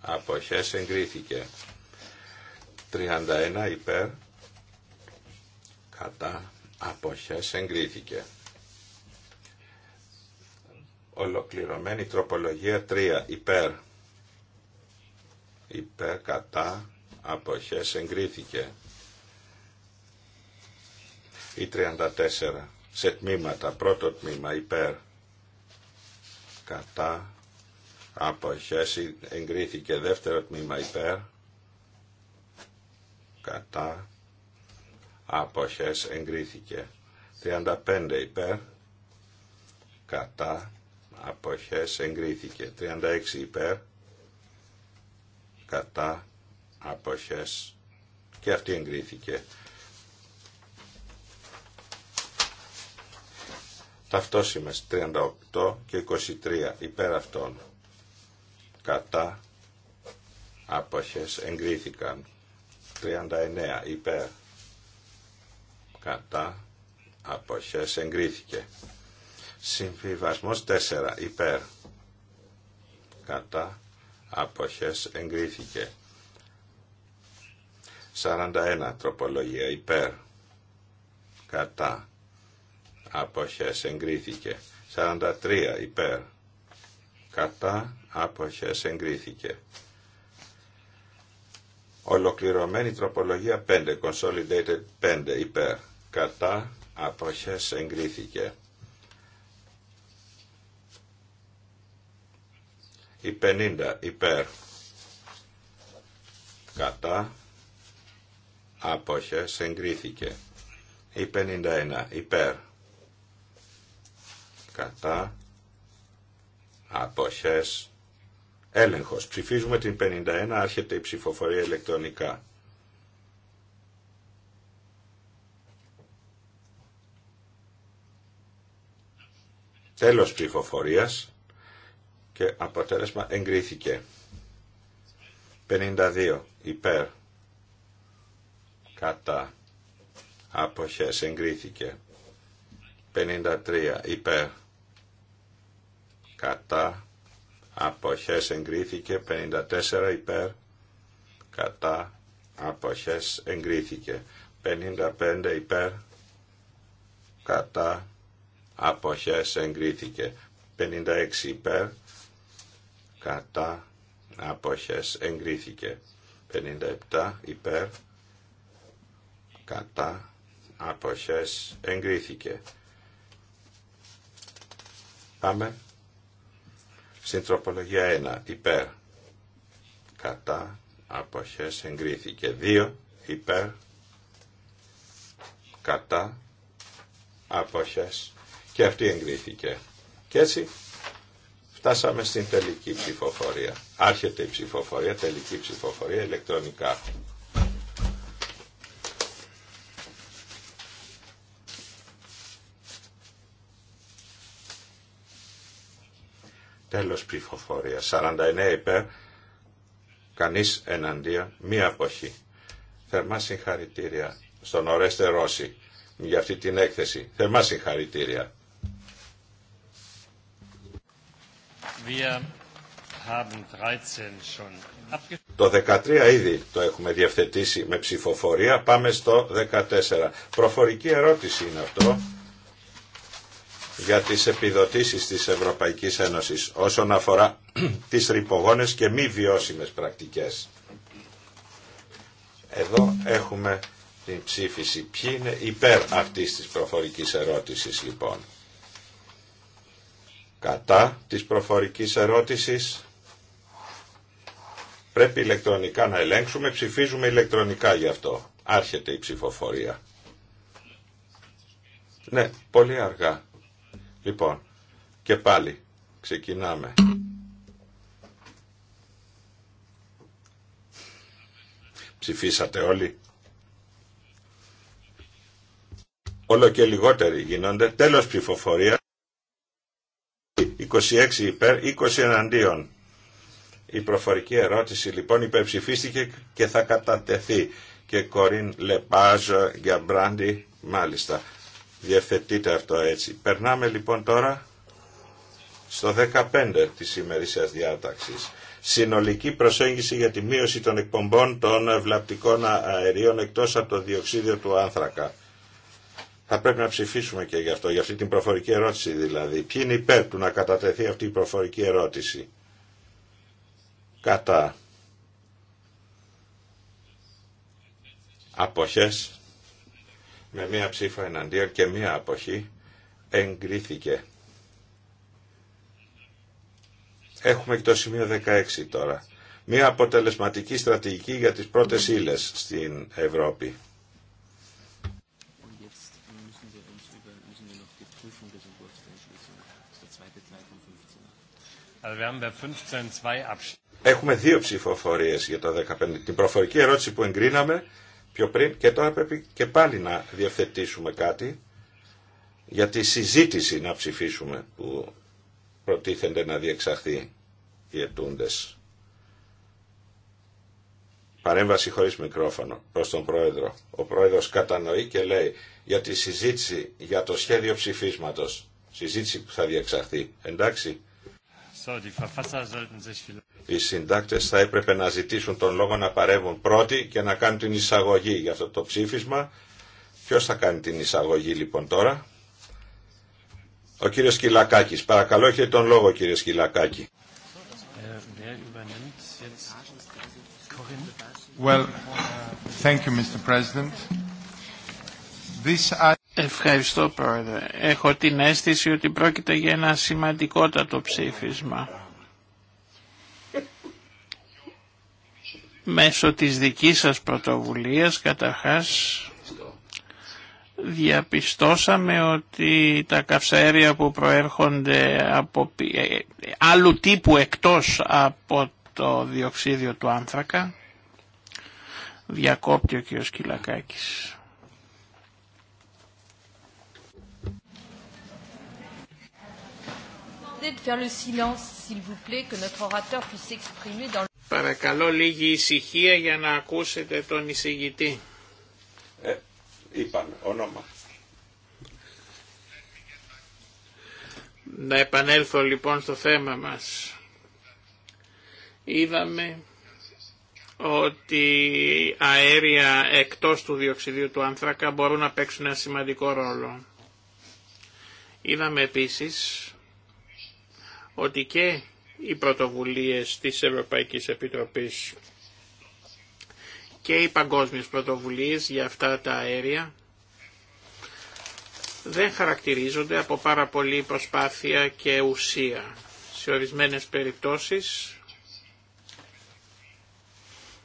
αποχές εγκρίθηκε. 31 υπέρ κατά αποχές εγκρίθηκε. Ολοκληρωμένη τροπολογία 3 υπέρ υπέρ κατά αποχές εγκρίθηκε. Η 34 σε τμήματα, πρώτο τμήμα υπέρ κατά αποχές εγκρίθηκε, δεύτερο τμήμα υπέρ κατά αποχές εγκρίθηκε. 35 υπέρ κατά αποχές εγκρίθηκε. 36 υπέρ κατά αποχές και αυτή εγκρίθηκε. Ταυτόσιμες 38 και 23 υπέρ αυτών κατά αποχές εγκρίθηκαν. 39 υπέρ κατά αποχές εγκρίθηκε. Συμφιβασμός 4 υπέρ κατά αποχές εγκρίθηκε. 41 τροπολογία υπέρ κατά αποχές εγκρίθηκε. 43 υπέρ κατά αποχές εγκρίθηκε. Ολοκληρωμένη τροπολογία 5, consolidated 5 υπέρ, κατά αποχές εγκρίθηκε. Η 50 υπέρ κατά άποχες εγκρίθηκε. Η 51 υπέρ κατά άποχες έλεγχος. Ψηφίζουμε την 51, άρχεται η ψηφοφορία ηλεκτρονικά. Τέλος ψηφοφορίας και αποτέλεσμα εγκρίθηκε. 52 υπέρ κατά αποχές εγκρίθηκε. 53 υπέρ κατά αποχές εγκρίθηκε. 54 υπέρ κατά αποχές εγκρίθηκε. 55 υπέρ κατά αποχές εγκρίθηκε. 56 υπέρ κατά αποχές εγκρίθηκε 57 υπέρ κατά αποχές εγκρίθηκε πάμε στην τροπολογία 1 υπέρ κατά αποχές εγκρίθηκε 2 υπέρ κατά αποχές και αυτή εγκρίθηκε και έτσι Φτάσαμε στην τελική ψηφοφορία. Άρχεται η ψηφοφορία, τελική ψηφοφορία ηλεκτρονικά. Τέλος ψηφοφορία. 49 υπέρ, κανείς εναντίον, μία αποχή. Θερμά συγχαρητήρια στον Ορέστε Ρώση για αυτή την έκθεση. Θερμά συγχαρητήρια. Το 13 ήδη το έχουμε διευθετήσει με ψηφοφορία. Πάμε στο 14. Προφορική ερώτηση είναι αυτό για τις επιδοτήσεις της Ευρωπαϊκής Ένωσης όσον αφορά τις ρυπογόνες και μη βιώσιμες πρακτικές. Εδώ έχουμε την ψήφιση. Ποιοι είναι υπέρ αυτής της προφορικής ερώτησης λοιπόν κατά της προφορικής ερώτησης. Πρέπει ηλεκτρονικά να ελέγξουμε, ψηφίζουμε ηλεκτρονικά γι' αυτό. Άρχεται η ψηφοφορία. Ναι, πολύ αργά. Λοιπόν, και πάλι ξεκινάμε. Ψηφίσατε όλοι. Όλο και λιγότεροι γίνονται. Τέλος ψηφοφορία. 26 υπέρ, 20 εναντίον. Η προφορική ερώτηση λοιπόν υπερψηφίστηκε και θα κατατεθεί. Και Κορίν Λεπάζ μπράντι μάλιστα. Διευθετείτε αυτό έτσι. Περνάμε λοιπόν τώρα στο 15 της ημερήσιας διάταξης. Συνολική προσέγγιση για τη μείωση των εκπομπών των βλαπτικών αερίων εκτός από το διοξίδιο του άνθρακα. Θα πρέπει να ψηφίσουμε και γι' αυτό, για αυτή την προφορική ερώτηση δηλαδή. Ποιοι είναι υπέρ του να κατατεθεί αυτή η προφορική ερώτηση. Κατά. Αποχές. Με μία ψήφα εναντίον και μία αποχή εγκρίθηκε. Έχουμε και το σημείο 16 τώρα. Μία αποτελεσματική στρατηγική για τις πρώτες ύλες στην Ευρώπη. Έχουμε δύο ψηφοφορίε για το 15. Την προφορική ερώτηση που εγκρίναμε πιο πριν και τώρα πρέπει και πάλι να διευθετήσουμε κάτι για τη συζήτηση να ψηφίσουμε που προτίθενται να διεξαχθεί οι ετούντες. Παρέμβαση χωρίς μικρόφωνο προς τον Πρόεδρο. Ο Πρόεδρος κατανοεί και λέει για τη συζήτηση για το σχέδιο ψηφίσματος. Συζήτηση που θα διεξαχθεί. Εντάξει. Οι συντάκτε θα έπρεπε να ζητήσουν τον λόγο να παρεύουν πρώτοι και να κάνουν την εισαγωγή για αυτό το ψήφισμα. Ποιο θα κάνει την εισαγωγή λοιπόν τώρα. Ο κύριο Κυλακάκης. Παρακαλώ έχετε τον λόγο κύριε Κυλακάκη. Well, thank you, Mr. President. Ευχαριστώ Πρόεδρε. Έχω την αίσθηση ότι πρόκειται για ένα σημαντικότατο ψήφισμα. Μέσω της δικής σας πρωτοβουλίας καταρχάς διαπιστώσαμε ότι τα καυσαέρια που προέρχονται από ε, άλλου τύπου εκτός από το διοξίδιο του άνθρακα διακόπτει ο κ. Παρακαλώ λίγη ησυχία για να ακούσετε τον εισηγητή. Ε, είπαν όνομα. Να επανέλθω λοιπόν στο θέμα μας. Είδαμε ότι αέρια εκτός του διοξιδίου του άνθρακα μπορούν να παίξουν ένα σημαντικό ρόλο. Είδαμε επίσης ότι και οι πρωτοβουλίες της Ευρωπαϊκής Επιτροπής και οι παγκόσμιες πρωτοβουλίες για αυτά τα αέρια δεν χαρακτηρίζονται από πάρα πολύ προσπάθεια και ουσία. Σε ορισμένες περιπτώσεις,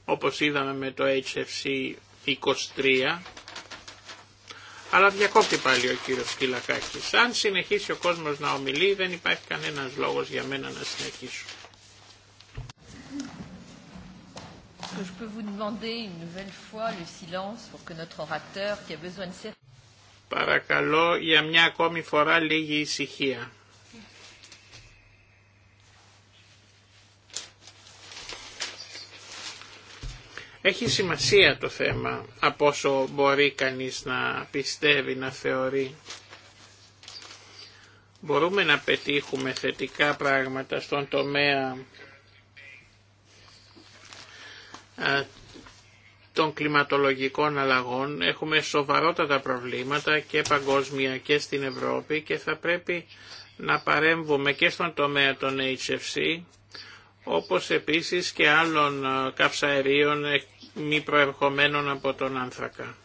όπως είδαμε με το HFC 23, αλλά διακόπτει πάλι ο κύριος Κυλακάκης. Αν συνεχίσει ο κόσμος να ομιλεί δεν υπάρχει κανένας λόγος για μένα να συνεχίσω. Παρακαλώ για μια ακόμη φορά λίγη ησυχία. Έχει σημασία το θέμα από όσο μπορεί κανείς να πιστεύει, να θεωρεί. Μπορούμε να πετύχουμε θετικά πράγματα στον τομέα των κλιματολογικών αλλαγών. Έχουμε σοβαρότατα προβλήματα και παγκόσμια και στην Ευρώπη και θα πρέπει να παρέμβουμε και στον τομέα των HFC όπως επίσης και άλλων καυσαερίων μη προερχομένων από τον άνθρακα.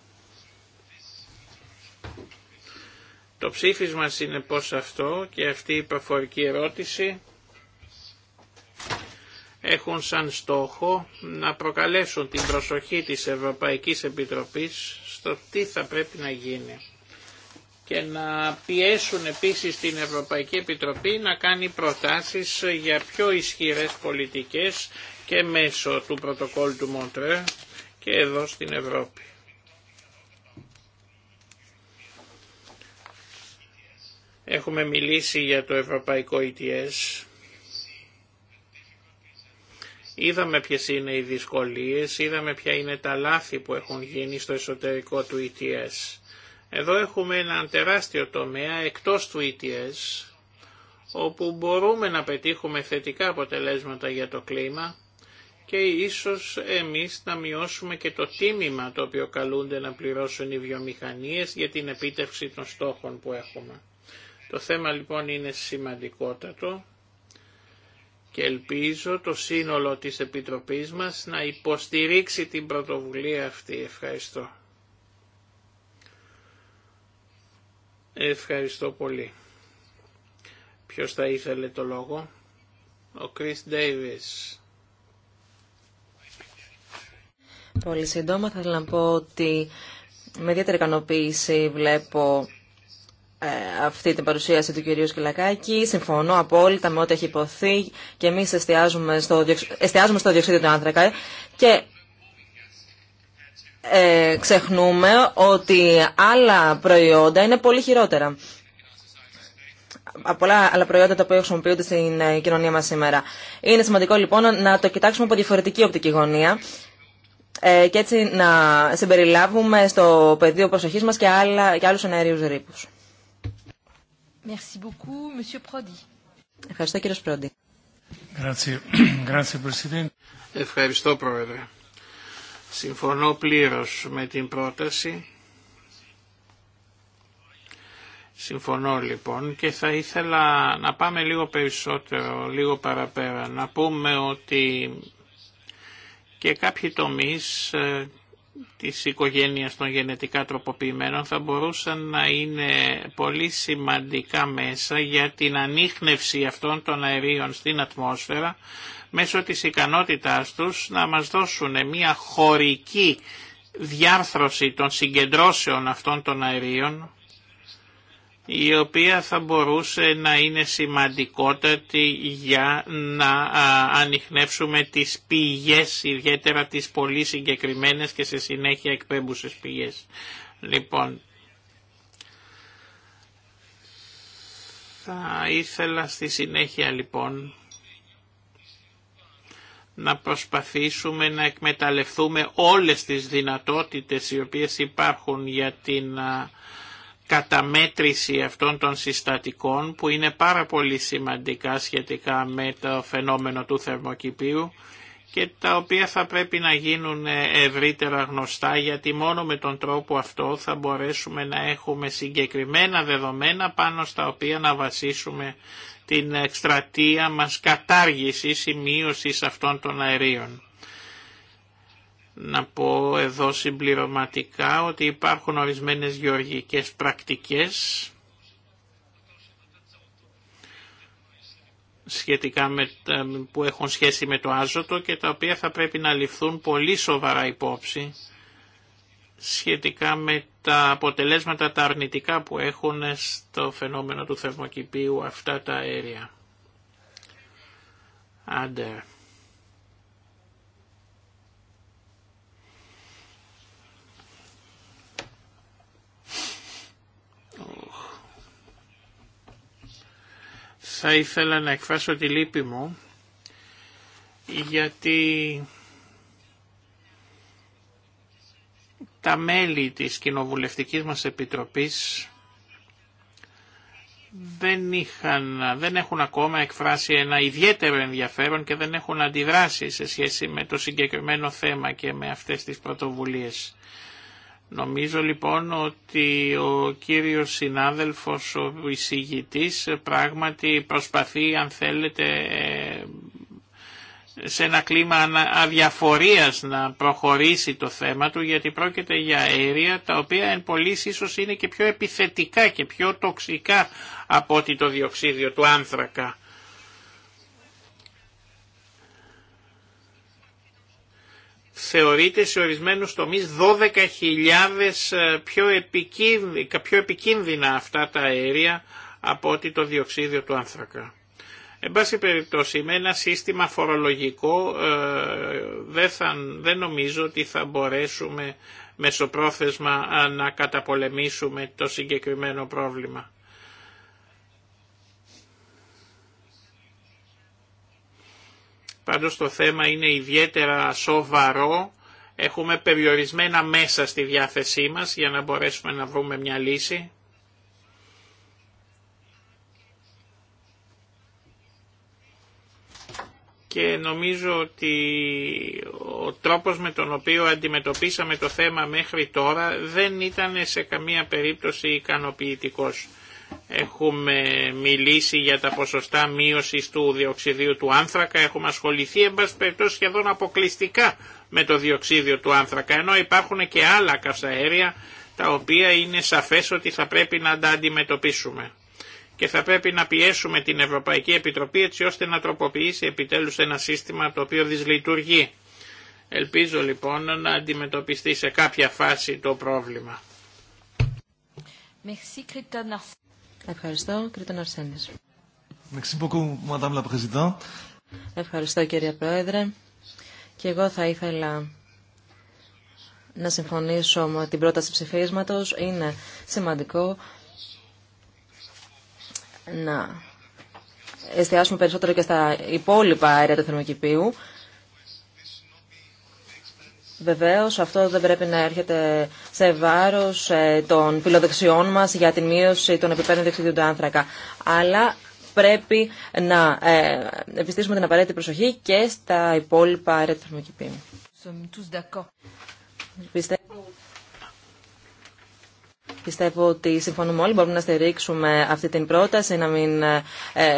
Το ψήφισμα συνεπώς αυτό και αυτή η προφορική ερώτηση έχουν σαν στόχο να προκαλέσουν την προσοχή της Ευρωπαϊκής Επιτροπής στο τι θα πρέπει να γίνει και να πιέσουν επίσης την Ευρωπαϊκή Επιτροπή να κάνει προτάσεις για πιο ισχυρές πολιτικές και μέσω του πρωτοκόλλου του Μοντρέ και εδώ στην Ευρώπη. Έχουμε μιλήσει για το Ευρωπαϊκό ETS. Είδαμε ποιες είναι οι δυσκολίες, είδαμε ποια είναι τα λάθη που έχουν γίνει στο εσωτερικό του ETS. Εδώ έχουμε ένα τεράστιο τομέα εκτός του ETS, όπου μπορούμε να πετύχουμε θετικά αποτελέσματα για το κλίμα, και ίσως εμείς να μειώσουμε και το τίμημα το οποίο καλούνται να πληρώσουν οι βιομηχανίες για την επίτευξη των στόχων που έχουμε. Το θέμα λοιπόν είναι σημαντικότατο και ελπίζω το σύνολο της Επιτροπής μας να υποστηρίξει την πρωτοβουλία αυτή. Ευχαριστώ. Ευχαριστώ πολύ. Ποιος θα ήθελε το λόγο. Ο Chris Ντέιβις. Πολύ σύντομα θα ήθελα να πω ότι με ιδιαίτερη ικανοποίηση βλέπω ε, αυτή την παρουσίαση του κυρίου Σκυλακάκη. Συμφωνώ απόλυτα με ό,τι έχει υποθεί και εμεί εστιάζουμε, στο, εστιάζουμε στο διοξείδιο του άνθρακα και ε, ξεχνούμε ότι άλλα προϊόντα είναι πολύ χειρότερα. Από πολλά άλλα προϊόντα τα οποία χρησιμοποιούνται στην ε, κοινωνία μας σήμερα. Είναι σημαντικό λοιπόν να το κοιτάξουμε από διαφορετική οπτική γωνία ε, και έτσι να συμπεριλάβουμε στο πεδίο προσοχή μα και, άλλα, και άλλους ρήπους. Ευχαριστώ κύριο Πρόντι. Ευχαριστώ Πρόεδρε. Συμφωνώ πλήρως με την πρόταση. Συμφωνώ λοιπόν και θα ήθελα να πάμε λίγο περισσότερο, λίγο παραπέρα. Να πούμε ότι και κάποιοι τομείς ε, της οικογένειας των γενετικά τροποποιημένων θα μπορούσαν να είναι πολύ σημαντικά μέσα για την ανείχνευση αυτών των αερίων στην ατμόσφαιρα μέσω της ικανότητάς τους να μας δώσουν μια χωρική διάρθρωση των συγκεντρώσεων αυτών των αερίων η οποία θα μπορούσε να είναι σημαντικότατη για να ανοιχνεύσουμε τις πηγές, ιδιαίτερα τις πολύ συγκεκριμένες και σε συνέχεια εκπέμπουσες πηγές. Λοιπόν, θα ήθελα στη συνέχεια λοιπόν να προσπαθήσουμε να εκμεταλλευτούμε όλες τις δυνατότητες οι οποίες υπάρχουν για την καταμέτρηση αυτών των συστατικών που είναι πάρα πολύ σημαντικά σχετικά με το φαινόμενο του θερμοκηπίου και τα οποία θα πρέπει να γίνουν ευρύτερα γνωστά γιατί μόνο με τον τρόπο αυτό θα μπορέσουμε να έχουμε συγκεκριμένα δεδομένα πάνω στα οποία να βασίσουμε την εκστρατεία μας κατάργησης ή μείωσης αυτών των αερίων να πω εδώ συμπληρωματικά ότι υπάρχουν ορισμένες γεωργικές πρακτικές σχετικά με, που έχουν σχέση με το άζωτο και τα οποία θα πρέπει να ληφθούν πολύ σοβαρά υπόψη σχετικά με τα αποτελέσματα τα αρνητικά που έχουν στο φαινόμενο του θερμοκηπίου αυτά τα αέρια. Άντε. θα ήθελα να εκφράσω τη λύπη μου γιατί τα μέλη της Κοινοβουλευτικής μας Επιτροπής δεν, είχαν, δεν έχουν ακόμα εκφράσει ένα ιδιαίτερο ενδιαφέρον και δεν έχουν αντιδράσει σε σχέση με το συγκεκριμένο θέμα και με αυτές τις πρωτοβουλίες. Νομίζω λοιπόν ότι ο κύριος συνάδελφος, ο εισηγητής, πράγματι προσπαθεί, αν θέλετε, σε ένα κλίμα αδιαφορίας να προχωρήσει το θέμα του, γιατί πρόκειται για αέρια τα οποία εν πωλής ίσως είναι και πιο επιθετικά και πιο τοξικά από ότι το διοξίδιο του άνθρακα. θεωρείται σε ορισμένου τομείς 12.000 ε, πιο, επικίνδυνα, πιο αυτά τα αέρια από ότι το διοξίδιο του άνθρακα. Εν πάση περιπτώσει με ένα σύστημα φορολογικό ε, δεν, δεν νομίζω ότι θα μπορέσουμε μεσοπρόθεσμα ε, να καταπολεμήσουμε το συγκεκριμένο πρόβλημα. Πάντως το θέμα είναι ιδιαίτερα σοβαρό. Έχουμε περιορισμένα μέσα στη διάθεσή μας για να μπορέσουμε να βρούμε μια λύση. και νομίζω ότι ο τρόπος με τον οποίο αντιμετωπίσαμε το θέμα μέχρι τώρα δεν ήταν σε καμία περίπτωση ικανοποιητικός έχουμε μιλήσει για τα ποσοστά μείωση του διοξιδίου του άνθρακα, έχουμε ασχοληθεί εν πάση περιπτώσει σχεδόν αποκλειστικά με το διοξίδιο του άνθρακα, ενώ υπάρχουν και άλλα καυσαέρια τα οποία είναι σαφές ότι θα πρέπει να τα αντιμετωπίσουμε. Και θα πρέπει να πιέσουμε την Ευρωπαϊκή Επιτροπή έτσι ώστε να τροποποιήσει επιτέλους ένα σύστημα το οποίο δυσλειτουργεί. Ελπίζω λοιπόν να αντιμετωπιστεί σε κάποια φάση το πρόβλημα. Ευχαριστώ. Ευχαριστώ κύριε Πρόεδρε. Και εγώ θα ήθελα να συμφωνήσω με την πρόταση ψηφίσματος. Είναι σημαντικό να εστιάσουμε περισσότερο και στα υπόλοιπα αέρια του θερμοκηπίου. Βεβαίω, αυτό δεν πρέπει να έρχεται σε βάρος ε, των φιλοδεξιών μας για την μείωση των επιπέδων διοξιδίου του άνθρακα. Αλλά πρέπει να ε, επιστήσουμε την απαραίτητη προσοχή και στα υπόλοιπα αρέτη θερμοκηπή. Πιστεύω ότι συμφωνούμε όλοι, μπορούμε να στηρίξουμε αυτή την πρόταση, να μην ε,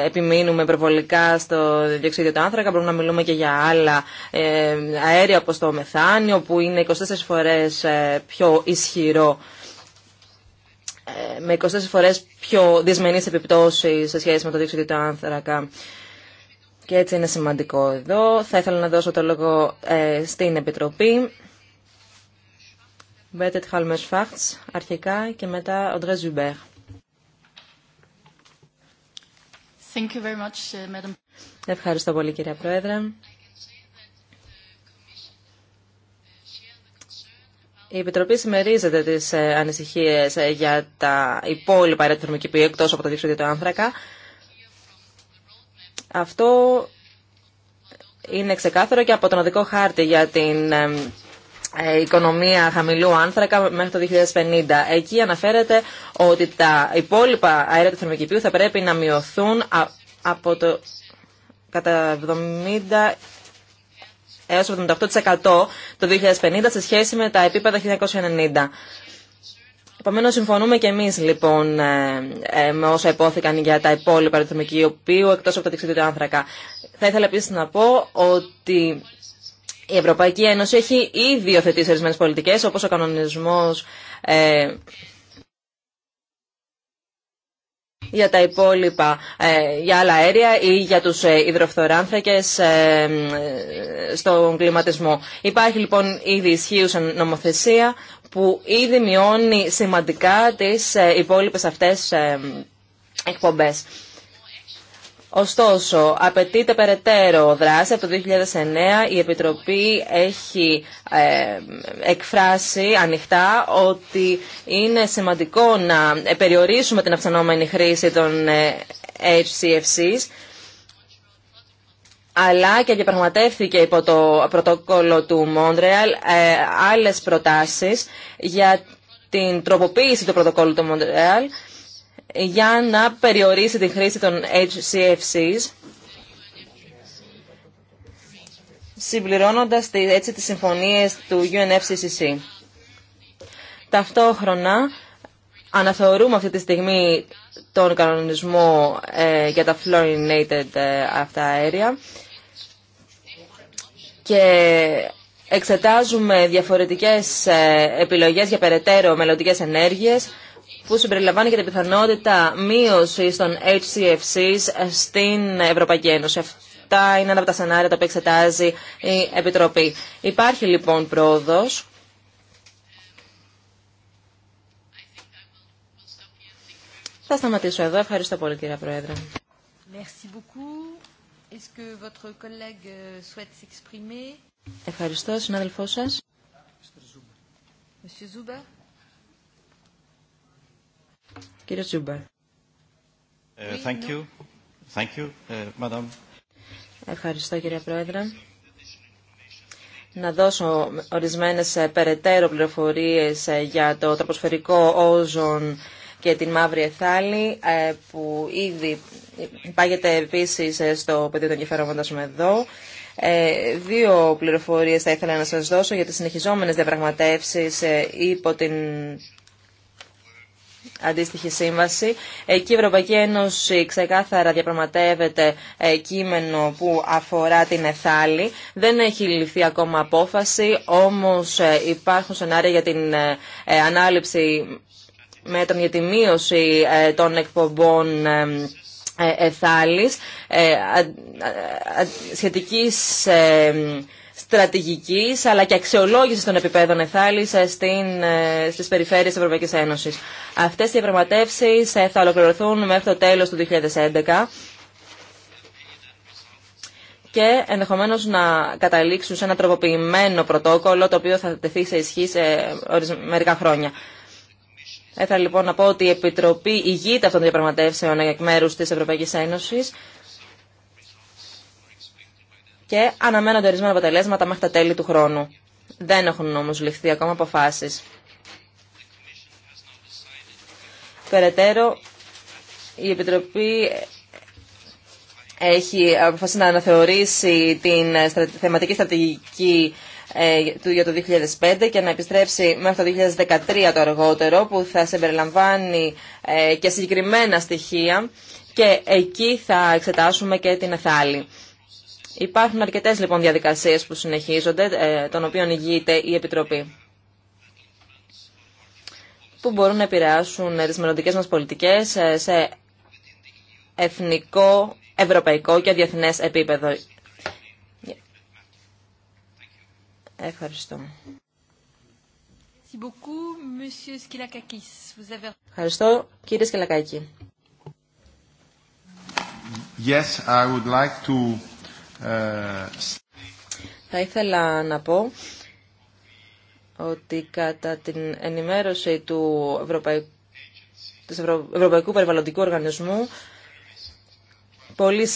επιμείνουμε προβολικά στο διοξίδιο του άνθρακα, μπορούμε να μιλούμε και για άλλα ε, αέρια όπως το μεθάνιο που είναι 24 φορές ε, πιο ισχυρό με 24 φορές πιο δυσμενείς επιπτώσεις σε σχέση με το διοξίδιο του άνθρακα. Και έτσι είναι σημαντικό εδώ. Θα ήθελα να δώσω το λόγο στην Επιτροπή. Μπέτετ Χαλμεσφάχτ αρχικά και μετά ο Ντρέ Ζουμπέρ. Uh, Ευχαριστώ πολύ κυρία Πρόεδρε. Η Επιτροπή συμμερίζεται τι ε, ανησυχίε ε, για τα υπόλοιπα αέρα του εκτό από το διεξοδιο του άνθρακα. Αυτό είναι ξεκάθαρο και από τον οδικό χάρτη για την ε, ε, οικονομία χαμηλού άνθρακα μέχρι το 2050. Εκεί αναφέρεται ότι τα υπόλοιπα αέρα του θερμοκηπίου θα πρέπει να μειωθούν από το κατά 70 έως 78% το 2050 σε σχέση με τα επίπεδα 1990. Επομένω, συμφωνούμε και εμεί λοιπόν ε, ε, με όσα υπόθηκαν για τα υπόλοιπα του οποίου εκτό από τα του άνθρακα. Θα ήθελα επίση να πω ότι η Ευρωπαϊκή Ένωση έχει ήδη υιοθετήσει ορισμένε πολιτικέ, όπω ο κανονισμό ε, για τα υπόλοιπα, ε, για άλλα αέρια ή για τους ε, υδροφθοράνθρακες ε, στον κλιματισμό. Υπάρχει λοιπόν ήδη ισχύουσα νομοθεσία που ήδη μειώνει σημαντικά τις ε, υπόλοιπες αυτές εκπομπές. Ωστόσο, απαιτείται περαιτέρω δράση. Από το 2009 η Επιτροπή έχει ε, εκφράσει ανοιχτά ότι είναι σημαντικό να ε, περιορίσουμε την αυξανόμενη χρήση των ε, HCFCs αλλά και διαπραγματεύθηκε υπό το πρωτόκολλο του Μόντρεαλ άλλες προτάσεις για την τροποποίηση του πρωτοκόλλου του Μόντρεαλ για να περιορίσει τη χρήση των HCFCs, συμπληρώνοντας έτσι τις συμφωνίες του UNFCCC. Ταυτόχρονα, αναθεωρούμε αυτή τη στιγμή τον κανονισμό ε, για τα fluorinated ε, αυτά αέρια και εξετάζουμε διαφορετικές ε, επιλογές για περαιτέρω μελλοντικές ενέργειες που συμπεριλαμβάνει και την πιθανότητα μείωση των HCFCs στην Ευρωπαϊκή Ένωση. Αυτά είναι ένα από τα σενάρια τα οποία εξετάζει η Επιτροπή. Υπάρχει λοιπόν πρόοδο. Θα σταματήσω εδώ. Ευχαριστώ πολύ κύριε Πρόεδρε. Euh, Ευχαριστώ, συνάδελφό σας. Κύριε ε, ε, Ευχαριστώ κύριε Πρόεδρε. Να δώσω ορισμένες ε, περαιτέρω πληροφορίες για το τροποσφαιρικό όζον και την μαύρη εθάλη που ήδη πάγεται επίσης στο πεδίο των ενδιαφέροντων με εδώ. Δύο πληροφορίες θα ήθελα να σας δώσω για τις συνεχιζόμενες διαπραγματεύσεις υπό την αντίστοιχη σύμβαση. Εκεί η Ευρωπαϊκή Ένωση ξεκάθαρα διαπραγματεύεται ε, κείμενο που αφορά την Εθάλη. Δεν έχει ληφθεί ακόμα απόφαση, όμως ε, υπάρχουν σενάρια για την ε, ανάληψη με για τη μείωση των εκπομπών εθάλης σχετικής στρατηγικής αλλά και αξιολόγηση των επιπέδων εθάλη ε, στι ε, στις περιφέρειες της Ευρωπαϊκής Ένωσης. Αυτές οι διαπραγματεύσει ε, θα ολοκληρωθούν μέχρι το τέλος του 2011 και ενδεχομένως να καταλήξουν σε ένα τροποποιημένο πρωτόκολλο το οποίο θα τεθεί σε ισχύ σε μερικά χρόνια. Έθελα λοιπόν να πω ότι η Επιτροπή ηγείται αυτών των διαπραγματεύσεων εκ μέρου τη Ευρωπαϊκή Ένωση και αναμένονται ορισμένα αποτελέσματα μέχρι τα τέλη του χρόνου. Δεν έχουν όμως ληφθεί ακόμα αποφάσεις. Περαιτέρω, η Επιτροπή έχει αποφασίσει να αναθεωρήσει την θεματική στρατηγική ε, του για το 2005 και να επιστρέψει μέχρι το 2013 το αργότερο που θα συμπεριλαμβάνει ε, και συγκεκριμένα στοιχεία και εκεί θα εξετάσουμε και την εθάλη. Υπάρχουν αρκετέ λοιπόν διαδικασίες που συνεχίζονται, ε, των οποίων ηγείται η Επιτροπή που μπορούν να επηρεάσουν τις μελλοντικέ μας πολιτικές ε, σε εθνικό, ευρωπαϊκό και διεθνές επίπεδο. Ευχαριστώ. Ευχαριστώ, κύριε Σκυλακάκη. Yes, I would like to θα ήθελα να πω ότι κατά την ενημέρωση του Ευρωπαϊκού, Ευρωπαϊκού Περιβαλλοντικού Οργανισμού πολύ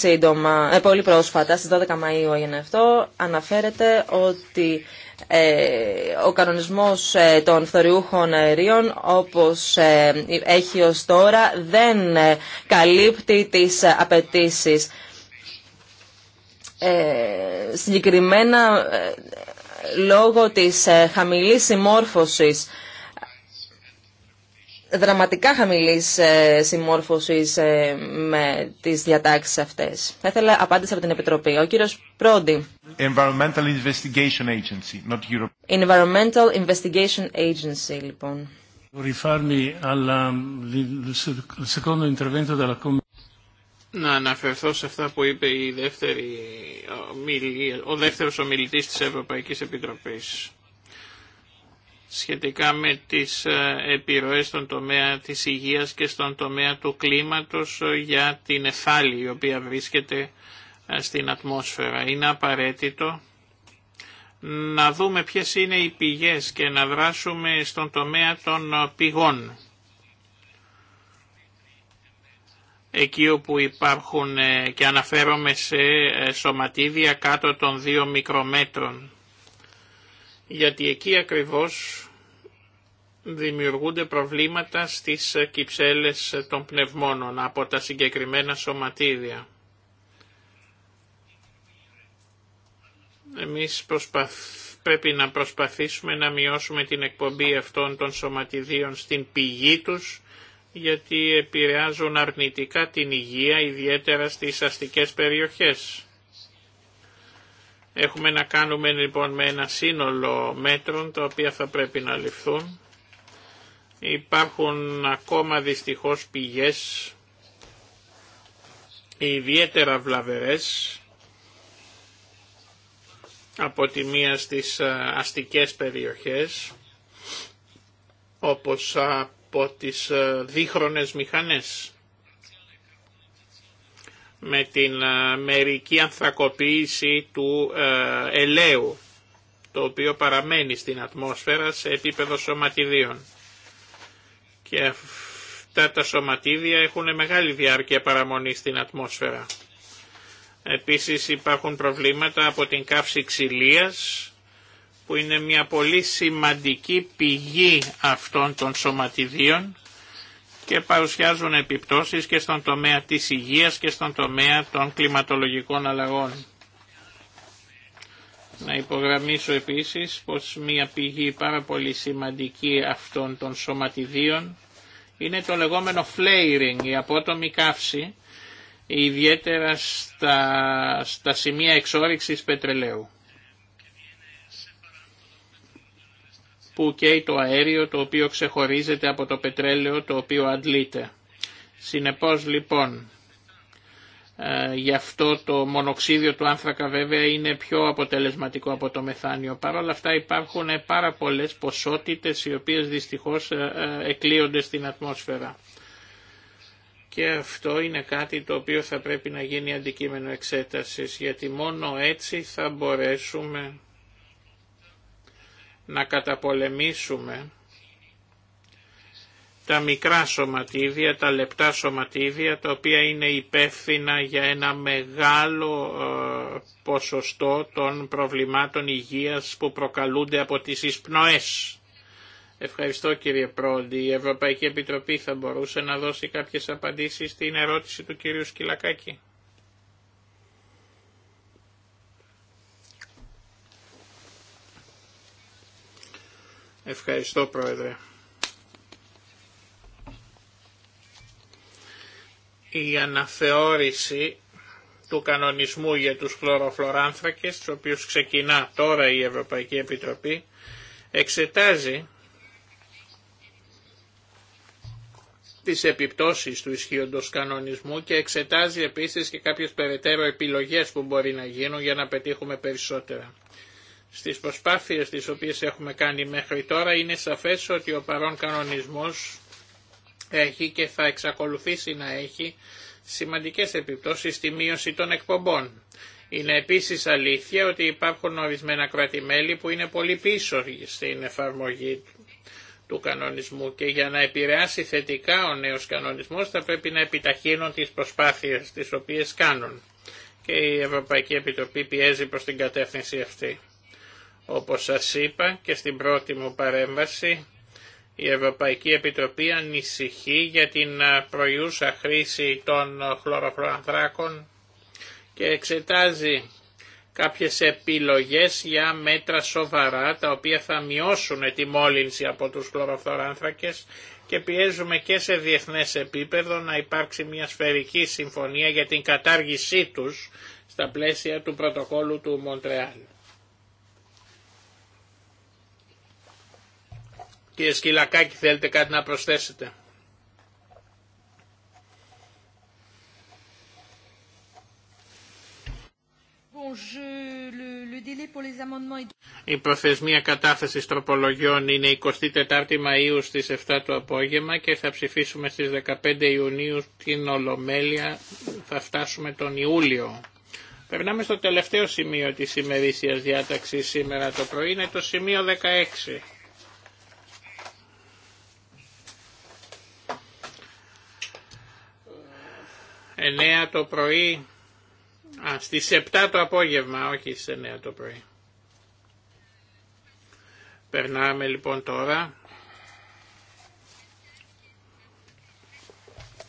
ε, πολύ πρόσφατα, στις 12 Μαΐου έγινε αυτό, αναφέρεται ότι ε, ο κανονισμός ε, των φθοριούχων αερίων όπως έχει ως τώρα δεν καλύπτει τις απαιτήσεις ε, συγκεκριμένα ε, λόγω της ε, χαμηλής συμμόρφωσης δραματικά χαμηλής συμμόρφωσης με τις διατάξεις αυτές. Θα ήθελα απάντηση από την Επιτροπή. Ο κύριος Πρόντι. Environmental Investigation Agency, not Europe. Environmental Investigation Agency, λοιπόν. Rifarmi al secondo intervento della να αναφερθώ σε αυτά που είπε η δεύτερη, ο δεύτερος ομιλητής της Ευρωπαϊκής Επιτροπής σχετικά με τις ε, επιρροές στον τομέα της υγείας και στον τομέα του κλίματος για την εφάλη η οποία βρίσκεται ε, στην ατμόσφαιρα. Είναι απαραίτητο να δούμε ποιες είναι οι πηγές και να δράσουμε στον τομέα των ε, πηγών. εκεί όπου υπάρχουν ε, και αναφέρομαι σε ε, σωματίδια κάτω των δύο μικρομέτρων. Γιατί εκεί ακριβώς δημιουργούνται προβλήματα στις ε, κυψέλες των πνευμόνων από τα συγκεκριμένα σωματίδια. Εμείς πρέπει να προσπαθήσουμε να μειώσουμε την εκπομπή αυτών των σωματιδίων στην πηγή τους γιατί επηρεάζουν αρνητικά την υγεία, ιδιαίτερα στις αστικές περιοχές. Έχουμε να κάνουμε λοιπόν με ένα σύνολο μέτρων τα οποία θα πρέπει να ληφθούν. Υπάρχουν ακόμα δυστυχώς πηγές ιδιαίτερα βλαβερές από τη μία στις ε, αστικές περιοχές όπως από τις ε, δίχρονες μηχανές με την ε, μερική ανθρακοποίηση του ε, ελαίου το οποίο παραμένει στην ατμόσφαιρα σε επίπεδο σωματιδίων. Και αυτά τα σωματίδια έχουν μεγάλη διάρκεια παραμονή στην ατμόσφαιρα. Επίσης υπάρχουν προβλήματα από την καύση ξυλίας που είναι μια πολύ σημαντική πηγή αυτών των σωματιδίων και παρουσιάζουν επιπτώσεις και στον τομέα της υγείας και στον τομέα των κλιματολογικών αλλαγών. Να υπογραμμίσω επίσης πως μια πηγή πάρα πολύ σημαντική αυτών των σωματιδίων είναι το λεγόμενο flaring, η απότομη καύση, ιδιαίτερα στα, στα σημεία εξόριξης πετρελαίου. που καίει το αέριο το οποίο ξεχωρίζεται από το πετρέλαιο το οποίο αντλείται. Συνεπώς λοιπόν ε, γι' αυτό το μονοξίδιο του άνθρακα βέβαια είναι πιο αποτελεσματικό από το μεθάνιο. Παρ' όλα αυτά υπάρχουν πάρα πολλές ποσότητες οι οποίες δυστυχώς ε, ε, εκλείονται στην ατμόσφαιρα. Και αυτό είναι κάτι το οποίο θα πρέπει να γίνει αντικείμενο εξέτασης γιατί μόνο έτσι θα μπορέσουμε να καταπολεμήσουμε τα μικρά σωματίδια, τα λεπτά σωματίδια, τα οποία είναι υπεύθυνα για ένα μεγάλο ε, ποσοστό των προβλημάτων υγείας που προκαλούνται από τις εισπνοές. Ευχαριστώ κύριε Πρόντι. Η Ευρωπαϊκή Επιτροπή θα μπορούσε να δώσει κάποιες απαντήσεις στην ερώτηση του κύριου Σκυλακάκη. Ευχαριστώ Πρόεδρε. Η αναθεώρηση του κανονισμού για τους χλωροφλοράνθρακες, τους οποίους ξεκινά τώρα η Ευρωπαϊκή Επιτροπή, εξετάζει τις επιπτώσεις του ισχύοντος κανονισμού και εξετάζει επίσης και κάποιες περαιτέρω επιλογές που μπορεί να γίνουν για να πετύχουμε περισσότερα. Στις προσπάθειες τις οποίες έχουμε κάνει μέχρι τώρα είναι σαφές ότι ο παρόν κανονισμός έχει και θα εξακολουθήσει να έχει σημαντικές επιπτώσεις στη μείωση των εκπομπών. Είναι επίσης αλήθεια ότι υπάρχουν ορισμένα κράτη-μέλη που είναι πολύ πίσω στην εφαρμογή του κανονισμού και για να επηρεάσει θετικά ο νέος κανονισμός θα πρέπει να επιταχύνουν τις προσπάθειες τις οποίες κάνουν και η Ευρωπαϊκή Επιτροπή πιέζει προς την κατεύθυνση αυτή. Όπως σας είπα και στην πρώτη μου παρέμβαση, η Ευρωπαϊκή Επιτροπή ανησυχεί για την προϊούσα χρήση των χλωροφθοράνθρακων και εξετάζει κάποιες επιλογές για μέτρα σοβαρά τα οποία θα μειώσουν τη μόλυνση από τους χλωροφθοράνθρακες και πιέζουμε και σε διεθνές επίπεδο να υπάρξει μια σφαιρική συμφωνία για την κατάργησή τους στα πλαίσια του πρωτοκόλου του Μοντρεάλ. Κύριε Σκυλακάκη, θέλετε κάτι να προσθέσετε. Η προθεσμία κατάθεση τροπολογιών είναι 24η Μαΐου στις 7 το απόγευμα και θα ψηφίσουμε στις 15 Ιουνίου την Ολομέλεια, θα φτάσουμε τον Ιούλιο. Περνάμε στο τελευταίο σημείο της ημερήσιας διάταξης σήμερα το πρωί, είναι το σημείο 16. 9 το πρωί, α, στις 7 το απόγευμα, όχι στις 9 το πρωί. Περνάμε λοιπόν τώρα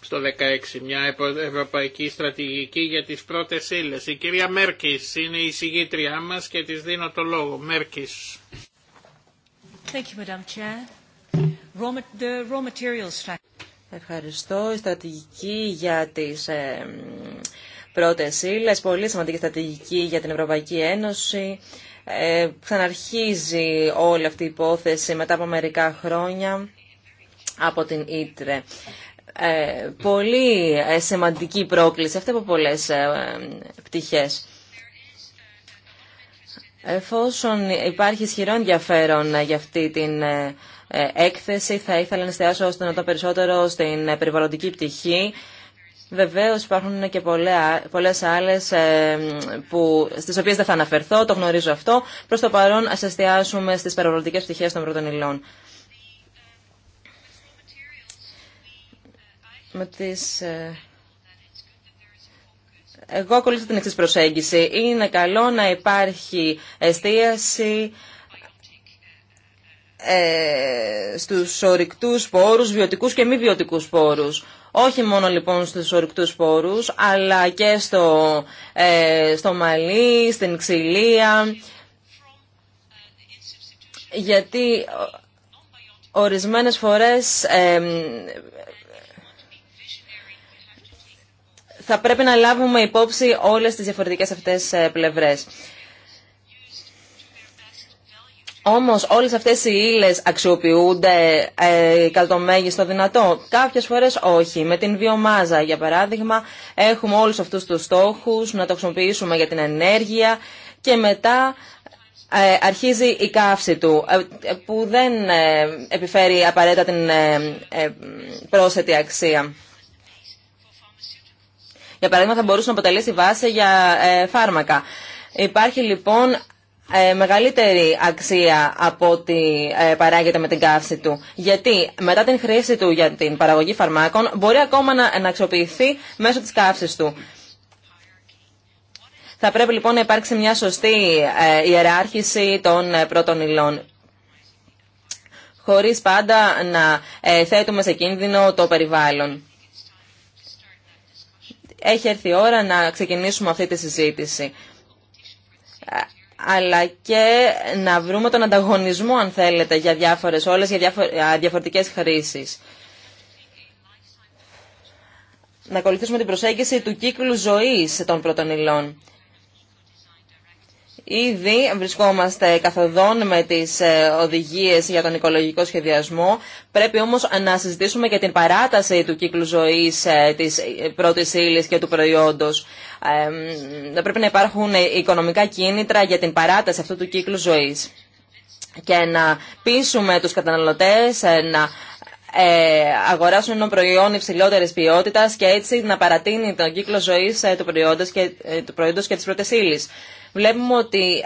στο 16, μια ευρωπαϊκή στρατηγική για τις πρώτες ύλες. Η κυρία Μέρκης είναι η συγγήτριά μας και της δίνω το λόγο. Μέρκης. Thank you, Madam Chair. The raw materials... Ευχαριστώ. Η στρατηγική για τις ε, πρώτες πολύ σημαντική στρατηγική για την Ευρωπαϊκή Ένωση. Ε, ξαναρχίζει όλη αυτή η υπόθεση μετά από μερικά χρόνια από την Ήτρε. Ε, πολύ ε, σημαντική πρόκληση, αυτή από πολλές ε, πτυχές. Εφόσον υπάρχει ισχυρό ενδιαφέρον για αυτή την ε, έκθεση. Θα ήθελα να εστιάσω ώστε να το περισσότερο στην ε, περιβαλλοντική πτυχή. Βεβαίως υπάρχουν και πολλές άλλες ε, που, στις οποίες δεν θα αναφερθώ, το γνωρίζω αυτό. Προς το παρόν ας εστιάσουμε στις περιβαλλοντικές πτυχές των πρώτων Με τις... Εγώ ακολουθώ την εξή προσέγγιση. Είναι καλό να υπάρχει εστίαση ε, στους ορυκτούς πόρους, βιωτικούς και μη βιωτικούς πόρους. Όχι μόνο λοιπόν στους ορυκτούς πόρους, αλλά και στο, ε, στο μαλλί, στην ξυλία, γιατί ορισμένες φορές ε, θα πρέπει να λάβουμε υπόψη όλες τις διαφορετικές αυτές ε, πλευρές. Όμω, όλες αυτές οι ύλε αξιοποιούνται ε, κατά το δυνατό. Κάποιες φορές όχι. Με την βιομάζα, για παράδειγμα, έχουμε όλους αυτούς τους στόχους να το χρησιμοποιήσουμε για την ενέργεια και μετά ε, αρχίζει η καύση του, ε, που δεν ε, επιφέρει απαραίτητα την πρόσθετη αξία. Για παράδειγμα, θα μπορούσε να αποτελέσει βάση για φάρμακα. Υπάρχει λοιπόν ε, μεγαλύτερη αξία από ό,τι ε, παράγεται με την καύση του. Γιατί μετά την χρήση του για την παραγωγή φαρμάκων μπορεί ακόμα να, να αξιοποιηθεί μέσω της καύσης του. Θα πρέπει λοιπόν να υπάρξει μια σωστή ε, ιεράρχηση των πρώτων υλών χωρίς πάντα να θέτουμε σε κίνδυνο το περιβάλλον. Έχει έρθει η ώρα να ξεκινήσουμε αυτή τη συζήτηση αλλά και να βρούμε τον ανταγωνισμό, αν θέλετε, για διάφορες όλες, για διαφορετικές χρήσεις. Να ακολουθήσουμε την προσέγγιση του κύκλου ζωής των πρώτων υλών. Ήδη βρισκόμαστε καθοδόν με τις ε, οδηγίες για τον οικολογικό σχεδιασμό. Πρέπει όμως να συζητήσουμε και την παράταση του κύκλου ζωής ε, της ε, πρώτης ύλη και του προϊόντος θα πρέπει να υπάρχουν οικονομικά κίνητρα για την παράταση αυτού του κύκλου ζωής και να πείσουμε τους καταναλωτές ε, να ε, αγοράσουν ένα προϊόν υψηλότερης ποιότητας και έτσι να παρατείνει τον κύκλο ζωής ε, του προϊόντος και, του προϊόντος και της πρώτης Βλέπουμε ότι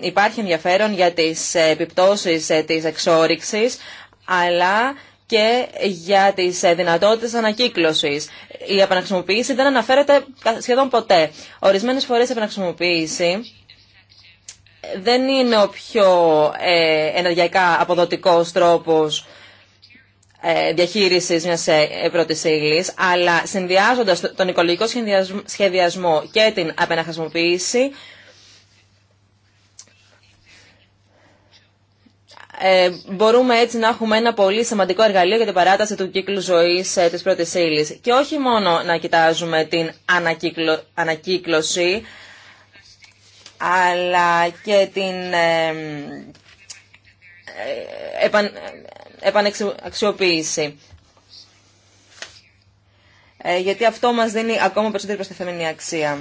υπάρχει ενδιαφέρον για τις επιπτώσεις της εξόριξης, αλλά και για τι ε, δυνατότητες ανακύκλωση. Η επαναχρησιμοποίηση δεν αναφέρεται σχεδόν ποτέ. Ορισμένες φορές η επαναχρησιμοποίηση δεν είναι ο πιο ε, ενεργειακά αποδοτικός τρόπος ε, διαχείριση μια πρώτη ύλη, αλλά συνδυάζοντα τον οικολογικό σχεδιασμό και την απεναχρησιμοποίηση, Ε, μπορούμε έτσι να έχουμε ένα πολύ σημαντικό εργαλείο για την παράταση του κύκλου ζωής ε, τη πρώτη ύλη. Και όχι μόνο να κοιτάζουμε την ανακύκλωση, αλλά και την ε, επαν, γιατί αυτό μας δίνει ακόμα περισσότερη προστιθεμένη αξία.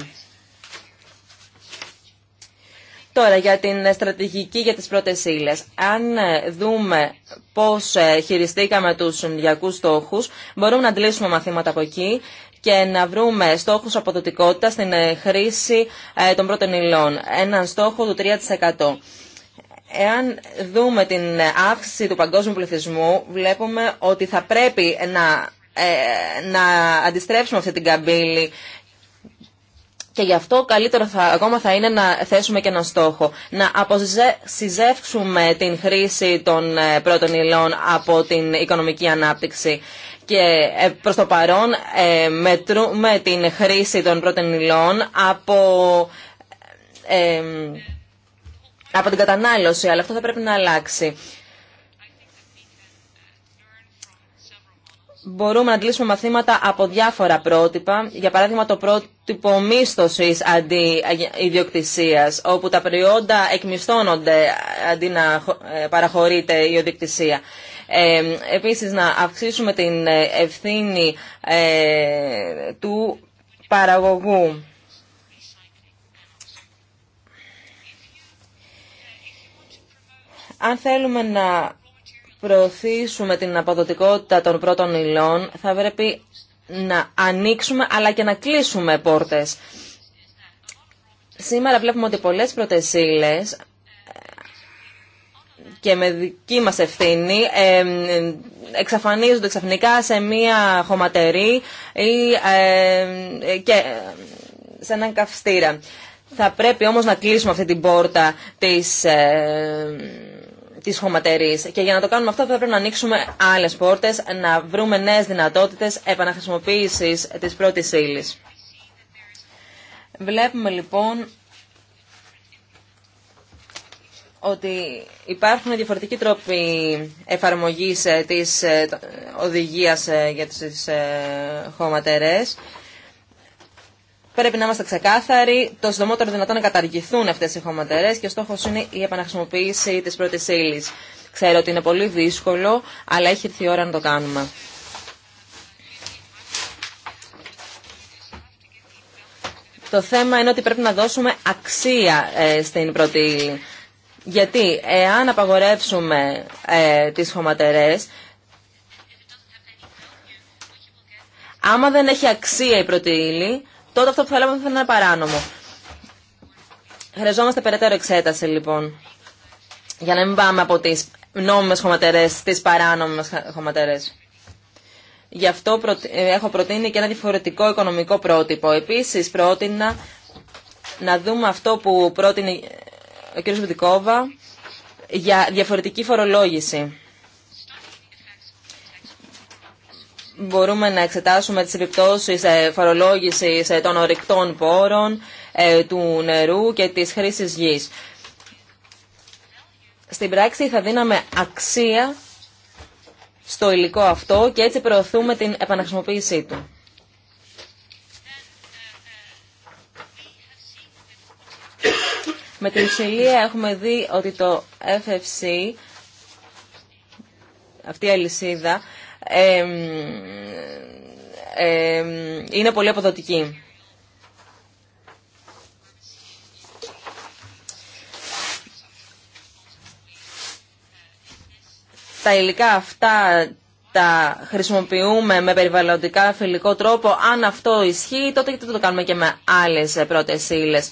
Τώρα για την στρατηγική για τις πρώτες ύλες. Αν ε, δούμε πώς ε, χειριστήκαμε τους συνδυακούς στόχους, μπορούμε να αντλήσουμε μαθήματα από εκεί και να βρούμε στόχους αποδοτικότητας στην ε, χρήση των πρώτων υλών. Έναν στόχο του 3%. Εάν δούμε την αύξηση του παγκόσμιου πληθυσμού, βλέπουμε ότι θα πρέπει να, να αντιστρέψουμε αυτή την καμπύλη και γι' αυτό καλύτερο θα, ακόμα θα είναι να θέσουμε και ένα στόχο. Να αποσυζεύξουμε την χρήση των ε, πρώτων υλών από την οικονομική ανάπτυξη. Και ε, προς το παρόν ε, μετρούμε την χρήση των πρώτων υλών από, από την κατανάλωση, αλλά αυτό θα πρέπει να αλλάξει. μπορούμε να αντλήσουμε μαθήματα από διάφορα πρότυπα. Για παράδειγμα, το πρότυπο μίσθωση αντί ιδιοκτησία, όπου τα προϊόντα εκμισθώνονται αντί να ε, παραχωρείται η ιδιοκτησία. Ε, επίσης, να αυξήσουμε την ε, ευθύνη ε, του παραγωγού. Αν θέλουμε να προωθήσουμε την αποδοτικότητα των πρώτων υλών, θα πρέπει να ανοίξουμε αλλά και να κλείσουμε πόρτες. Σήμερα βλέπουμε ότι πολλές πρώτες και με δική μας ευθύνη εξαφανίζονται ξαφνικά σε μία χωματερή ή και σε έναν καυστήρα. Θα πρέπει όμως να κλείσουμε αυτή την πόρτα της της Και για να το κάνουμε αυτό θα πρέπει να ανοίξουμε άλλες πόρτες, να βρούμε νέες δυνατότητες επαναχρησιμοποίησης της πρώτης ύλη. Βλέπουμε λοιπόν ότι υπάρχουν διαφορετικοί τρόποι εφαρμογής ε, της ε, ε, οδηγίας για τις χωματερές. Πρέπει να είμαστε ξεκάθαροι, το συντομότερο δυνατόν να καταργηθούν αυτέ οι χωματερέ και ο στόχο είναι η επαναχρησιμοποίηση τη πρώτη ύλη. Ξέρω ότι είναι πολύ δύσκολο, αλλά έχει έρθει η ώρα να το κάνουμε. Το θέμα είναι ότι πρέπει να δώσουμε αξία ε, στην πρώτη ύλη. Γιατί εάν απαγορεύσουμε ε, τις χωματερές, άμα δεν έχει αξία η πρώτη ύλη, τότε αυτό που θα θα είναι παράνομο. Χρειαζόμαστε περαιτέρω εξέταση λοιπόν, για να μην πάμε από τις νόμιμε χωματερές στι παράνομες χωματερές. Γι' αυτό ε, έχω προτείνει και ένα διαφορετικό οικονομικό πρότυπο. Επίσης πρότεινα να δούμε αυτό που πρότεινε ο κ. Βουτικόβα για διαφορετική φορολόγηση. μπορούμε να εξετάσουμε τις επιπτώσεις ε, φορολόγησης ε, των ορυκτών πόρων, ε, του νερού και της χρήσης γης. Στην πράξη θα δίναμε αξία στο υλικό αυτό και έτσι προωθούμε την επαναχρησιμοποίησή του. Με την ψηλία έχουμε δει ότι το FFC, αυτή η αλυσίδα, είναι πολύ αποδοτική. Τα υλικά αυτά τα χρησιμοποιούμε με περιβαλλοντικά φιλικό τρόπο. Αν αυτό ισχύει, τότε γιατί το κάνουμε και με άλλες πρώτες ύλες.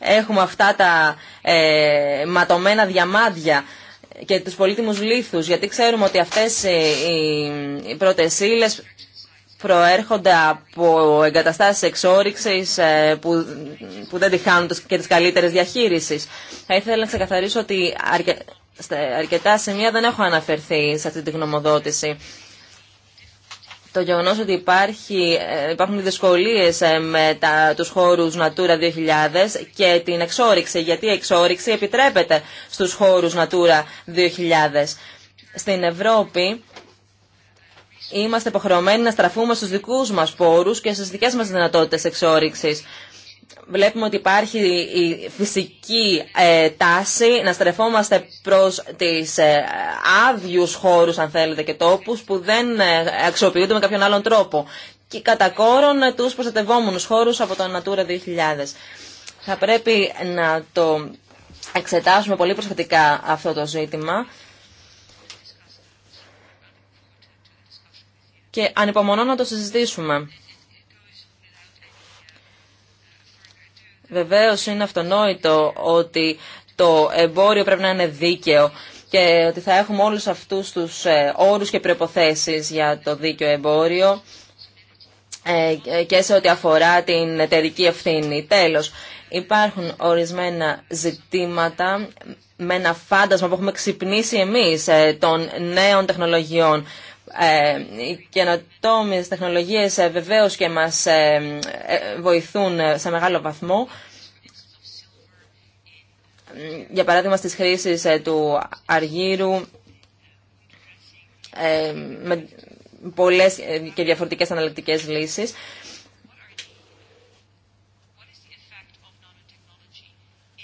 έχουμε αυτά τα ε, ματωμένα διαμάδια και τους πολύτιμους λίθους, γιατί ξέρουμε ότι αυτές ε, οι, οι πρωτεσίλες προέρχονται από εγκαταστάσεις εξόριξης ε, που, που δεν τη χάνουν και τις καλύτερες διαχείρισης. Θα ήθελα να ξεκαθαρίσω ότι αρκετά σημεία δεν έχω αναφερθεί σε αυτή τη γνωμοδότηση το γεγονός ότι υπάρχει, ε, υπάρχουν δυσκολίες ε, με τα, τους χώρους Natura 2000 και την εξόριξη, γιατί η εξόριξη επιτρέπεται στους χώρους Natura 2000. Στην Ευρώπη είμαστε υποχρεωμένοι να στραφούμε στους δικούς μας πόρους και στις δικές μας δυνατότητες εξόριξης βλέπουμε ότι υπάρχει η φυσική ε, τάση να στρεφόμαστε προς τις ε, άδειους χώρους, αν θέλετε, και τόπους που δεν ε, αξιοποιούνται με κάποιον άλλον τρόπο και κατά κόρον τους προστατευόμενους χώρους από το Natura 2000. Θα πρέπει να το εξετάσουμε πολύ προσεκτικά αυτό το ζήτημα και ανυπομονώ να το συζητήσουμε. Βεβαίω είναι αυτονόητο ότι το εμπόριο πρέπει να είναι δίκαιο και ότι θα έχουμε όλους αυτούς τους ε, όρους και προϋποθέσεις για το δίκαιο εμπόριο ε, και σε ό,τι αφορά την εταιρική ευθύνη. Τέλος, υπάρχουν ορισμένα ζητήματα με ένα φάντασμα που έχουμε ξυπνήσει εμείς ε, των νέων τεχνολογιών ε, οι καινοτόμες τεχνολογίες ε, βεβαίως και μας ε, βοηθούν σε μεγάλο βαθμό. Για παράδειγμα στις χρήσεις του αργύρου με πολλές και διαφορετικές αναλυτικές λύσεις.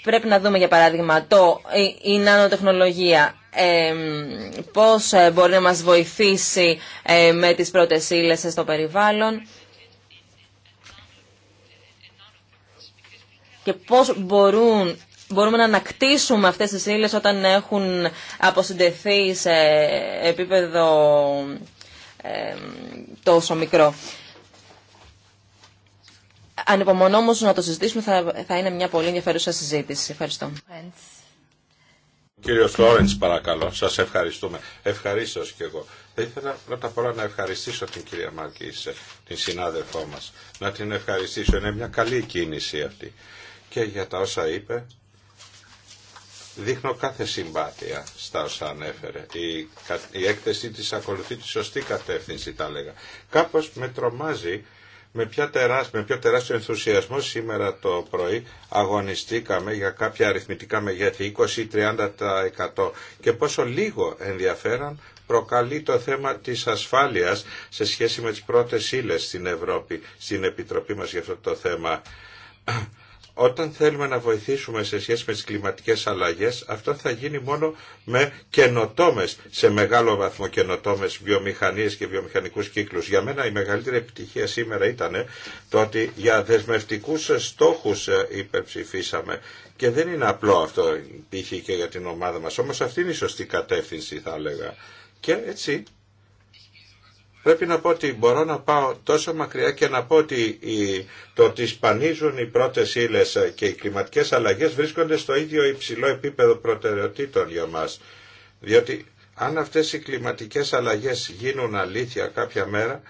Πρέπει να δούμε για παράδειγμα το, η, νανοτεχνολογία ε, πώς μπορεί να μας βοηθήσει ε, με τις πρώτες ύλες στο περιβάλλον και πώς μπορούν, μπορούμε να ανακτήσουμε αυτές τις ύλες όταν έχουν αποσυντεθεί σε επίπεδο ε, τόσο μικρό. Ανυπομονώ όμω να το συζητήσουμε, θα, θα είναι μια πολύ ενδιαφέρουσα συζήτηση. Ευχαριστώ. Κύριος Λόρεντ, παρακαλώ, σας ευχαριστούμε. Ευχαρίστω και εγώ. Θα ήθελα πρώτα απ' όλα να ευχαριστήσω την κυρία Μάρκη, ε, την συνάδελφό μα, Να την ευχαριστήσω, είναι μια καλή κίνηση αυτή. Και για τα όσα είπε, δείχνω κάθε συμπάθεια στα όσα ανέφερε. Η, η έκθεσή τη ακολουθεί τη σωστή κατεύθυνση, τα λέγα. Κάπω με τρομάζει με πιο, τεράστιο, με τεράστιο ενθουσιασμό σήμερα το πρωί αγωνιστήκαμε για κάποια αριθμητικά μεγέθη 20-30% και πόσο λίγο ενδιαφέρον προκαλεί το θέμα της ασφάλειας σε σχέση με τις πρώτες ύλες στην Ευρώπη, στην Επιτροπή μας για αυτό το θέμα. Όταν θέλουμε να βοηθήσουμε σε σχέση με τις κλιματικές αλλαγές, αυτό θα γίνει μόνο με καινοτόμες, σε μεγάλο βαθμό καινοτόμες βιομηχανίες και βιομηχανικούς κύκλους. Για μένα η μεγαλύτερη επιτυχία σήμερα ήταν ε, το ότι για δεσμευτικούς στόχους ε, υπερψηφίσαμε. Και δεν είναι απλό αυτό, π.χ. και για την ομάδα μας, όμως αυτή είναι η σωστή κατεύθυνση θα έλεγα. Και έτσι Πρέπει να πω ότι μπορώ να πάω τόσο μακριά και να πω ότι το ότι σπανίζουν οι πρώτες ύλε και οι κλιματικές αλλαγές βρίσκονται στο ίδιο υψηλό επίπεδο προτεραιοτήτων για μας. Διότι αν αυτές οι κλιματικές αλλαγές γίνουν αλήθεια κάποια μέρα,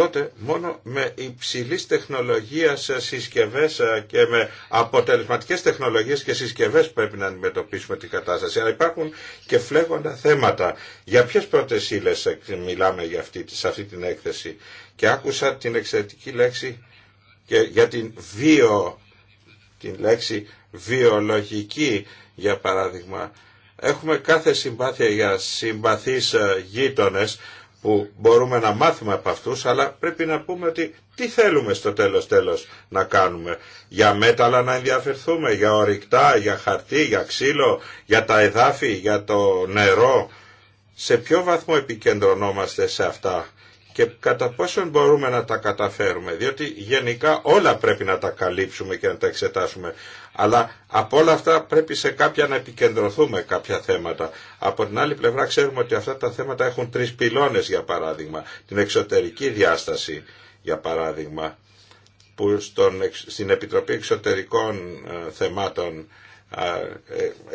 τότε μόνο με υψηλής τεχνολογίας ε, συσκευές ε, και με αποτελεσματικές τεχνολογίες και συσκευές πρέπει να αντιμετωπίσουμε την κατάσταση. Αλλά υπάρχουν και φλέγοντα θέματα. Για ποιες πρώτες ύλες ε, μιλάμε για αυτή, σε αυτή την έκθεση. Και άκουσα την εξαιρετική λέξη και για την βιο, την λέξη βιολογική για παράδειγμα. Έχουμε κάθε συμπάθεια για συμπαθείς γείτονες που μπορούμε να μάθουμε από αυτούς, αλλά πρέπει να πούμε ότι τι θέλουμε στο τέλος τέλος να κάνουμε. Για μέταλλα να ενδιαφερθούμε, για ορυκτά, για χαρτί, για ξύλο, για τα εδάφη, για το νερό. Σε ποιο βαθμό επικεντρωνόμαστε σε αυτά και κατά πόσο μπορούμε να τα καταφέρουμε, διότι γενικά όλα πρέπει να τα καλύψουμε και να τα εξετάσουμε. Αλλά από όλα αυτά πρέπει σε κάποια να επικεντρωθούμε κάποια θέματα. Από την άλλη πλευρά ξέρουμε ότι αυτά τα θέματα έχουν τρεις πυλώνες για παράδειγμα. Την εξωτερική διάσταση για παράδειγμα που στον, στην Επιτροπή Εξωτερικών ε, Θεμάτων ε,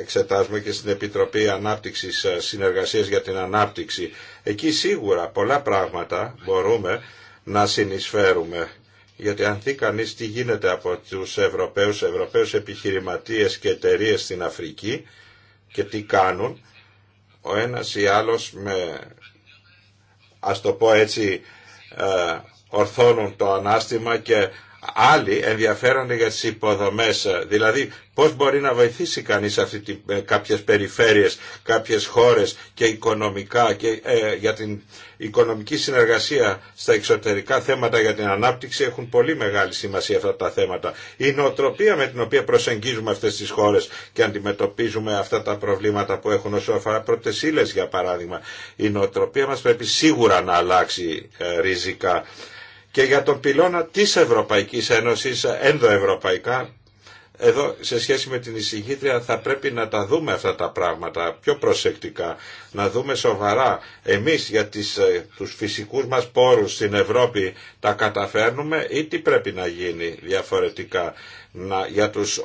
εξετάζουμε και στην Επιτροπή Ανάπτυξης ε, Συνεργασίας για την Ανάπτυξη. Εκεί σίγουρα πολλά πράγματα μπορούμε να συνεισφέρουμε. Γιατί αν δει κανείς τι γίνεται από τους Ευρωπαίους, Ευρωπαίους επιχειρηματίες και εταιρείε στην Αφρική και τι κάνουν, ο ένας ή άλλος με, ας το πω έτσι, ε, ορθώνουν το ανάστημα και άλλοι ενδιαφέρονται για τις υποδομές, δηλαδή πώς μπορεί να βοηθήσει κανείς αυτή τη, ε, κάποιες περιφέρειες, κάποιες χώρες και οικονομικά και ε, για την οικονομική συνεργασία στα εξωτερικά θέματα για την ανάπτυξη έχουν πολύ μεγάλη σημασία αυτά τα θέματα. Η νοοτροπία με την οποία προσεγγίζουμε αυτές τις χώρες και αντιμετωπίζουμε αυτά τα προβλήματα που έχουν όσο αφορά πρώτες ύλες για παράδειγμα. Η νοοτροπία μας πρέπει σίγουρα να αλλάξει ε, ριζικά και για τον πυλώνα της Ευρωπαϊκής Ένωσης ενδοευρωπαϊκά εδώ σε σχέση με την εισηγήτρια θα πρέπει να τα δούμε αυτά τα πράγματα πιο προσεκτικά, να δούμε σοβαρά. Εμείς για τις, ε, τους φυσικούς μας πόρους στην Ευρώπη τα καταφέρνουμε ή τι πρέπει να γίνει διαφορετικά να, για τους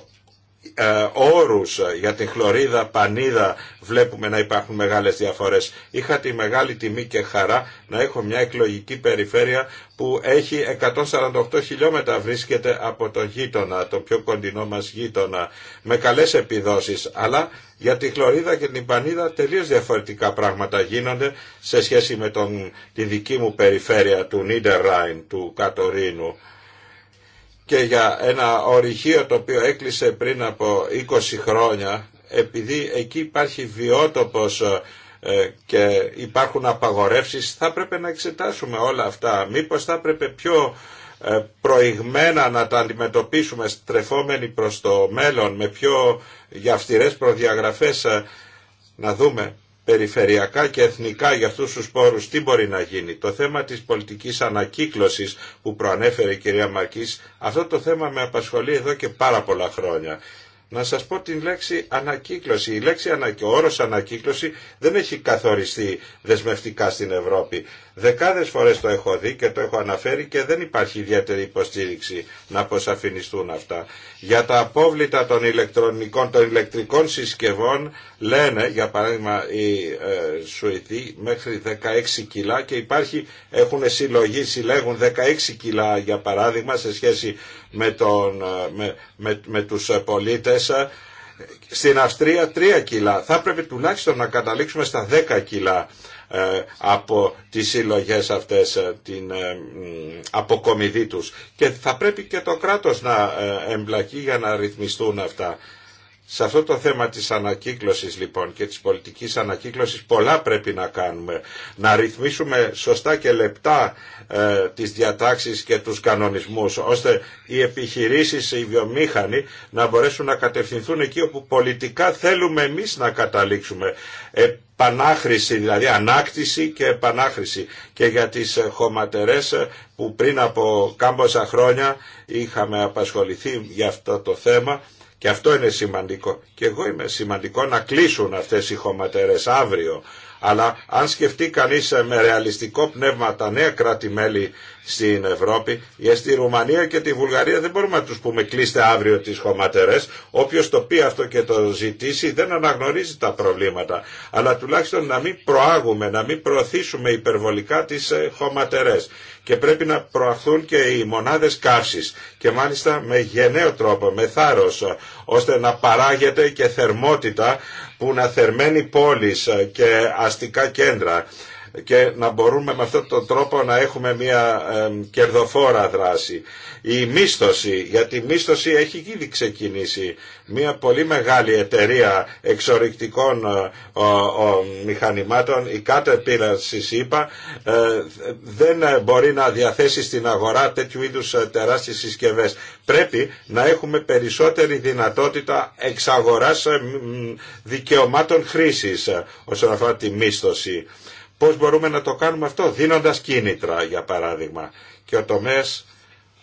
ε, όρους για την χλωρίδα, πανίδα βλέπουμε να υπάρχουν μεγάλες διαφορές. Είχα τη μεγάλη τιμή και χαρά να έχω μια εκλογική περιφέρεια που έχει 148 χιλιόμετρα βρίσκεται από τον γείτονα, τον πιο κοντινό μας γείτονα, με καλές επιδόσεις, αλλά για τη χλωρίδα και την πανίδα τελείως διαφορετικά πράγματα γίνονται σε σχέση με την δική μου περιφέρεια του Ράιν, του Κατορίνου και για ένα ορυχείο το οποίο έκλεισε πριν από 20 χρόνια επειδή εκεί υπάρχει βιότοπος ε, και υπάρχουν απαγορεύσεις θα πρέπει να εξετάσουμε όλα αυτά μήπως θα πρέπει πιο ε, προηγμένα να τα αντιμετωπίσουμε στρεφόμενοι προς το μέλλον με πιο για προδιαγραφές ε, να δούμε περιφερειακά και εθνικά για αυτούς τους πόρους τι μπορεί να γίνει. Το θέμα της πολιτικής ανακύκλωσης που προανέφερε η κυρία Μακής, αυτό το θέμα με απασχολεί εδώ και πάρα πολλά χρόνια να σας πω την λέξη ανακύκλωση. Η λέξη ο όρος ανακύκλωση δεν έχει καθοριστεί δεσμευτικά στην Ευρώπη. Δεκάδες φορές το έχω δει και το έχω αναφέρει και δεν υπάρχει ιδιαίτερη υποστήριξη να αποσαφινιστούν αυτά. Για τα απόβλητα των ηλεκτρονικών, των ηλεκτρικών συσκευών λένε, για παράδειγμα οι ε, μέχρι 16 κιλά και υπάρχει, έχουν συλλογή, συλλέγουν 16 κιλά για παράδειγμα σε σχέση με, τον, ε, με, με, τους ε, πολίτες ε, στην Αυστρία 3 κιλά. Θα πρέπει τουλάχιστον να καταλήξουμε στα 10 κιλά από τις συλλογέ αυτές, την αποκομιδή τους. Και θα πρέπει και το κράτος να εμπλακεί για να ρυθμιστούν αυτά. Σε αυτό το θέμα της ανακύκλωσης λοιπόν και της πολιτικής ανακύκλωσης πολλά πρέπει να κάνουμε. Να ρυθμίσουμε σωστά και λεπτά ε, τις διατάξεις και τους κανονισμούς ώστε οι επιχειρήσεις, οι βιομήχανοι να μπορέσουν να κατευθυνθούν εκεί όπου πολιτικά θέλουμε εμείς να καταλήξουμε. Επανάχρηση δηλαδή, ανάκτηση και επανάχρηση. Και για τις ε, χωματερές ε, που πριν από κάμποσα χρόνια είχαμε απασχοληθεί για αυτό το θέμα και αυτό είναι σημαντικό. Και εγώ είμαι σημαντικό να κλείσουν αυτές οι χωματερές αύριο αλλά αν σκεφτεί κανείς ε, με ρεαλιστικό πνεύμα τα νέα κράτη-μέλη στην Ευρώπη, για ε, στη Ρουμανία και τη Βουλγαρία δεν μπορούμε να του πούμε κλείστε αύριο τις χωματερέ, όποιο το πει αυτό και το ζητήσει δεν αναγνωρίζει τα προβλήματα. Αλλά τουλάχιστον να μην προάγουμε, να μην προωθήσουμε υπερβολικά τις ε, χωματερέ. και πρέπει να προαχθούν και οι μονάδε καύση. και μάλιστα με γενναίο τρόπο, με θάρρο ώστε να παράγεται και θερμότητα που να θερμαίνει πόλεις ε, και αστικά κέντρα και να μπορούμε με αυτόν τον τρόπο να έχουμε μια κερδοφόρα δράση. Η μίσθωση, γιατί η μίσθωση έχει ήδη ξεκινήσει. Μια πολύ μεγάλη εταιρεία εξορρυκτικών ε, μηχανημάτων, η κάτω είπα, ε, δεν μπορεί να διαθέσει στην αγορά τέτοιου είδους ε, τεράστιες συσκευές. Πρέπει να έχουμε περισσότερη δυνατότητα εξαγοράς δικαιωμάτων χρήσης όσον αφορά τη μίσθωση. Πώς μπορούμε να το κάνουμε αυτό, δίνοντας κίνητρα για παράδειγμα. Και ο τομέας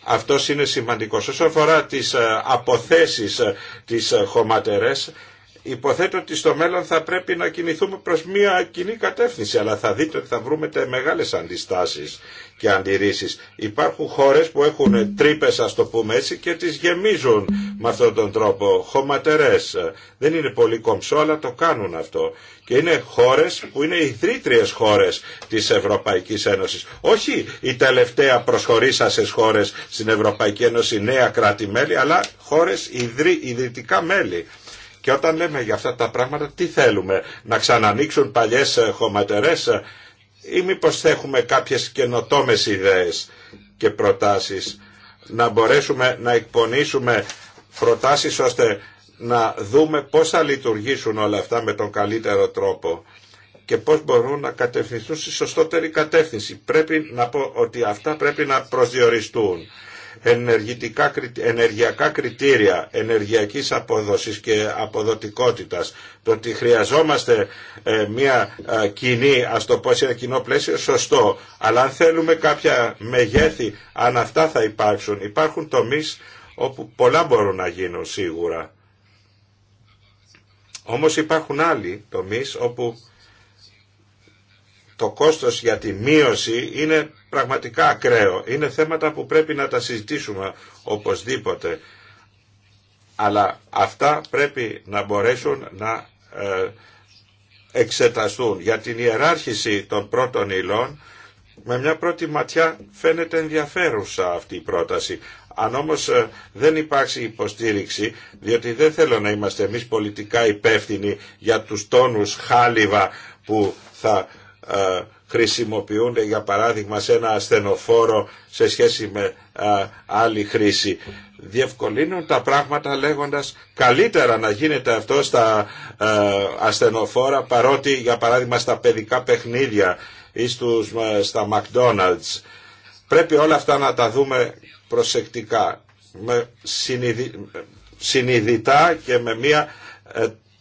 αυτός είναι σημαντικός. Όσον αφορά τις ε, αποθέσεις ε, της ε, χωματερές, υποθέτω ότι στο μέλλον θα πρέπει να κινηθούμε προς μια κοινή κατεύθυνση, αλλά θα δείτε ότι θα βρούμε μεγάλες αντιστάσεις και αντιρρήσεις. Υπάρχουν χώρες που έχουν τρύπες ας το πούμε έτσι και τις γεμίζουν με αυτόν τον τρόπο. Χωματερές. Δεν είναι πολύ κομψό αλλά το κάνουν αυτό. Και είναι χώρες που είναι ιδρύτριες χώρες της Ευρωπαϊκής Ένωσης. Όχι η τελευταία προσχωρήσασες χώρες στην Ευρωπαϊκή Ένωση νέα κράτη-μέλη αλλά χώρες ιδρυ, ιδρυτικά μέλη. Και όταν λέμε για αυτά τα πράγματα, τι θέλουμε, να ξανανοίξουν παλιές ε, χωματερές, ε, ή μήπω θα έχουμε κάποιες καινοτόμες ιδέες και προτάσεις να μπορέσουμε να εκπονήσουμε προτάσεις ώστε να δούμε πώς θα λειτουργήσουν όλα αυτά με τον καλύτερο τρόπο και πώς μπορούν να κατευθυνθούν στη σωστότερη κατεύθυνση. Πρέπει να πω ότι αυτά πρέπει να προσδιοριστούν ενεργητικά, ενεργειακά κριτήρια ενεργειακής αποδόσης και αποδοτικότητας, το ότι χρειαζόμαστε ε, μια κοινή, ας το πω σε ένα κοινό πλαίσιο, σωστό. Αλλά αν θέλουμε κάποια μεγέθη, αν αυτά θα υπάρξουν, υπάρχουν τομείς όπου πολλά μπορούν να γίνουν σίγουρα. Όμως υπάρχουν άλλοι τομείς όπου το κόστος για τη μείωση είναι πραγματικά ακραίο. Είναι θέματα που πρέπει να τα συζητήσουμε οπωσδήποτε. Αλλά αυτά πρέπει να μπορέσουν να ε, εξεταστούν. Για την ιεράρχηση των πρώτων υλών, με μια πρώτη ματιά φαίνεται ενδιαφέρουσα αυτή η πρόταση. Αν όμως ε, δεν υπάρξει υποστήριξη, διότι δεν θέλω να είμαστε εμείς πολιτικά υπεύθυνοι για τους τόνους χάλιβα που θα ε, χρησιμοποιούνται για παράδειγμα σε ένα ασθενοφόρο σε σχέση με ε, άλλη χρήση. Διευκολύνουν τα πράγματα λέγοντας καλύτερα να γίνεται αυτό στα ε, ασθενοφόρα παρότι για παράδειγμα στα παιδικά παιχνίδια ή στους, στα McDonald's. Πρέπει όλα αυτά να τα δούμε προσεκτικά, με συνειδητά και με μια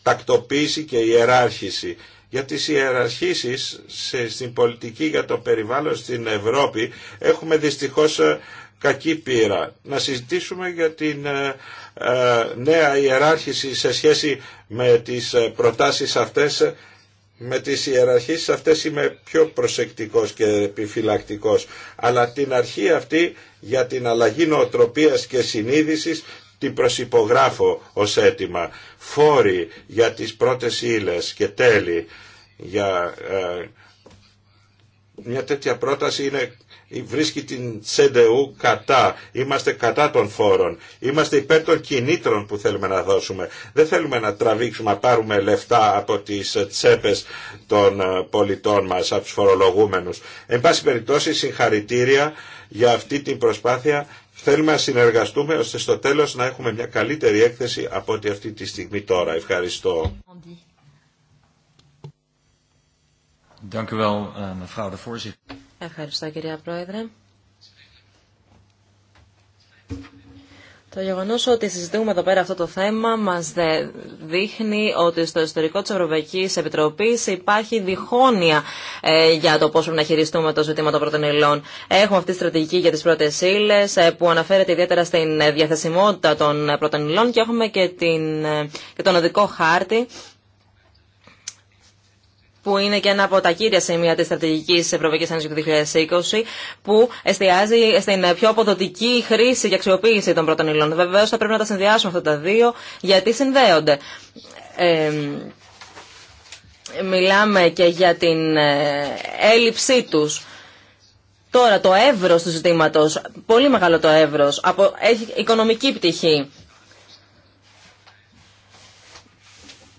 τακτοποίηση και ιεράρχηση. Για τις ιεραρχήσεις σε, στην πολιτική για το περιβάλλον στην Ευρώπη έχουμε δυστυχώς ε, κακή πείρα. Να συζητήσουμε για την ε, ε, νέα ιεράρχηση σε σχέση με τις προτάσεις αυτές με τις ιεραρχίες αυτές είμαι πιο προσεκτικός και επιφυλακτικός αλλά την αρχή αυτή για την αλλαγή νοοτροπίας και συνείδησης την προσυπογράφω ως αίτημα φόροι για τις πρώτες ύλες και τέλη για ε, μια τέτοια πρόταση είναι βρίσκει την CDU κατά. Είμαστε κατά των φόρων. Είμαστε υπέρ των κινήτρων που θέλουμε να δώσουμε. Δεν θέλουμε να τραβήξουμε, να πάρουμε λεφτά από τις τσέπες των ε, πολιτών μας, από τους φορολογούμενους. Εν πάση περιπτώσει, συγχαρητήρια για αυτή την προσπάθεια. Θέλουμε να συνεργαστούμε ώστε στο τέλος να έχουμε μια καλύτερη έκθεση από ό,τι αυτή τη στιγμή τώρα. Ευχαριστώ. Eh, Ευχαριστώ κυρία Πρόεδρε. Το γεγονό ότι συζητούμε εδώ πέρα αυτό το θέμα μα δείχνει ότι στο ιστορικό τη Ευρωπαϊκή Επιτροπή υπάρχει διχόνοια ε, για το πώς πρέπει να χειριστούμε το ζήτημα των πρώτων υλών. Έχουμε αυτή τη στρατηγική για τι πρώτε ύλε ε, που αναφέρεται ιδιαίτερα στην διαθεσιμότητα των ε, πρώτων και έχουμε και τον οδικό χάρτη που είναι και ένα από τα κύρια σημεία της στρατηγικής Ευρωπαϊκή Ένωση του 2020, που εστιάζει στην πιο αποδοτική χρήση και αξιοποίηση των πρώτων υλών. Βεβαίω θα πρέπει να τα συνδυάσουμε αυτά τα δύο, γιατί συνδέονται. μιλάμε και για την ε, έλλειψή τους. Τώρα το εύρος του ζητήματος, πολύ μεγάλο το εύρος, από, έχει οικονομική πτυχή.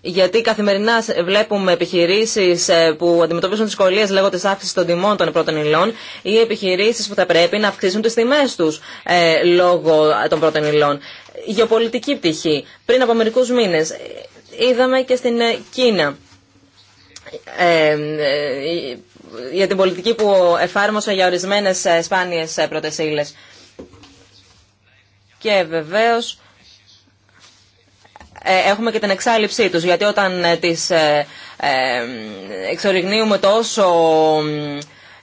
Γιατί καθημερινά βλέπουμε επιχειρήσει ε, που αντιμετωπίζουν δυσκολίε λόγω τη αύξηση των τιμών των πρώτων υλών ή επιχειρήσει που θα πρέπει να αυξήσουν τι τιμέ του ε, λόγω ε, των πρώτων υλών. Γεωπολιτική πτυχή. Πριν από μερικού μήνε είδαμε και στην Κίνα για την πολιτική που εφάρμοσε για ορισμένες σπάνιες πρώτες Και βεβαίω ε, έχουμε και την εξάλληψή τους. Γιατί όταν ε, τις ε, εξοριγνύουμε τόσο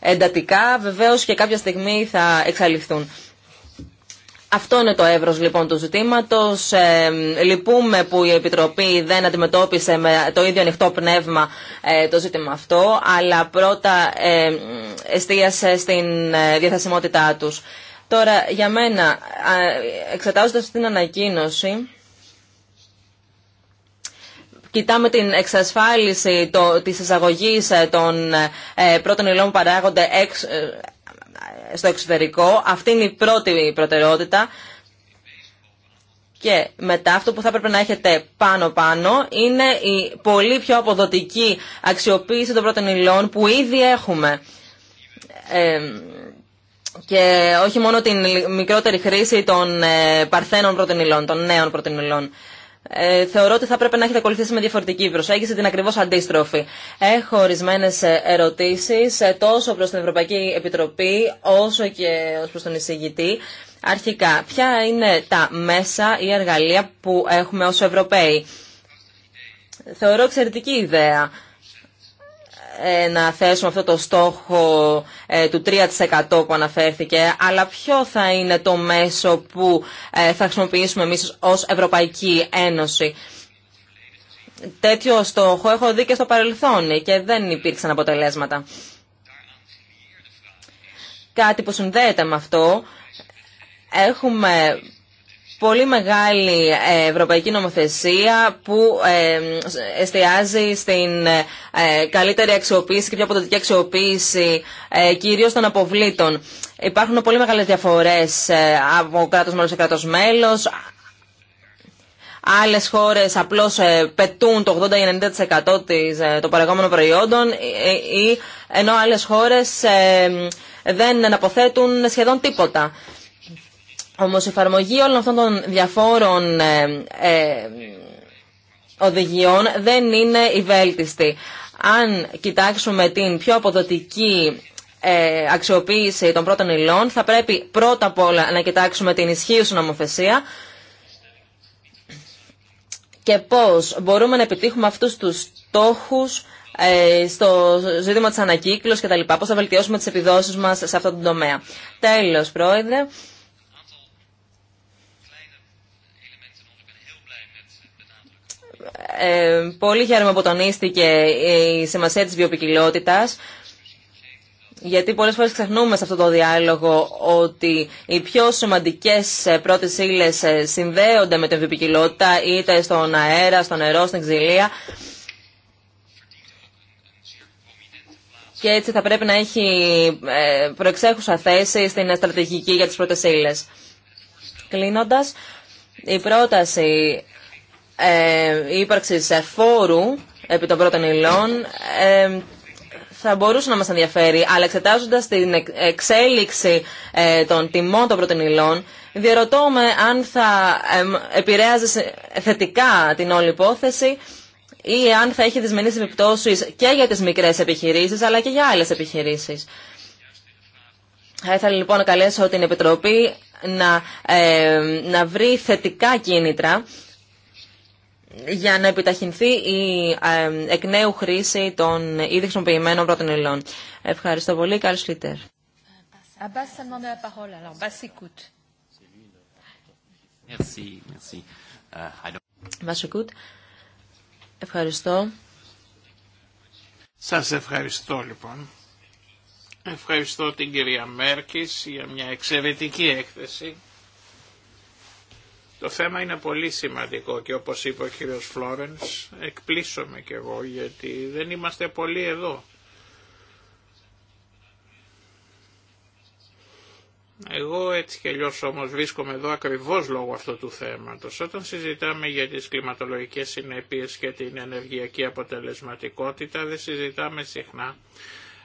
εντατικά, βεβαίως και κάποια στιγμή θα εξαλειφθούν. Αυτό είναι το εύρος λοιπόν του ζητήματος. λυπούμε που η Επιτροπή δεν αντιμετώπισε με το ίδιο ανοιχτό πνεύμα το ζήτημα αυτό, αλλά πρώτα ε, εστίασε στην διαθεσιμότητά τους. Τώρα, για μένα, εξετάζοντας την ανακοίνωση, κοιτάμε την εξασφάλιση το, της εισαγωγής ε, των ε, πρώτων υλών που παράγονται ε, στο εξωτερικό. Αυτή είναι η πρώτη προτεραιότητα. Και μετά αυτό που θα έπρεπε να έχετε πάνω-πάνω είναι η πολύ πιο αποδοτική αξιοποίηση των πρώτων υλών που ήδη έχουμε. και όχι μόνο την μικρότερη χρήση των παρθένων πρώτων υλών, των νέων πρώτων ε, θεωρώ ότι θα πρέπει να έχετε ακολουθήσει με διαφορετική προσέγγιση την ακριβώ αντίστροφη. Έχω ορισμένε ερωτήσει ε, τόσο προ την Ευρωπαϊκή Επιτροπή όσο και ω προ τον εισηγητή. Αρχικά, ποια είναι τα μέσα ή εργαλεία που έχουμε ως Ευρωπαίοι. Θεωρώ εξαιρετική ιδέα ε, να θέσουμε αυτό το στόχο ε, του 3% που αναφέρθηκε, αλλά ποιο θα είναι το μέσο που ε, θα χρησιμοποιήσουμε εμείς ως Ευρωπαϊκή Ένωση. Τέτοιο στόχο έχω δει και στο παρελθόν και δεν υπήρξαν αποτελέσματα. Κάτι που συνδέεται με αυτό, έχουμε πολύ μεγάλη ε, ευρωπαϊκή νομοθεσία που ε, εστιάζει στην ε, καλύτερη αξιοποίηση και πιο αποδοτική αξιοποίηση κυρίως των αποβλήτων. Υπάρχουν πολύ μεγάλες διαφορές από κράτος μέλος σε κράτος μέλος. Άλλες χώρες απλώς πετούν το 80-90% των παραγόμενων προϊόντων ενώ άλλες χώρες δεν αναποθέτουν σχεδόν τίποτα. Όμως η εφαρμογή όλων αυτών των διαφόρων ε, ε, οδηγιών δεν είναι η βέλτιστη. Αν κοιτάξουμε την πιο αποδοτική ε, αξιοποίηση των πρώτων υλών, θα πρέπει πρώτα απ' όλα να κοιτάξουμε την ισχύουσα νομοθεσία και πώς μπορούμε να επιτύχουμε αυτούς τους στόχους στο ζήτημα της ανακύκλωσης και τα λοιπά, πώς θα βελτιώσουμε τις επιδόσεις μας σε αυτό τον τομέα. Τέλος, Πρόεδρε, Ε, πολύ χαίρομαι που τονίστηκε η σημασία της βιοπικιλότητας, γιατί πολλές φορές ξεχνούμε σε αυτό το διάλογο ότι οι πιο σημαντικές ε, πρώτες ύλε ε, συνδέονται με την βιοπικιλότητα, είτε στον αέρα, στο νερό, στην ξυλία. Και έτσι θα πρέπει να έχει ε, προεξέχουσα θέση στην στρατηγική για τις πρώτες ύλε. Κλείνοντας, η πρόταση ε, σε φόρου επί των πρώτων υλών ε, θα μπορούσε να μας ενδιαφέρει, αλλά εξετάζοντας την εξέλιξη ε, των τιμών των πρώτων υλών, διαρωτώ αν θα ε, επηρέαζε θετικά την όλη υπόθεση ή αν θα έχει δυσμενείς επιπτώσεις και για τις μικρές επιχειρήσεις, αλλά και για άλλες επιχειρήσεις. Θα ήθελα λοιπόν να καλέσω την Επιτροπή να, να βρει θετικά κίνητρα για να επιταχυνθεί η εκ νέου χρήση των ήδη χρησιμοποιημένων πρώτων υλών. Ευχαριστώ πολύ. Καλή Σλίτερ. Ah, ah, ευχαριστώ. Σας ευχαριστώ λοιπόν. Ευχαριστώ την κυρία Μέρκης για μια εξαιρετική έκθεση. Το θέμα είναι πολύ σημαντικό και όπως είπε ο κύριος Φλόρενς, εκπλήσωμαι κι εγώ γιατί δεν είμαστε πολύ εδώ. Εγώ έτσι κι αλλιώς όμως βρίσκομαι εδώ ακριβώς λόγω αυτού του θέματος. Όταν συζητάμε για τις κλιματολογικές συνέπειες και την ενεργειακή αποτελεσματικότητα δεν συζητάμε συχνά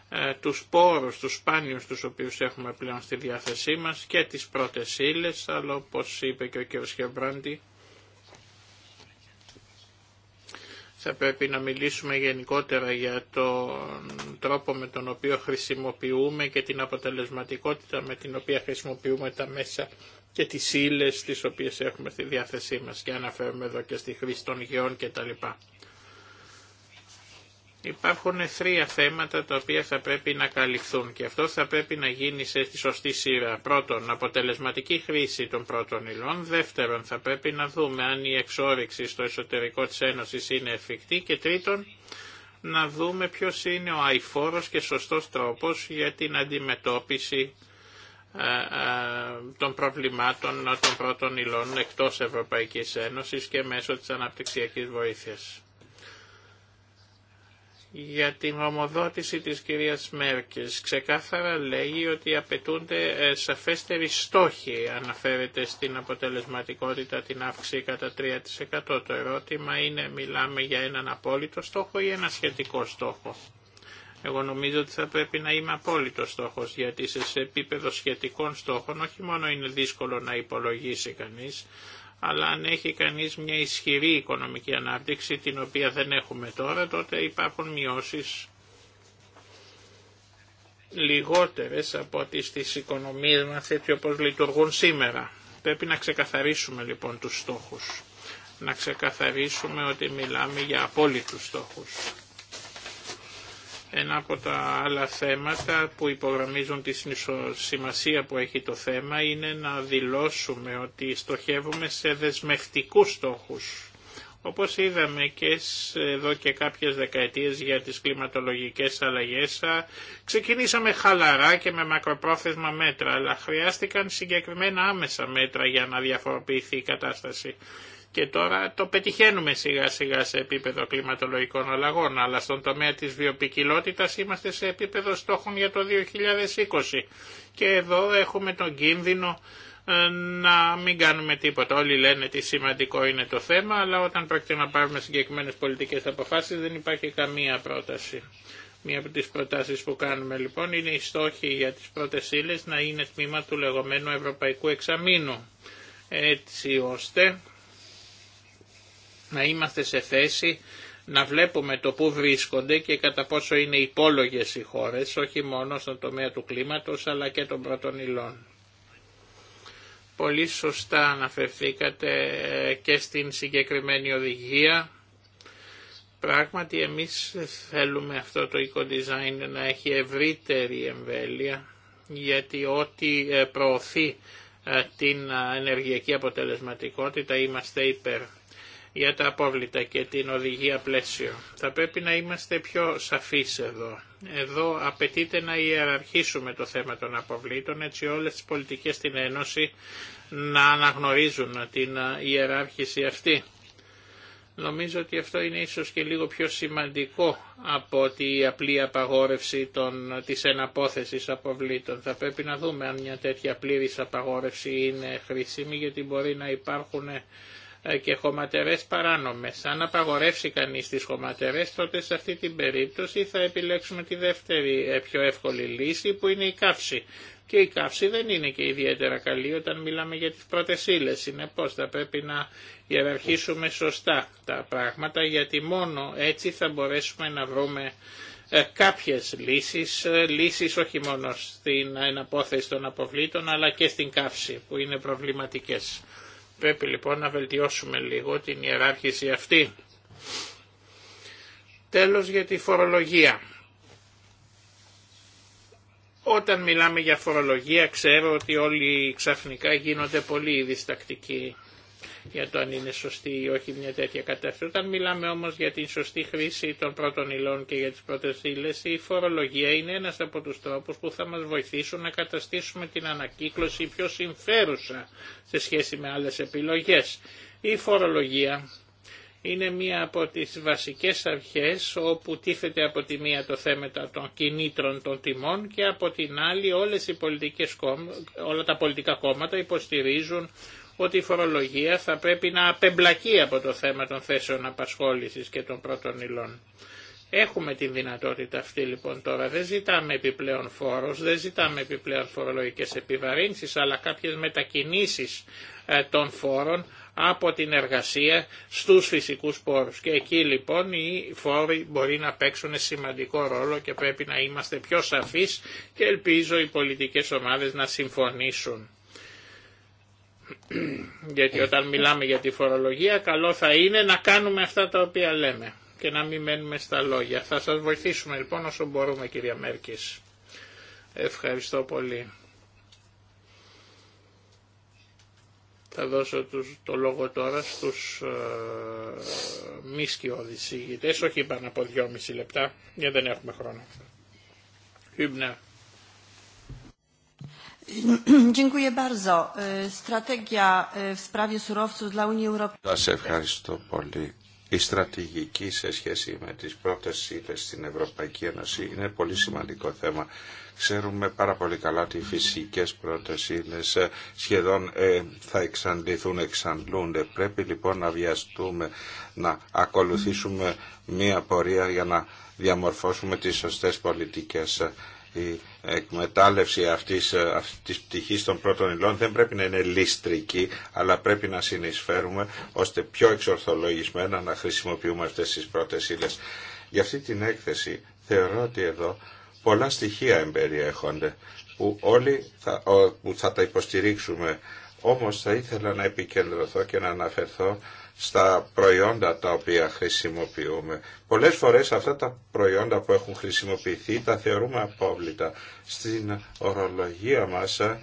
ε, τους πόρους, τους σπάνιους τους οποίους έχουμε πλέον στη διάθεσή μας και τις πρώτες ύλες, αλλά όπως είπε και ο κ. Σχεμπράντη, θα πρέπει να μιλήσουμε γενικότερα για τον τρόπο με τον οποίο χρησιμοποιούμε και την αποτελεσματικότητα με την οποία χρησιμοποιούμε τα μέσα και τις ύλες τις οποίες έχουμε στη διάθεσή μας και αναφέρουμε εδώ και στη χρήση των γεών κτλ. Υπάρχουν τρία θέματα τα οποία θα πρέπει να καλυφθούν και αυτό θα πρέπει να γίνει σε τη σωστή σειρά. Πρώτον, αποτελεσματική χρήση των πρώτων υλών. Δεύτερον, θα πρέπει να δούμε αν η εξόριξη στο εσωτερικό της Ένωσης είναι εφικτή. Και τρίτον, να δούμε ποιος είναι ο αηφόρος και σωστός τρόπος για την αντιμετώπιση ε, ε, των προβλημάτων των πρώτων υλών εκτός Ευρωπαϊκής Ένωσης και μέσω της αναπτυξιακής βοήθειας για την ομοδότηση της κυρίας Μέρκης. Ξεκάθαρα λέει ότι απαιτούνται ε, σαφέστεροι στόχοι, αναφέρεται στην αποτελεσματικότητα την αύξηση κατά 3%. Το ερώτημα είναι μιλάμε για έναν απόλυτο στόχο ή ένα σχετικό στόχο. Εγώ νομίζω ότι θα πρέπει να είμαι απόλυτο στόχο γιατί σε επίπεδο σχετικών στόχων όχι μόνο είναι δύσκολο να υπολογίσει κανείς, αλλά αν έχει κανείς μια ισχυρή οικονομική ανάπτυξη, την οποία δεν έχουμε τώρα, τότε υπάρχουν μειώσεις λιγότερες από ότι στις οικονομίες μας έτσι όπως λειτουργούν σήμερα. Πρέπει να ξεκαθαρίσουμε λοιπόν τους στόχους. Να ξεκαθαρίσουμε ότι μιλάμε για απόλυτους στόχους. Ένα από τα άλλα θέματα που υπογραμμίζουν τη σημασία που έχει το θέμα είναι να δηλώσουμε ότι στοχεύουμε σε δεσμευτικούς στόχους. Όπως είδαμε και εδώ και κάποιες δεκαετίες για τις κλιματολογικές αλλαγές, ξεκινήσαμε χαλαρά και με μακροπρόθεσμα μέτρα, αλλά χρειάστηκαν συγκεκριμένα άμεσα μέτρα για να διαφοροποιηθεί η κατάσταση και τώρα το πετυχαίνουμε σιγά σιγά σε επίπεδο κλιματολογικών αλλαγών, αλλά στον τομέα της βιοπικιλότητας είμαστε σε επίπεδο στόχων για το 2020 και εδώ έχουμε τον κίνδυνο ε, να μην κάνουμε τίποτα. Όλοι λένε τι σημαντικό είναι το θέμα, αλλά όταν πρόκειται να πάρουμε συγκεκριμένες πολιτικές αποφάσεις δεν υπάρχει καμία πρόταση. Μία από τις προτάσεις που κάνουμε λοιπόν είναι οι στόχοι για τις πρώτες ύλες να είναι τμήμα του λεγόμενου Ευρωπαϊκού Εξαμήνου έτσι ώστε να είμαστε σε θέση να βλέπουμε το πού βρίσκονται και κατά πόσο είναι υπόλογες οι χώρες, όχι μόνο στον τομέα του κλίματος αλλά και των πρώτων υλών. Πολύ σωστά αναφερθήκατε ε, και στην συγκεκριμένη οδηγία. Πράγματι εμείς θέλουμε αυτό το eco να έχει ευρύτερη εμβέλεια, γιατί ό,τι ε, προωθεί ε, την ενεργειακή αποτελεσματικότητα είμαστε υπέρ για τα απόβλητα και την οδηγία πλαίσιο. Θα πρέπει να είμαστε πιο σαφείς εδώ. Εδώ απαιτείται να ιεραρχήσουμε το θέμα των αποβλήτων έτσι όλες τις πολιτικές στην Ένωση να αναγνωρίζουν την ιεράρχηση αυτή. Νομίζω ότι αυτό είναι ίσως και λίγο πιο σημαντικό από ότι η απλή απαγόρευση των, της εναπόθεσης αποβλήτων. Θα πρέπει να δούμε αν μια τέτοια πλήρης απαγόρευση είναι χρήσιμη γιατί μπορεί να υπάρχουν ε, και χωματερές παράνομες. Αν απαγορεύσει κανείς τις χωματερές, τότε σε αυτή την περίπτωση θα επιλέξουμε τη δεύτερη ε, πιο εύκολη λύση που είναι η καύση. Και η καύση δεν είναι και ιδιαίτερα καλή όταν μιλάμε για τις πρώτες ύλες. Συνεπώς θα πρέπει να ιεραρχήσουμε σωστά τα πράγματα γιατί μόνο έτσι θα μπορέσουμε να βρούμε ε, κάποιες λύσεις, λύσεις όχι μόνο στην εναπόθεση των αποβλήτων αλλά και στην καύση που είναι προβληματικές. Πρέπει λοιπόν να βελτιώσουμε λίγο την ιεράρχηση αυτή. Τέλος για τη φορολογία. Όταν μιλάμε για φορολογία ξέρω ότι όλοι ξαφνικά γίνονται πολύ διστακτικοί για το αν είναι σωστή ή όχι μια τέτοια κατάσταση. Όταν μιλάμε όμως για την σωστή χρήση των πρώτων υλών και για τις πρώτες ύλες, η φορολογία είναι ένας από τους τρόπους που θα μας βοηθήσουν να καταστήσουμε την ανακύκλωση πιο συμφέρουσα σε σχέση με άλλες επιλογές. Η φορολογία είναι μία από τις βασικές αρχές όπου τίθεται από τη μία το θέμα των κινήτρων των τιμών και από την άλλη όλες οι πολιτικές, όλα τα πολιτικά κόμματα υποστηρίζουν ότι η φορολογία θα πρέπει να απεμπλακεί από το θέμα των θέσεων απασχόλησης και των πρώτων υλών. Έχουμε τη δυνατότητα αυτή λοιπόν τώρα. Δεν ζητάμε επιπλέον φόρος, δεν ζητάμε επιπλέον φορολογικές επιβαρύνσεις, αλλά κάποιες μετακινήσεις ε, των φόρων από την εργασία στους φυσικούς πόρους. Και εκεί λοιπόν οι φόροι μπορεί να παίξουν σημαντικό ρόλο και πρέπει να είμαστε πιο σαφείς και ελπίζω οι πολιτικές ομάδες να συμφωνήσουν. Γιατί όταν μιλάμε για τη φορολογία καλό θα είναι να κάνουμε αυτά τα οποία λέμε και να μην μένουμε στα λόγια. Θα σας βοηθήσουμε λοιπόν όσο μπορούμε κυρία Μέρκης. Ευχαριστώ πολύ. Θα δώσω τους, το λόγο τώρα στους ε, μη όχι πάνω από δυόμιση λεπτά, γιατί δεν έχουμε χρόνο. Υπνά. Σας ευχαριστώ πολύ. Η στρατηγική σε σχέση με τις πρώτες ύλες στην Ευρωπαϊκή Ένωση είναι πολύ σημαντικό θέμα. Ξέρουμε πάρα πολύ καλά ότι οι φυσικές πρώτες ύλες ε, σχεδόν ε, θα εξαντληθούν, εξαντλούνται. Πρέπει λοιπόν να βιαστούμε, να ακολουθήσουμε μία πορεία για να διαμορφώσουμε τις σωστές πολιτικές η εκμετάλλευση αυτής, ε, αυτής πτυχής των πρώτων υλών δεν πρέπει να είναι ληστρική, αλλά πρέπει να συνεισφέρουμε ώστε πιο εξορθολογισμένα να χρησιμοποιούμε αυτές τις πρώτες ύλες. Για αυτή την έκθεση θεωρώ ότι εδώ πολλά στοιχεία εμπεριέχονται που όλοι θα, θα τα υποστηρίξουμε. Όμως θα ήθελα να επικεντρωθώ και να αναφερθώ στα προϊόντα τα οποία χρησιμοποιούμε. Πολλές φορές αυτά τα προϊόντα που έχουν χρησιμοποιηθεί τα θεωρούμε απόβλητα. Στην ορολογία μας ε,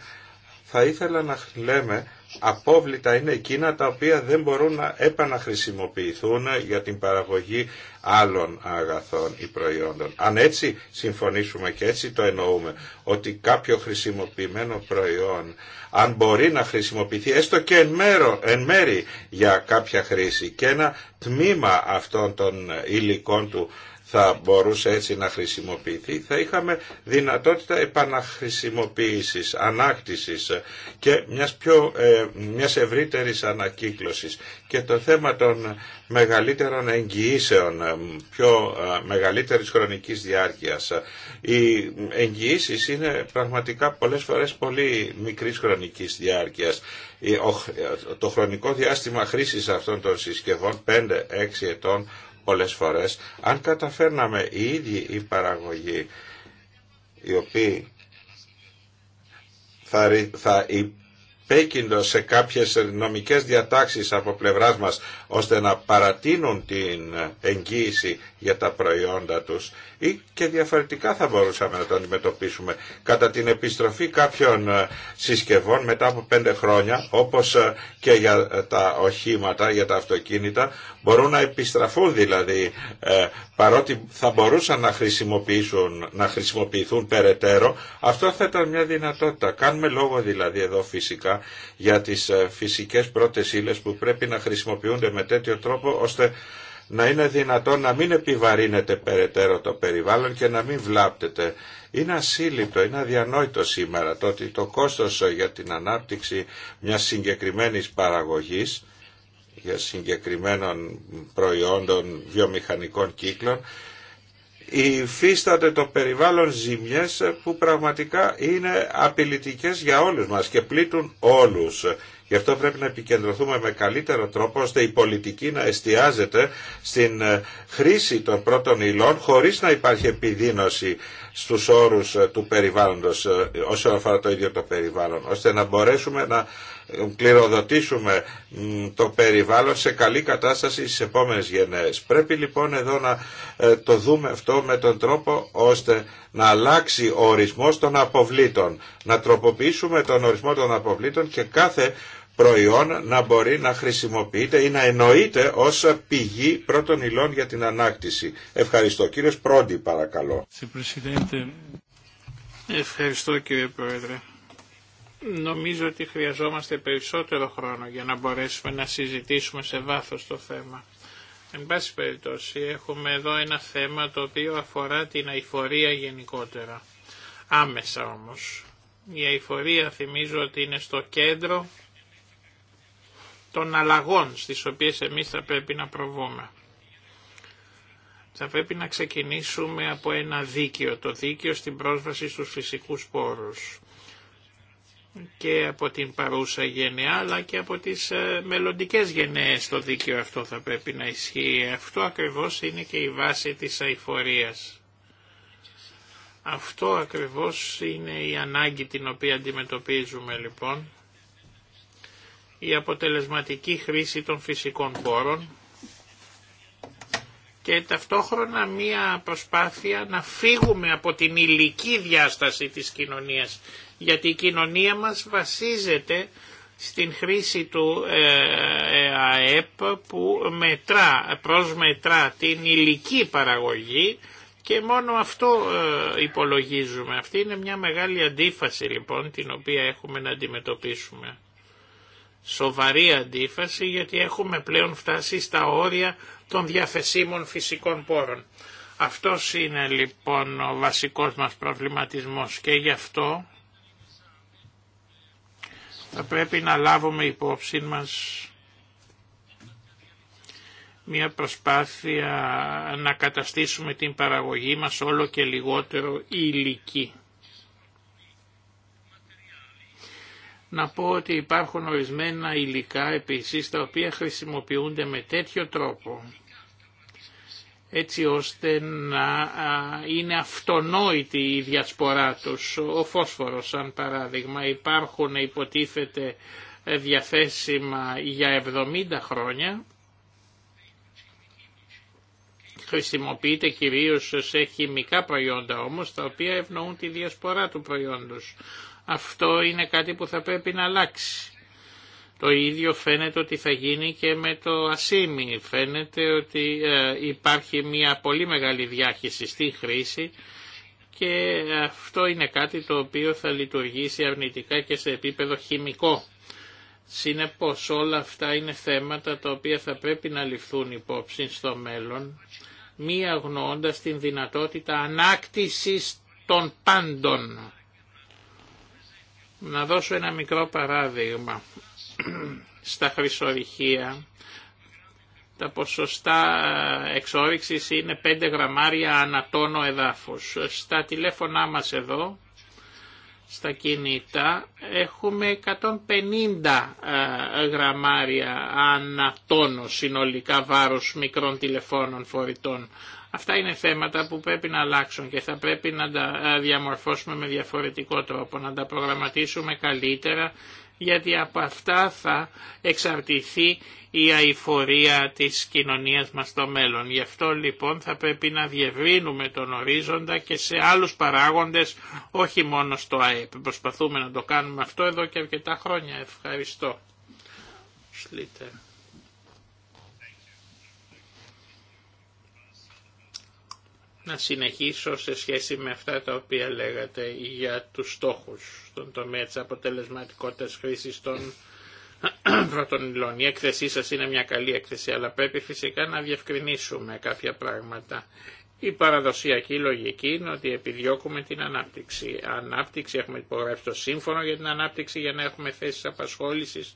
θα ήθελα να λέμε απόβλητα είναι εκείνα τα οποία δεν μπορούν να επαναχρησιμοποιηθούν για την παραγωγή άλλων αγαθών ή προϊόντων. Αν έτσι συμφωνήσουμε και έτσι το εννοούμε, ότι κάποιο χρησιμοποιημένο προϊόν, αν μπορεί να χρησιμοποιηθεί έστω και εν, μέρο, εν μέρη για κάποια χρήση και ένα τμήμα αυτών των υλικών του θα μπορούσε έτσι να χρησιμοποιηθεί, θα είχαμε δυνατότητα επαναχρησιμοποίησης, ανάκτησης και μιας, πιο, ε, μιας ευρύτερης ανακύκλωσης. Και το θέμα των μεγαλύτερων εγγυήσεων, ε, πιο ε, μεγαλύτερης χρονικής διάρκειας. Οι εγγυήσει είναι πραγματικά πολλές φορές πολύ μικρής χρονικής διάρκειας. Ε, το χρονικό διάστημα χρήσης αυτών των συσκευών 5-6 ετών πολλές φορές, αν καταφέρναμε οι ίδιοι οι παραγωγοί, οι οποίοι θα, θα υπέκυντο σε κάποιες νομικές διατάξεις από πλευράς μας, ώστε να παρατείνουν την εγγύηση για τα προϊόντα τους, ή και διαφορετικά θα μπορούσαμε να το αντιμετωπίσουμε. Κατά την επιστροφή κάποιων ε, συσκευών μετά από πέντε χρόνια, όπως ε, και για ε, τα οχήματα, για τα αυτοκίνητα, μπορούν να επιστραφούν δηλαδή, παρότι θα μπορούσαν να, χρησιμοποιήσουν, να χρησιμοποιηθούν περαιτέρω, αυτό θα ήταν μια δυνατότητα. Κάνουμε λόγο δηλαδή εδώ φυσικά για τις φυσικές πρώτες ύλες που πρέπει να χρησιμοποιούνται με τέτοιο τρόπο ώστε να είναι δυνατόν να μην επιβαρύνεται περαιτέρω το περιβάλλον και να μην βλάπτεται. Είναι ασύλληπτο, είναι αδιανόητο σήμερα το ότι το κόστος για την ανάπτυξη μιας συγκεκριμένης παραγωγής για συγκεκριμένων προϊόντων βιομηχανικών κύκλων υφίσταται το περιβάλλον ζημιές που πραγματικά είναι απειλητικές για όλους μας και πλήττουν όλους. Γι' αυτό πρέπει να επικεντρωθούμε με καλύτερο τρόπο ώστε η πολιτική να εστιάζεται στην ε, χρήση των πρώτων υλών χωρίς να υπάρχει επιδείνωση στους όρους ε, του περιβάλλοντος ε, όσον αφορά το ίδιο το περιβάλλον ώστε να να κληροδοτήσουμε το περιβάλλον σε καλή κατάσταση στις επόμενες γενναίες. Πρέπει λοιπόν εδώ να ε, το δούμε αυτό με τον τρόπο ώστε να αλλάξει ο ορισμός των αποβλήτων. Να τροποποιήσουμε τον ορισμό των αποβλήτων και κάθε προϊόν να μπορεί να χρησιμοποιείται ή να εννοείται ως πηγή πρώτων υλών για την ανάκτηση. Ευχαριστώ. Κύριος Πρόντι παρακαλώ. Ευχαριστώ κύριε Πρόεδρε. Νομίζω ότι χρειαζόμαστε περισσότερο χρόνο για να μπορέσουμε να συζητήσουμε σε βάθος το θέμα. Εν πάση περιπτώσει έχουμε εδώ ένα θέμα το οποίο αφορά την αηφορία γενικότερα. Άμεσα όμως. Η αηφορία θυμίζω ότι είναι στο κέντρο των αλλαγών στις οποίες εμείς θα πρέπει να προβούμε. Θα πρέπει να ξεκινήσουμε από ένα δίκαιο, το δίκαιο στην πρόσβαση στους φυσικούς πόρους και από την παρούσα γενεά αλλά και από τις ε, μελλοντικές γενναίες το δίκαιο αυτό θα πρέπει να ισχύει. Αυτό ακριβώς είναι και η βάση της αηφορίας. Αυτό ακριβώς είναι η ανάγκη την οποία αντιμετωπίζουμε λοιπόν. Η αποτελεσματική χρήση των φυσικών πόρων και ταυτόχρονα μία προσπάθεια να φύγουμε από την ηλική διάσταση της κοινωνίας γιατί η κοινωνία μας βασίζεται στην χρήση του ε, ΑΕΠ που μετρά, προσμετρά την υλική παραγωγή και μόνο αυτό ε, υπολογίζουμε. Αυτή είναι μια μεγάλη αντίφαση λοιπόν την οποία έχουμε να αντιμετωπίσουμε. Σοβαρή αντίφαση γιατί έχουμε πλέον φτάσει στα όρια των διαθεσίμων φυσικών πόρων. Αυτός είναι λοιπόν ο βασικός μας προβληματισμός και γι' αυτό θα πρέπει να λάβουμε υπόψη μας μια προσπάθεια να καταστήσουμε την παραγωγή μας όλο και λιγότερο υλική. Να πω ότι υπάρχουν ορισμένα υλικά επίσης τα οποία χρησιμοποιούνται με τέτοιο τρόπο έτσι ώστε να είναι αυτονόητη η διασπορά τους. Ο φόσφορος, σαν παράδειγμα, υπάρχουν υποτίθεται διαθέσιμα για 70 χρόνια, χρησιμοποιείται κυρίως σε χημικά προϊόντα όμως, τα οποία ευνοούν τη διασπορά του προϊόντος. Αυτό είναι κάτι που θα πρέπει να αλλάξει. Το ίδιο φαίνεται ότι θα γίνει και με το ασίμι. Φαίνεται ότι ε, υπάρχει μια πολύ μεγάλη διάχυση στη χρήση και αυτό είναι κάτι το οποίο θα λειτουργήσει αρνητικά και σε επίπεδο χημικό. Συνεπώς όλα αυτά είναι θέματα τα οποία θα πρέπει να ληφθούν υπόψη στο μέλλον, μη αγνοώντας την δυνατότητα ανάκτησης των πάντων. Να δώσω ένα μικρό παράδειγμα στα χρυσορυχεία τα ποσοστά ε, εξόριξης είναι 5 γραμμάρια ανατόνο εδάφους. Στα τηλέφωνά μας εδώ, στα κινητά, έχουμε 150 ε, γραμμάρια ανατόνο συνολικά βάρος μικρών τηλεφώνων φορητών. Αυτά είναι θέματα που πρέπει να αλλάξουν και θα πρέπει να τα ε, διαμορφώσουμε με διαφορετικό τρόπο, να τα προγραμματίσουμε καλύτερα γιατί από αυτά θα εξαρτηθεί η αηφορία της κοινωνίας μας στο μέλλον. Γι' αυτό λοιπόν θα πρέπει να διευρύνουμε τον ορίζοντα και σε άλλους παράγοντες, όχι μόνο στο ΑΕΠ. Προσπαθούμε να το κάνουμε αυτό εδώ και αρκετά χρόνια. Ευχαριστώ. να συνεχίσω σε σχέση με αυτά τα οποία λέγατε για τους στόχους στον τομέα της αποτελεσματικότητας χρήσης των πρώτων Η έκθεσή σας είναι μια καλή έκθεση, αλλά πρέπει φυσικά να διευκρινίσουμε κάποια πράγματα. Η παραδοσιακή λογική είναι ότι επιδιώκουμε την ανάπτυξη. Ανάπτυξη, έχουμε υπογράψει το σύμφωνο για την ανάπτυξη για να έχουμε θέσεις απασχόλησης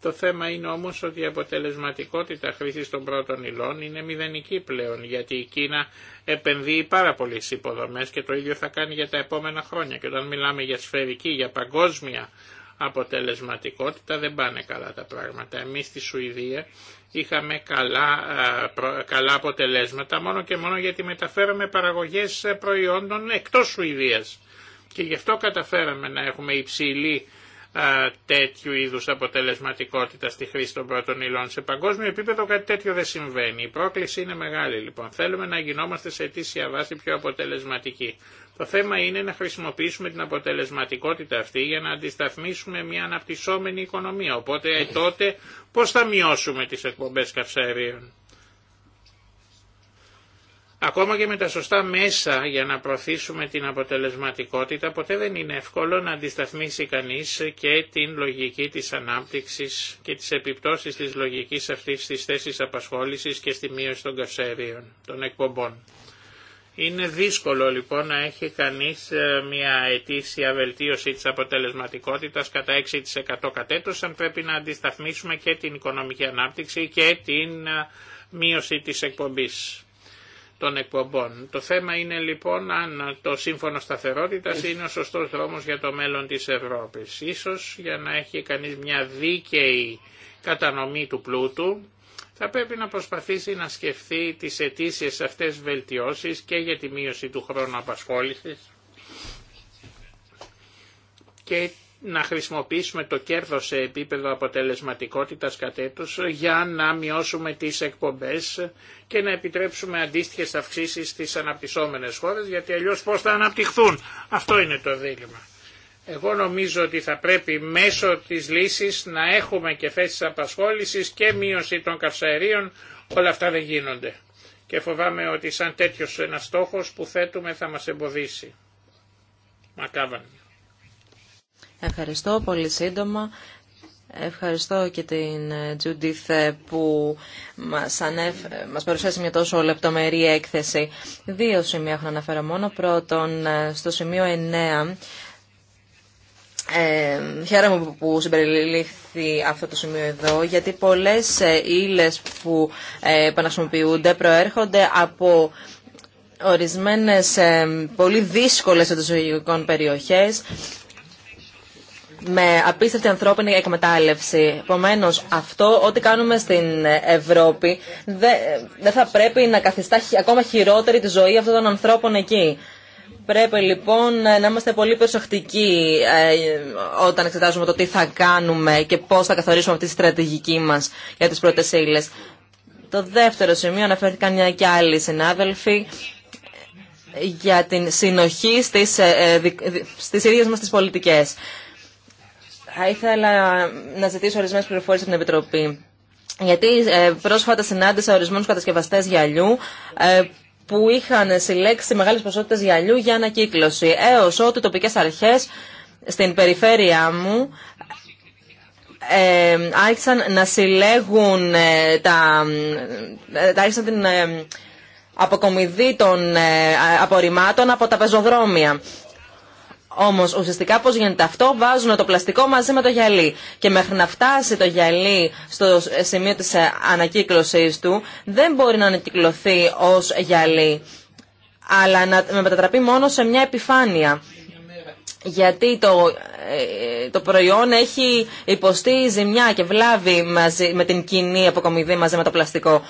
το θέμα είναι όμως ότι η αποτελεσματικότητα χρήσης των πρώτων υλών είναι μηδενική πλέον, γιατί η Κίνα επενδύει πάρα πολλέ υποδομές και το ίδιο θα κάνει για τα επόμενα χρόνια. Και όταν μιλάμε για σφαιρική, για παγκόσμια αποτελεσματικότητα δεν πάνε καλά τα πράγματα. Εμείς στη Σουηδία είχαμε καλά, καλά αποτελέσματα μόνο και μόνο γιατί μεταφέραμε παραγωγές προϊόντων εκτός Σουηδίας. Και γι' αυτό καταφέραμε να έχουμε υψηλή τέτοιου είδους αποτελεσματικότητα στη χρήση των πρώτων υλών. Σε παγκόσμιο επίπεδο κάτι τέτοιο δεν συμβαίνει. Η πρόκληση είναι μεγάλη λοιπόν. Θέλουμε να γινόμαστε σε αιτήσια βάση πιο αποτελεσματικοί. Το θέμα είναι να χρησιμοποιήσουμε την αποτελεσματικότητα αυτή για να αντισταθμίσουμε μια αναπτυσσόμενη οικονομία. Οπότε ε, τότε πώς θα μειώσουμε τις εκπομπές καυσαερίων. Ακόμα και με τα σωστά μέσα για να προωθήσουμε την αποτελεσματικότητα, ποτέ δεν είναι εύκολο να αντισταθμίσει κανείς και την λογική της ανάπτυξης και τις επιπτώσεις της λογικής αυτής της θέσης απασχόλησης και στη μείωση των καυσαερίων, των εκπομπών. Είναι δύσκολο λοιπόν να έχει κανείς ε, μια αιτήσια βελτίωση της αποτελεσματικότητας κατά 6% κατέτος, αν πρέπει να αντισταθμίσουμε και την οικονομική ανάπτυξη και την ε, μείωση της εκπομπής των εκπομπών. Το θέμα είναι λοιπόν αν το σύμφωνο σταθερότητας είναι ο σωστός δρόμος για το μέλλον της Ευρώπης. Ίσως για να έχει κανείς μια δίκαιη κατανομή του πλούτου θα πρέπει να προσπαθήσει να σκεφτεί τις αιτήσει αυτές βελτιώσεις και για τη μείωση του χρόνου απασχόλησης και να χρησιμοποιήσουμε το κέρδος σε επίπεδο αποτελεσματικότητας κατ' για να μειώσουμε τις εκπομπές και να επιτρέψουμε αντίστοιχες αυξήσεις στις αναπτυσσόμενες χώρες γιατί αλλιώς πώς θα αναπτυχθούν. Αυτό είναι το δίλημα. Εγώ νομίζω ότι θα πρέπει μέσω της λύσης να έχουμε και θέσεις απασχόλησης και μείωση των καυσαερίων. Όλα αυτά δεν γίνονται. Και φοβάμαι ότι σαν τέτοιος ένας στόχος που θέτουμε θα μας εμποδίσει. Μακάβανε. Ευχαριστώ πολύ σύντομα. Ευχαριστώ και την ε, Τζουντίθ που μας, ανέφ... Ε, μας παρουσίασε μια τόσο λεπτομερή έκθεση. Δύο σημεία έχω να αναφέρω μόνο. Πρώτον, ε, στο σημείο 9... Ε, χαίρομαι που συμπεριλήφθη αυτό το σημείο εδώ, γιατί πολλές ύλες που επαναχρησιμοποιούνται προέρχονται από ορισμένες πολύ δύσκολες εντός περιοχές με απίστευτη ανθρώπινη εκμετάλλευση. Επομένω, αυτό ό,τι κάνουμε στην Ευρώπη δεν θα πρέπει να καθιστά ακόμα χειρότερη τη ζωή αυτών των ανθρώπων εκεί. Πρέπει λοιπόν να είμαστε πολύ προσεκτικοί ε, όταν εξετάζουμε το τι θα κάνουμε και πώς θα καθορίσουμε αυτή τη στρατηγική μας για τις πρώτες ύλες. Το δεύτερο σημείο αναφέρθηκαν μια και άλλοι συνάδελφοι για την συνοχή στις, ε, ε, στις ίδιες μας τις πολιτικές. Θα ήθελα να ζητήσω ορισμένε πληροφορίε από την Επιτροπή. Γιατί ε, πρόσφατα συνάντησα ορισμένου κατασκευαστέ γυαλιού ε, που είχαν συλλέξει μεγάλε ποσότητε γυαλιού για ανακύκλωση, έως ότου τοπικές αρχές στην περιφέρειά μου ε, άρχισαν να συλλέγουν ε, τα, άρχισαν την αποκομιδή των απορριμμάτων από τα πεζοδρόμια. Όμω ουσιαστικά πώ γίνεται αυτό, βάζουν το πλαστικό μαζί με το γυαλί. Και μέχρι να φτάσει το γυαλί στο σημείο τη ε, ανακύκλωση του, δεν μπορεί να ανακυκλωθεί ω γυαλί, αλλά να μετατραπεί μόνο σε μια επιφάνεια. Γιατί το, ε, το προϊόν έχει υποστεί ζημιά και βλάβη μαζί, με την κοινή αποκομιδή μαζί με το πλαστικό.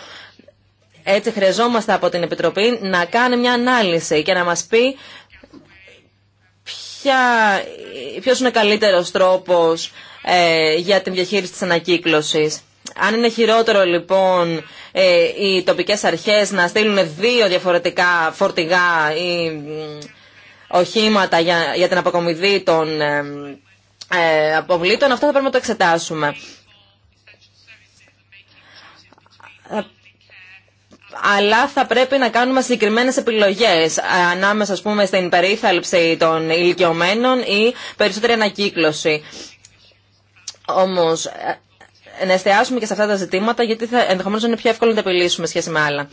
Έτσι χρειαζόμαστε από την Επιτροπή να κάνει μια ανάλυση και να μας πει ποια, ποιος είναι καλύτερος τρόπος ε, για την διαχείριση της ανακύκλωσης. Αν είναι χειρότερο λοιπόν ε, οι τοπικές αρχές να στείλουν δύο διαφορετικά φορτηγά ή οχήματα για, για την αποκομιδή των ε, ε, αποβλήτων, αυτό θα πρέπει να το εξετάσουμε αλλά θα πρέπει να κάνουμε συγκεκριμένε επιλογέ ε, ανάμεσα α πούμε στην περίθαλψη των ηλικιωμένων ή περισσότερη ανακύκλωση. Όμω, ε, να εστιάσουμε και σε αυτά τα ζητήματα γιατί θα, είναι πιο εύκολο να τα επιλύσουμε σχέση με άλλα.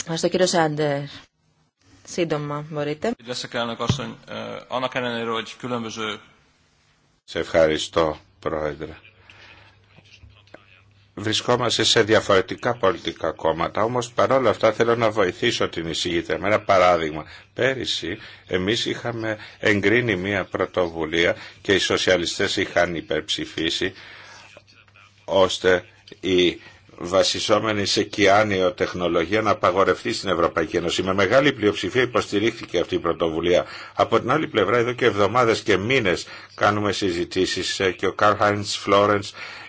Ευχαριστώ κύριο Σάντερ. Σύντομα μπορείτε. Ε, σε ευχαριστώ πρόεδρε βρισκόμαστε σε διαφορετικά πολιτικά κόμματα, όμως παρόλα αυτά θέλω να βοηθήσω την εισηγήτρια. Με ένα παράδειγμα, πέρυσι εμείς είχαμε εγκρίνει μία πρωτοβουλία και οι σοσιαλιστές είχαν υπερψηφίσει ώστε η βασισόμενη σε κιάνιο τεχνολογία να απαγορευτεί στην Ευρωπαϊκή Ένωση. Με μεγάλη πλειοψηφία υποστηρίχθηκε αυτή η πρωτοβουλία. Από την άλλη πλευρά, εδώ και εβδομάδες και μήνες κάνουμε συζητήσει ε, και ο Καρλ Χάιντ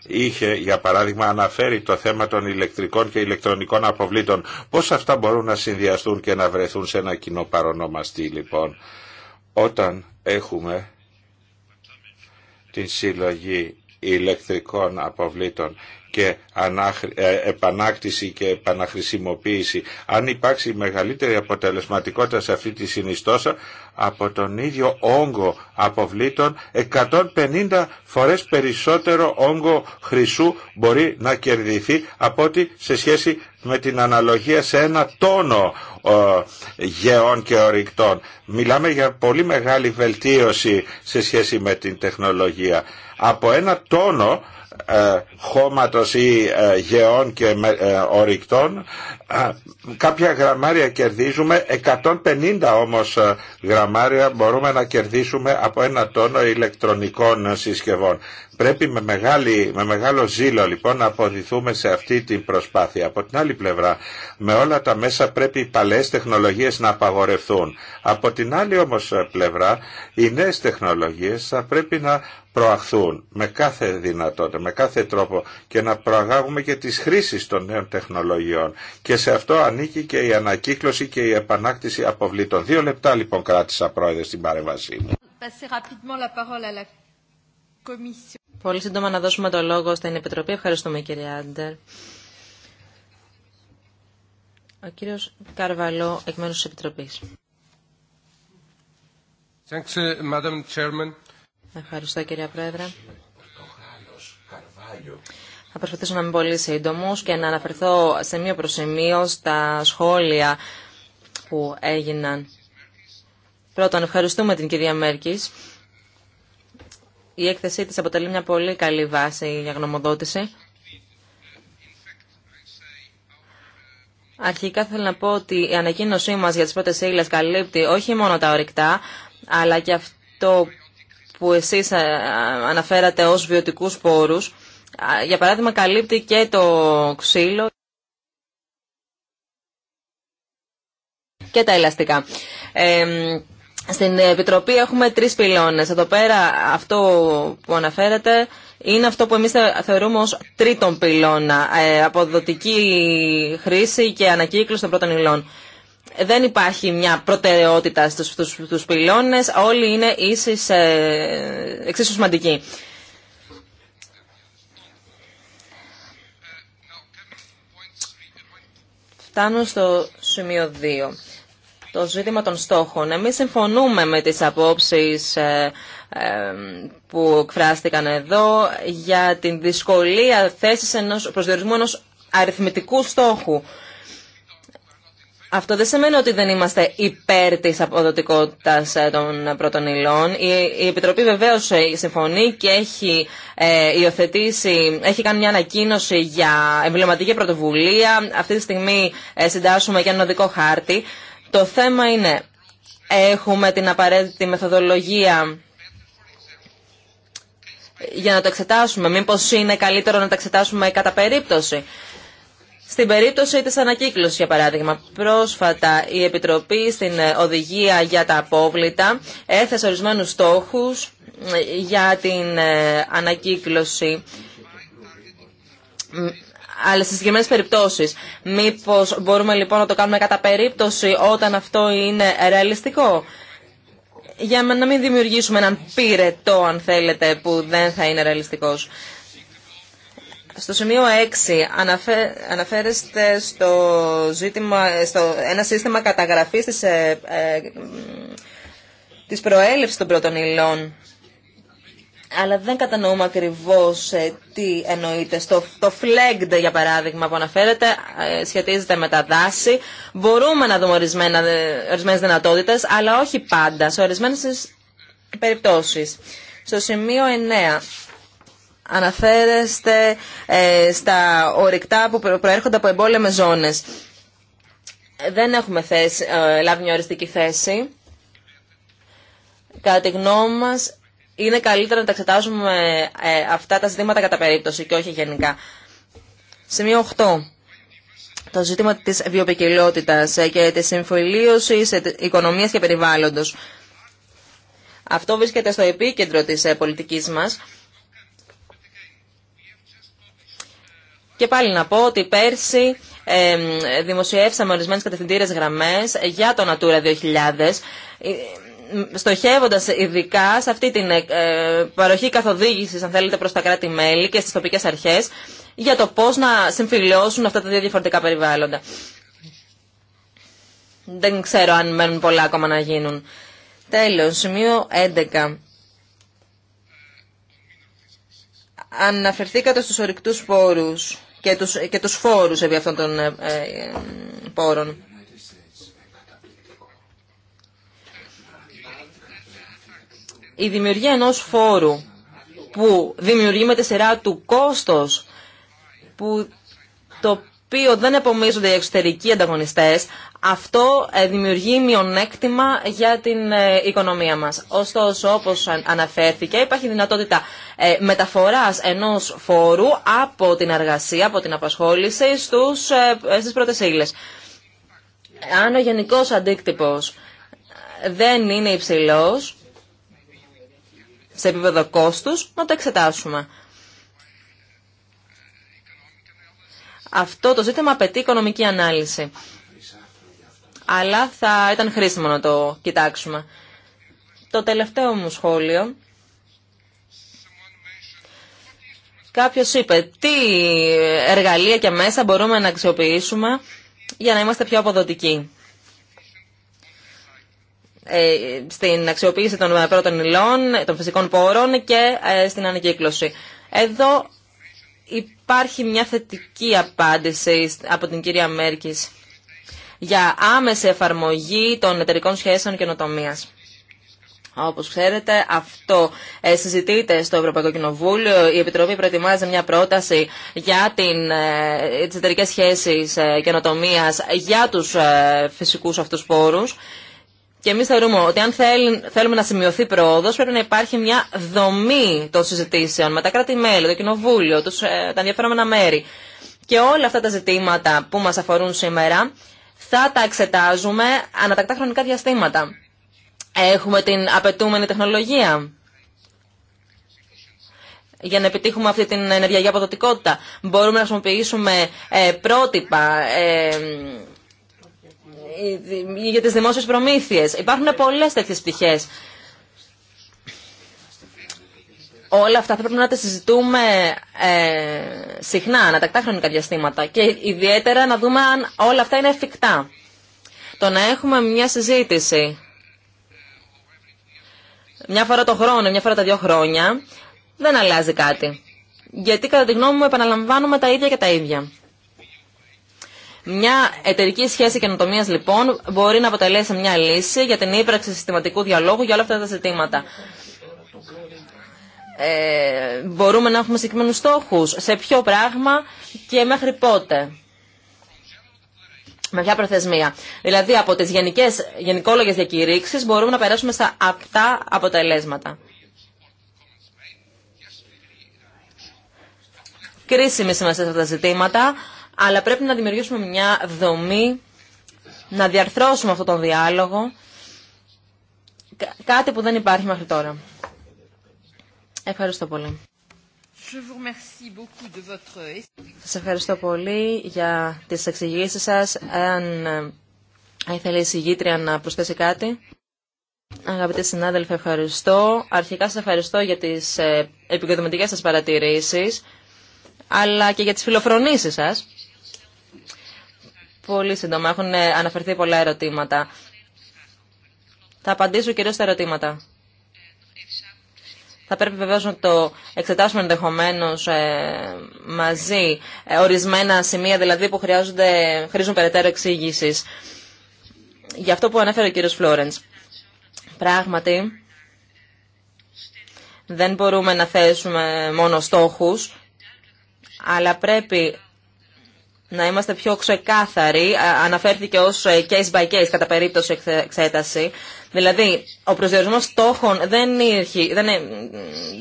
είχε για παράδειγμα αναφέρει το θέμα των ηλεκτρικών και ηλεκτρονικών αποβλήτων. Πώς αυτά μπορούν να συνδυαστούν και να βρεθούν σε ένα κοινό παρονόμαστη λοιπόν όταν έχουμε την συλλογή ηλεκτρικών αποβλήτων και ε, επανάκτηση και επαναχρησιμοποίηση. Αν υπάρξει μεγαλύτερη αποτελεσματικότητα σε αυτή τη συνιστόσα, από τον ίδιο όγκο αποβλήτων 150 φορές περισσότερο όγκο χρυσού μπορεί να κερδιθεί από ότι σε σχέση με την αναλογία σε ένα τόνο ε, γεών και ορυκτών. Μιλάμε για πολύ μεγάλη βελτίωση σε σχέση με την τεχνολογία. Από ένα τόνο ε, χώματος ή ε, γεών και ε, ορυκτών κάποια γραμμάρια κερδίζουμε 150 όμως γραμμάρια μπορούμε να κερδίσουμε από ένα τόνο ηλεκτρονικών συσκευών Πρέπει με, μεγάλη, με μεγάλο ζήλο λοιπόν να αποδηθούμε σε αυτή την προσπάθεια. Από την άλλη πλευρά, με όλα τα μέσα πρέπει οι παλαιές τεχνολογίες να απαγορευτούν. Από την άλλη όμως πλευρά, οι νέες τεχνολογίες θα πρέπει να προαχθούν με κάθε δυνατότητα, με κάθε τρόπο και να προαγάγουμε και τις χρήσεις των νέων τεχνολογιών. Και σε αυτό ανήκει και η ανακύκλωση και η επανάκτηση αποβλήτων. Δύο λεπτά λοιπόν κράτησα πρόεδρε στην παρέμβασή μου. Πολύ σύντομα να δώσουμε το λόγο στην Επιτροπή. Ευχαριστούμε κύριε Άντερ. Ο κύριος Καρβαλό, εκ μέρους της Επιτροπής. Ε, Ευχαριστώ κύριε Πρόεδρε. Θα προσπαθήσω να είμαι πολύ σύντομο και να αναφερθώ σε μία σημείο στα σχόλια που έγιναν. Πρώτον, ευχαριστούμε την κυρία Μέρκης η έκθεσή της αποτελεί μια πολύ καλή βάση για γνωμοδότηση. Αρχικά θέλω να πω ότι η ανακοίνωσή μας για τις πρώτες ύλες καλύπτει όχι μόνο τα ορυκτά, αλλά και αυτό που εσείς ε, αναφέρατε ως βιωτικούς πόρους. Για παράδειγμα, καλύπτει και το ξύλο και τα ελαστικά. Ε, στην Επιτροπή έχουμε τρεις πυλώνες. Εδώ πέρα αυτό που αναφέρεται είναι αυτό που εμείς θεωρούμε ως τρίτον πυλώνα, ε, αποδοτική χρήση και ανακύκλωση των πρώτων υλών. Δεν υπάρχει μια προτεραιότητα στους, στους, πυλώνες, όλοι είναι ίσως, ε, εξίσου σημαντικοί. Φτάνω στο σημείο 2 το ζήτημα των στόχων. Εμείς συμφωνούμε με τις απόψεις ε, ε, που εκφράστηκαν εδώ για την δυσκολία θέσης ενός, προσδιορισμού ενός αριθμητικού στόχου. Αυτό δεν σημαίνει ότι δεν είμαστε υπέρ της αποδοτικότητας ε, των πρώτων υλών. Η Επιτροπή βεβαίως συμφωνεί και έχει υιοθετήσει, έχει κάνει μια ανακοίνωση για εμβληματική πρωτοβουλία. Αυτή τη στιγμή συντάσσουμε και ένα οδικό χάρτη. Το θέμα είναι, έχουμε την απαραίτητη μεθοδολογία για να το εξετάσουμε. Μήπως είναι καλύτερο να τα εξετάσουμε κατά περίπτωση. Στην περίπτωση της ανακύκλωσης, για παράδειγμα, πρόσφατα η Επιτροπή στην Οδηγία για τα Απόβλητα έθεσε ορισμένους στόχους ε, για την ε, ανακύκλωση αλλά σε συγκεκριμένε περιπτώσεις. Μήπως μπορούμε λοιπόν να το κάνουμε κατά περίπτωση όταν αυτό είναι ρεαλιστικό. Για να μην δημιουργήσουμε έναν πυρετό, αν θέλετε, που δεν θα είναι ρεαλιστικό. Στο σημείο 6 αναφέρεστε στο, ζήτημα, στο ένα σύστημα καταγραφής της, ε, ε, της προέλευσης των πρώτων υλών αλλά δεν κατανοούμε ακριβώς ε, τι εννοείται. Στο, το flagged, για παράδειγμα, που αναφέρεται, ε, σχετίζεται με τα δάση. Μπορούμε να δούμε ορισμένε ορισμένες δυνατότητες, αλλά όχι πάντα, σε ορισμένες περιπτώσεις. Στο σημείο 9 αναφέρεστε ε, στα ορυκτά που προέρχονται από εμπόλεμες ζώνες. Δεν έχουμε θέση, ε, λάβει μια οριστική θέση. Κατά τη γνώμη μας, είναι καλύτερο να τα εξετάζουμε ε, αυτά τα ζητήματα κατά περίπτωση και όχι γενικά. Σημείο 8. Το ζήτημα της βιοπικιλότητας ε, και της συμφιλίωσης ε, οικονομίας και περιβάλλοντος. Αυτό βρίσκεται στο επίκεντρο της πολιτικής μας. Και πάλι να πω ότι πέρσι δημοσιεύσαμε ορισμένες κατευθυντήρες γραμμές για το Natura 2000 στοχεύοντας ειδικά σε αυτή την ε, παροχή καθοδήγησης, αν θέλετε, προς τα κράτη-μέλη και στις τοπικές αρχές για το πώς να συμφιλώσουν αυτά τα δύο διαφορετικά περιβάλλοντα. Δεν ξέρω αν μένουν πολλά ακόμα να γίνουν. Τέλος, σημείο 11. Αναφερθήκατε στους ορυκτούς πόρους και τους, και τους φόρους επί αυτών των ε, ε, πόρων. η δημιουργία ενός φόρου που δημιουργεί με τη σειρά του κόστος που το οποίο δεν επομίζονται οι εξωτερικοί ανταγωνιστές, αυτό ε, δημιουργεί μειονέκτημα για την ε, οικονομία μας. Ωστόσο, όπως αναφέρθηκε, υπάρχει δυνατότητα ε, μεταφοράς ενός φόρου από την εργασία, από την απασχόληση στους, στις πρώτες ύλες. Αν ο γενικός αντίκτυπος δεν είναι υψηλός, σε επίπεδο κόστους, να το εξετάσουμε. Αυτό το ζήτημα απαιτεί οικονομική ανάλυση. Αλλά θα ήταν χρήσιμο να το κοιτάξουμε. Το τελευταίο μου σχόλιο. Κάποιος είπε τι εργαλεία και μέσα μπορούμε να αξιοποιήσουμε για να είμαστε πιο αποδοτικοί. Ε, στην αξιοποίηση των πρώτων υλών, των φυσικών πόρων και ε, στην ανακύκλωση. Εδώ υπάρχει μια θετική απάντηση από την κυρία Μέρκης για άμεση εφαρμογή των εταιρικών σχέσεων καινοτομία. Όπως ξέρετε, αυτό ε, συζητείται στο Ευρωπαϊκό Κοινοβούλιο. Η Επιτροπή προετοιμάζει μια πρόταση για την, ε, τις εταιρικές σχέσεις για τους φυσικούς αυτούς πόρους. Και εμεί θεωρούμε ότι αν θέλουμε να σημειωθεί πρόοδο, πρέπει να υπάρχει μια δομή των συζητήσεων με τα κράτη-μέλη, το κοινοβούλιο, τους, ε, τα ενδιαφέροντα μέρη. Και όλα αυτά τα ζητήματα που μα αφορούν σήμερα θα τα εξετάζουμε ανατακτά χρονικά διαστήματα. Έχουμε την απαιτούμενη τεχνολογία για να επιτύχουμε αυτή την ενεργειακή αποδοτικότητα. Μπορούμε να χρησιμοποιήσουμε ε, πρότυπα, ε, ε, για τις δημόσιες προμήθειες. Υπάρχουν πολλές τέτοιες πτυχές. Όλα αυτά θα πρέπει να τα συζητούμε ε, συχνά, ανατακτά διαστήματα και ιδιαίτερα να δούμε αν όλα αυτά είναι εφικτά. Το να έχουμε μια συζήτηση μια φορά το χρόνο, μια φορά τα δύο χρόνια, δεν αλλάζει κάτι. Γιατί κατά τη γνώμη μου επαναλαμβάνουμε τα ίδια και τα ίδια. Μια εταιρική σχέση καινοτομία λοιπόν μπορεί να αποτελέσει μια λύση για την ύπραξη συστηματικού διαλόγου για όλα αυτά τα ζητήματα. Ε, μπορούμε να έχουμε συγκεκριμένου στόχου, σε ποιο πράγμα και μέχρι πότε. Με ποια προθεσμία. Δηλαδή από τι γενικόλογε γενικόλογες μπορούμε να περάσουμε στα αυτά αποτελέσματα. Κρίσιμη σημασία σε αυτά τα ζητήματα αλλά πρέπει να δημιουργήσουμε μια δομή, να διαρθρώσουμε αυτόν τον διάλογο, κάτι που δεν υπάρχει μέχρι τώρα. Ευχαριστώ πολύ. Σας ευχαριστώ πολύ για τις εξηγήσεις σας. Αν ήθελε ε, η συγγήτρια να προσθέσει κάτι. Αγαπητοί συνάδελφοι, ευχαριστώ. Αρχικά σας ευχαριστώ για τις ε, επικοδομητικές σας παρατηρήσεις, αλλά και για τις φιλοφρονήσεις σας. Πολύ σύντομα. Έχουν ε, αναφερθεί πολλά ερωτήματα. Θα απαντήσω κυρίως στα ερωτήματα. Θα πρέπει βεβαίως να το εξετάσουμε ενδεχομένω ε, μαζί ε, ορισμένα σημεία, δηλαδή που χρειάζονται, χρήζουν περαιτέρω εξήγηση. Γι' αυτό που ανέφερε ο κύριος Φλόρενς. Πράγματι, δεν μπορούμε να θέσουμε μόνο στόχους, αλλά πρέπει να είμαστε πιο ξεκάθαροι, αναφέρθηκε ως ε, case by case κατά περίπτωση εξέταση. Δηλαδή, ο προσδιορισμός στόχων δεν, δεν, είναι,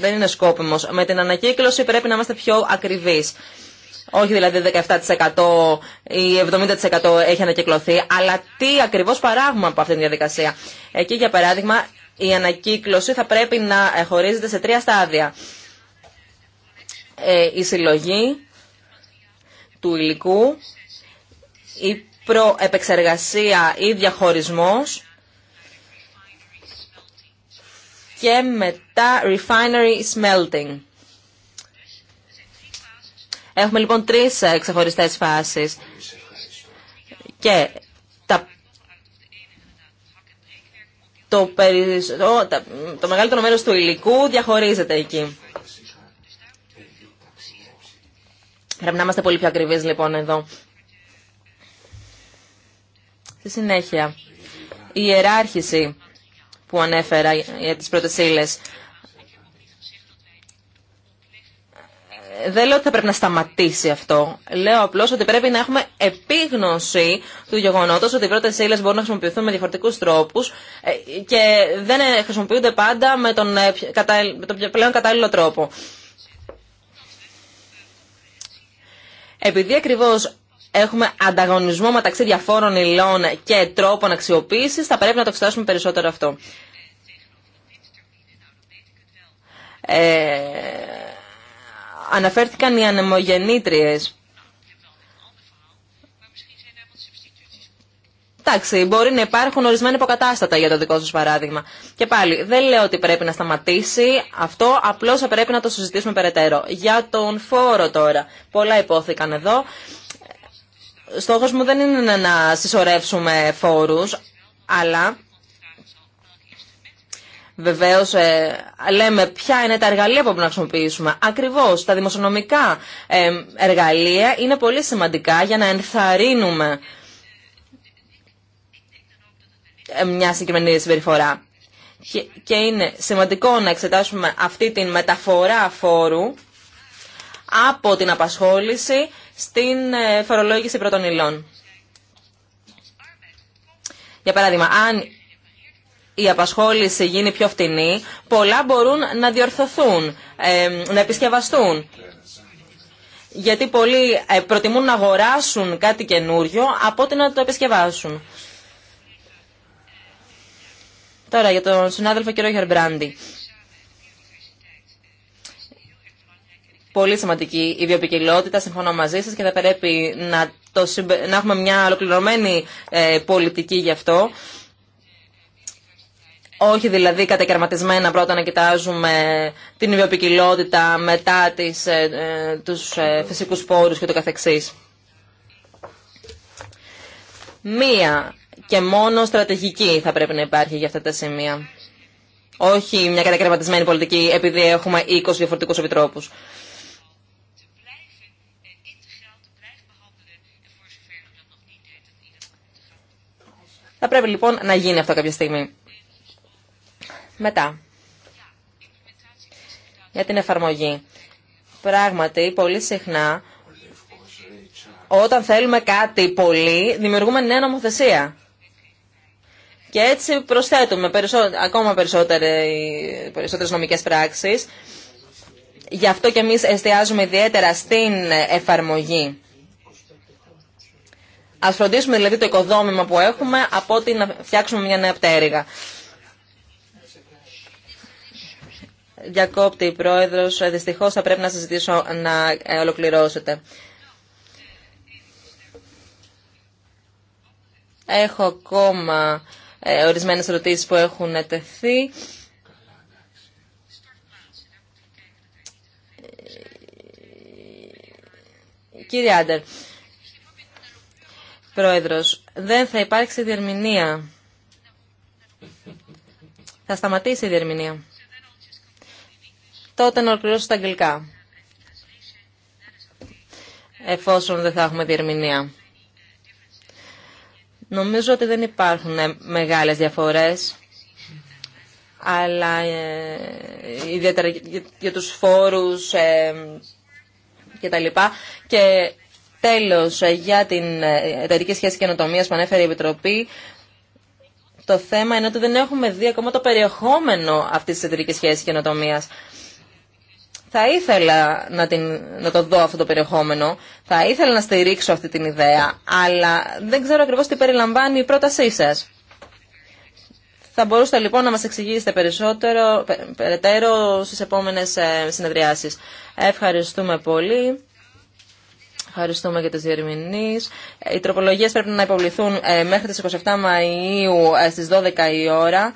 δεν είναι σκόπιμος. Με την ανακύκλωση πρέπει να είμαστε πιο ακριβείς. Όχι δηλαδή 17% ή 70% έχει ανακυκλωθεί, αλλά τι ακριβώς παράγουμε από αυτή τη διαδικασία. Εκεί, για παράδειγμα, η ανακύκλωση θα πρέπει να ε, χωρίζεται σε τρία στάδια. Ε, η συλλογή, του υλικού, η προεπεξεργασία ή διαχωρισμός και μετά refinery smelting. Έχουμε λοιπόν τρεις ε, ξεχωριστές φάσεις και τα το, περισσό, το μεγαλύτερο μέρος του υλικού διαχωρίζεται εκεί. Πρέπει να είμαστε πολύ πιο ακριβείς λοιπόν εδώ. Στη συνέχεια, η ιεράρχηση που ανέφερα για τις πρώτες ύλες. Δεν λέω ότι θα πρέπει να σταματήσει αυτό. Λέω απλώ ότι πρέπει να έχουμε επίγνωση του γεγονότος ότι οι πρώτε ύλε μπορούν να χρησιμοποιηθούν με διαφορετικού τρόπου ε, και δεν χρησιμοποιούνται πάντα με τον ε, πλέον κατάλληλο τρόπο. Επειδή ακριβώς έχουμε ανταγωνισμό μεταξύ διαφόρων υλών και τρόπων αξιοποίησης, θα πρέπει να το εξετάσουμε περισσότερο αυτό. Ε, αναφέρθηκαν οι ανεμογεννήτριες Εντάξει, μπορεί να υπάρχουν ορισμένα υποκατάστατα για το δικό σας παράδειγμα. Και πάλι, δεν λέω ότι πρέπει να σταματήσει αυτό, απλώς θα πρέπει να το συζητήσουμε περαιτέρω. Για τον φόρο τώρα, πολλά υπόθηκαν εδώ. Στόχο μου δεν είναι να συσσωρεύσουμε φόρους, αλλά Βεβαίω, ε, λέμε ποια είναι τα εργαλεία που πρέπει να χρησιμοποιήσουμε. Ακριβώ, τα δημοσιονομικά ε, εργαλεία είναι πολύ σημαντικά για να ενθαρρύνουμε ε, μια συγκεκριμένη συμπεριφορά. Και είναι σημαντικό να εξετάσουμε αυτή την μεταφορά φόρου από την απασχόληση στην ε, φορολόγηση πρώτων υλών. Για παράδειγμα, αν η απασχόληση γίνει πιο φτηνή, πολλά μπορούν να διορθωθούν, ε, να επισκευαστούν. Γιατί πολλοί προτιμούν να αγοράσουν κάτι καινούριο από ότι να το επισκευάσουν. Τώρα για τον συνάδελφο κύριο Γερμπράντη. Πολύ σημαντική η βιοπικιλότητα, συμφωνώ μαζί σας και θα πρέπει να, το να έχουμε μια ολοκληρωμένη ε, πολιτική γι' αυτό. Όχι δηλαδή κατακαιρματισμένα πρώτα να κοιτάζουμε την βιοπικιλότητα μετά τις, ε, ε, τους φυσικούς πόρους και το καθεξής. Μία και μόνο στρατηγική θα πρέπει να υπάρχει για αυτά τα σημεία. Όχι μια κατακρεματισμένη πολιτική επειδή έχουμε 20 διαφορετικούς επιτρόπους. Θα πρέπει λοιπόν να γίνει αυτό κάποια στιγμή. Μετά. Για την εφαρμογή. Πράγματι, πολύ συχνά, όταν θέλουμε κάτι πολύ, δημιουργούμε νέα νομοθεσία. Και έτσι προσθέτουμε περισσότερα, ακόμα περισσότερες νομικές πράξεις. Γι' αυτό και εμείς εστιάζουμε ιδιαίτερα στην εφαρμογή. Ας φροντίσουμε δηλαδή το οικοδόμημα που έχουμε από ότι να φτιάξουμε μια νέα πτέρυγα. Διακόπτη, Πρόεδρος, δυστυχώς θα πρέπει να σας ζητήσω να ε, ολοκληρώσετε. Έχω ακόμα ε, ορισμένες ερωτήσεις που έχουν τεθεί. Κύριε Άντερ, Πρόεδρος, δεν θα υπάρξει διερμηνία. Θα σταματήσει η διερμηνία. Τότε να ολοκληρώσω τα αγγλικά. Εφόσον δεν θα έχουμε διερμηνία. Νομίζω ότι δεν υπάρχουν μεγάλες διαφορές, αλλά ε, ιδιαίτερα για τους φόρους ε, και τα λοιπά. Και τέλος, ε, για την εταιρική σχέση καινοτομίας που ανέφερε η Επιτροπή, το θέμα είναι ότι δεν έχουμε δει ακόμα το περιεχόμενο αυτής της εταιρικής σχέσης καινοτομίας. Θα ήθελα να, την, να το δω αυτό το περιεχόμενο, θα ήθελα να στηρίξω αυτή την ιδέα, αλλά δεν ξέρω ακριβώς τι περιλαμβάνει η πρότασή σας. Θα μπορούσατε λοιπόν να μας εξηγήσετε περισσότερο, περαιτέρω στις επόμενες ε, συνεδριάσεις. Ευχαριστούμε πολύ. Ευχαριστούμε για τις διερμηνείς. Οι τροπολογίες πρέπει να υποβληθούν ε, μέχρι τις 27 Μαΐου ε, στις 12 η ώρα.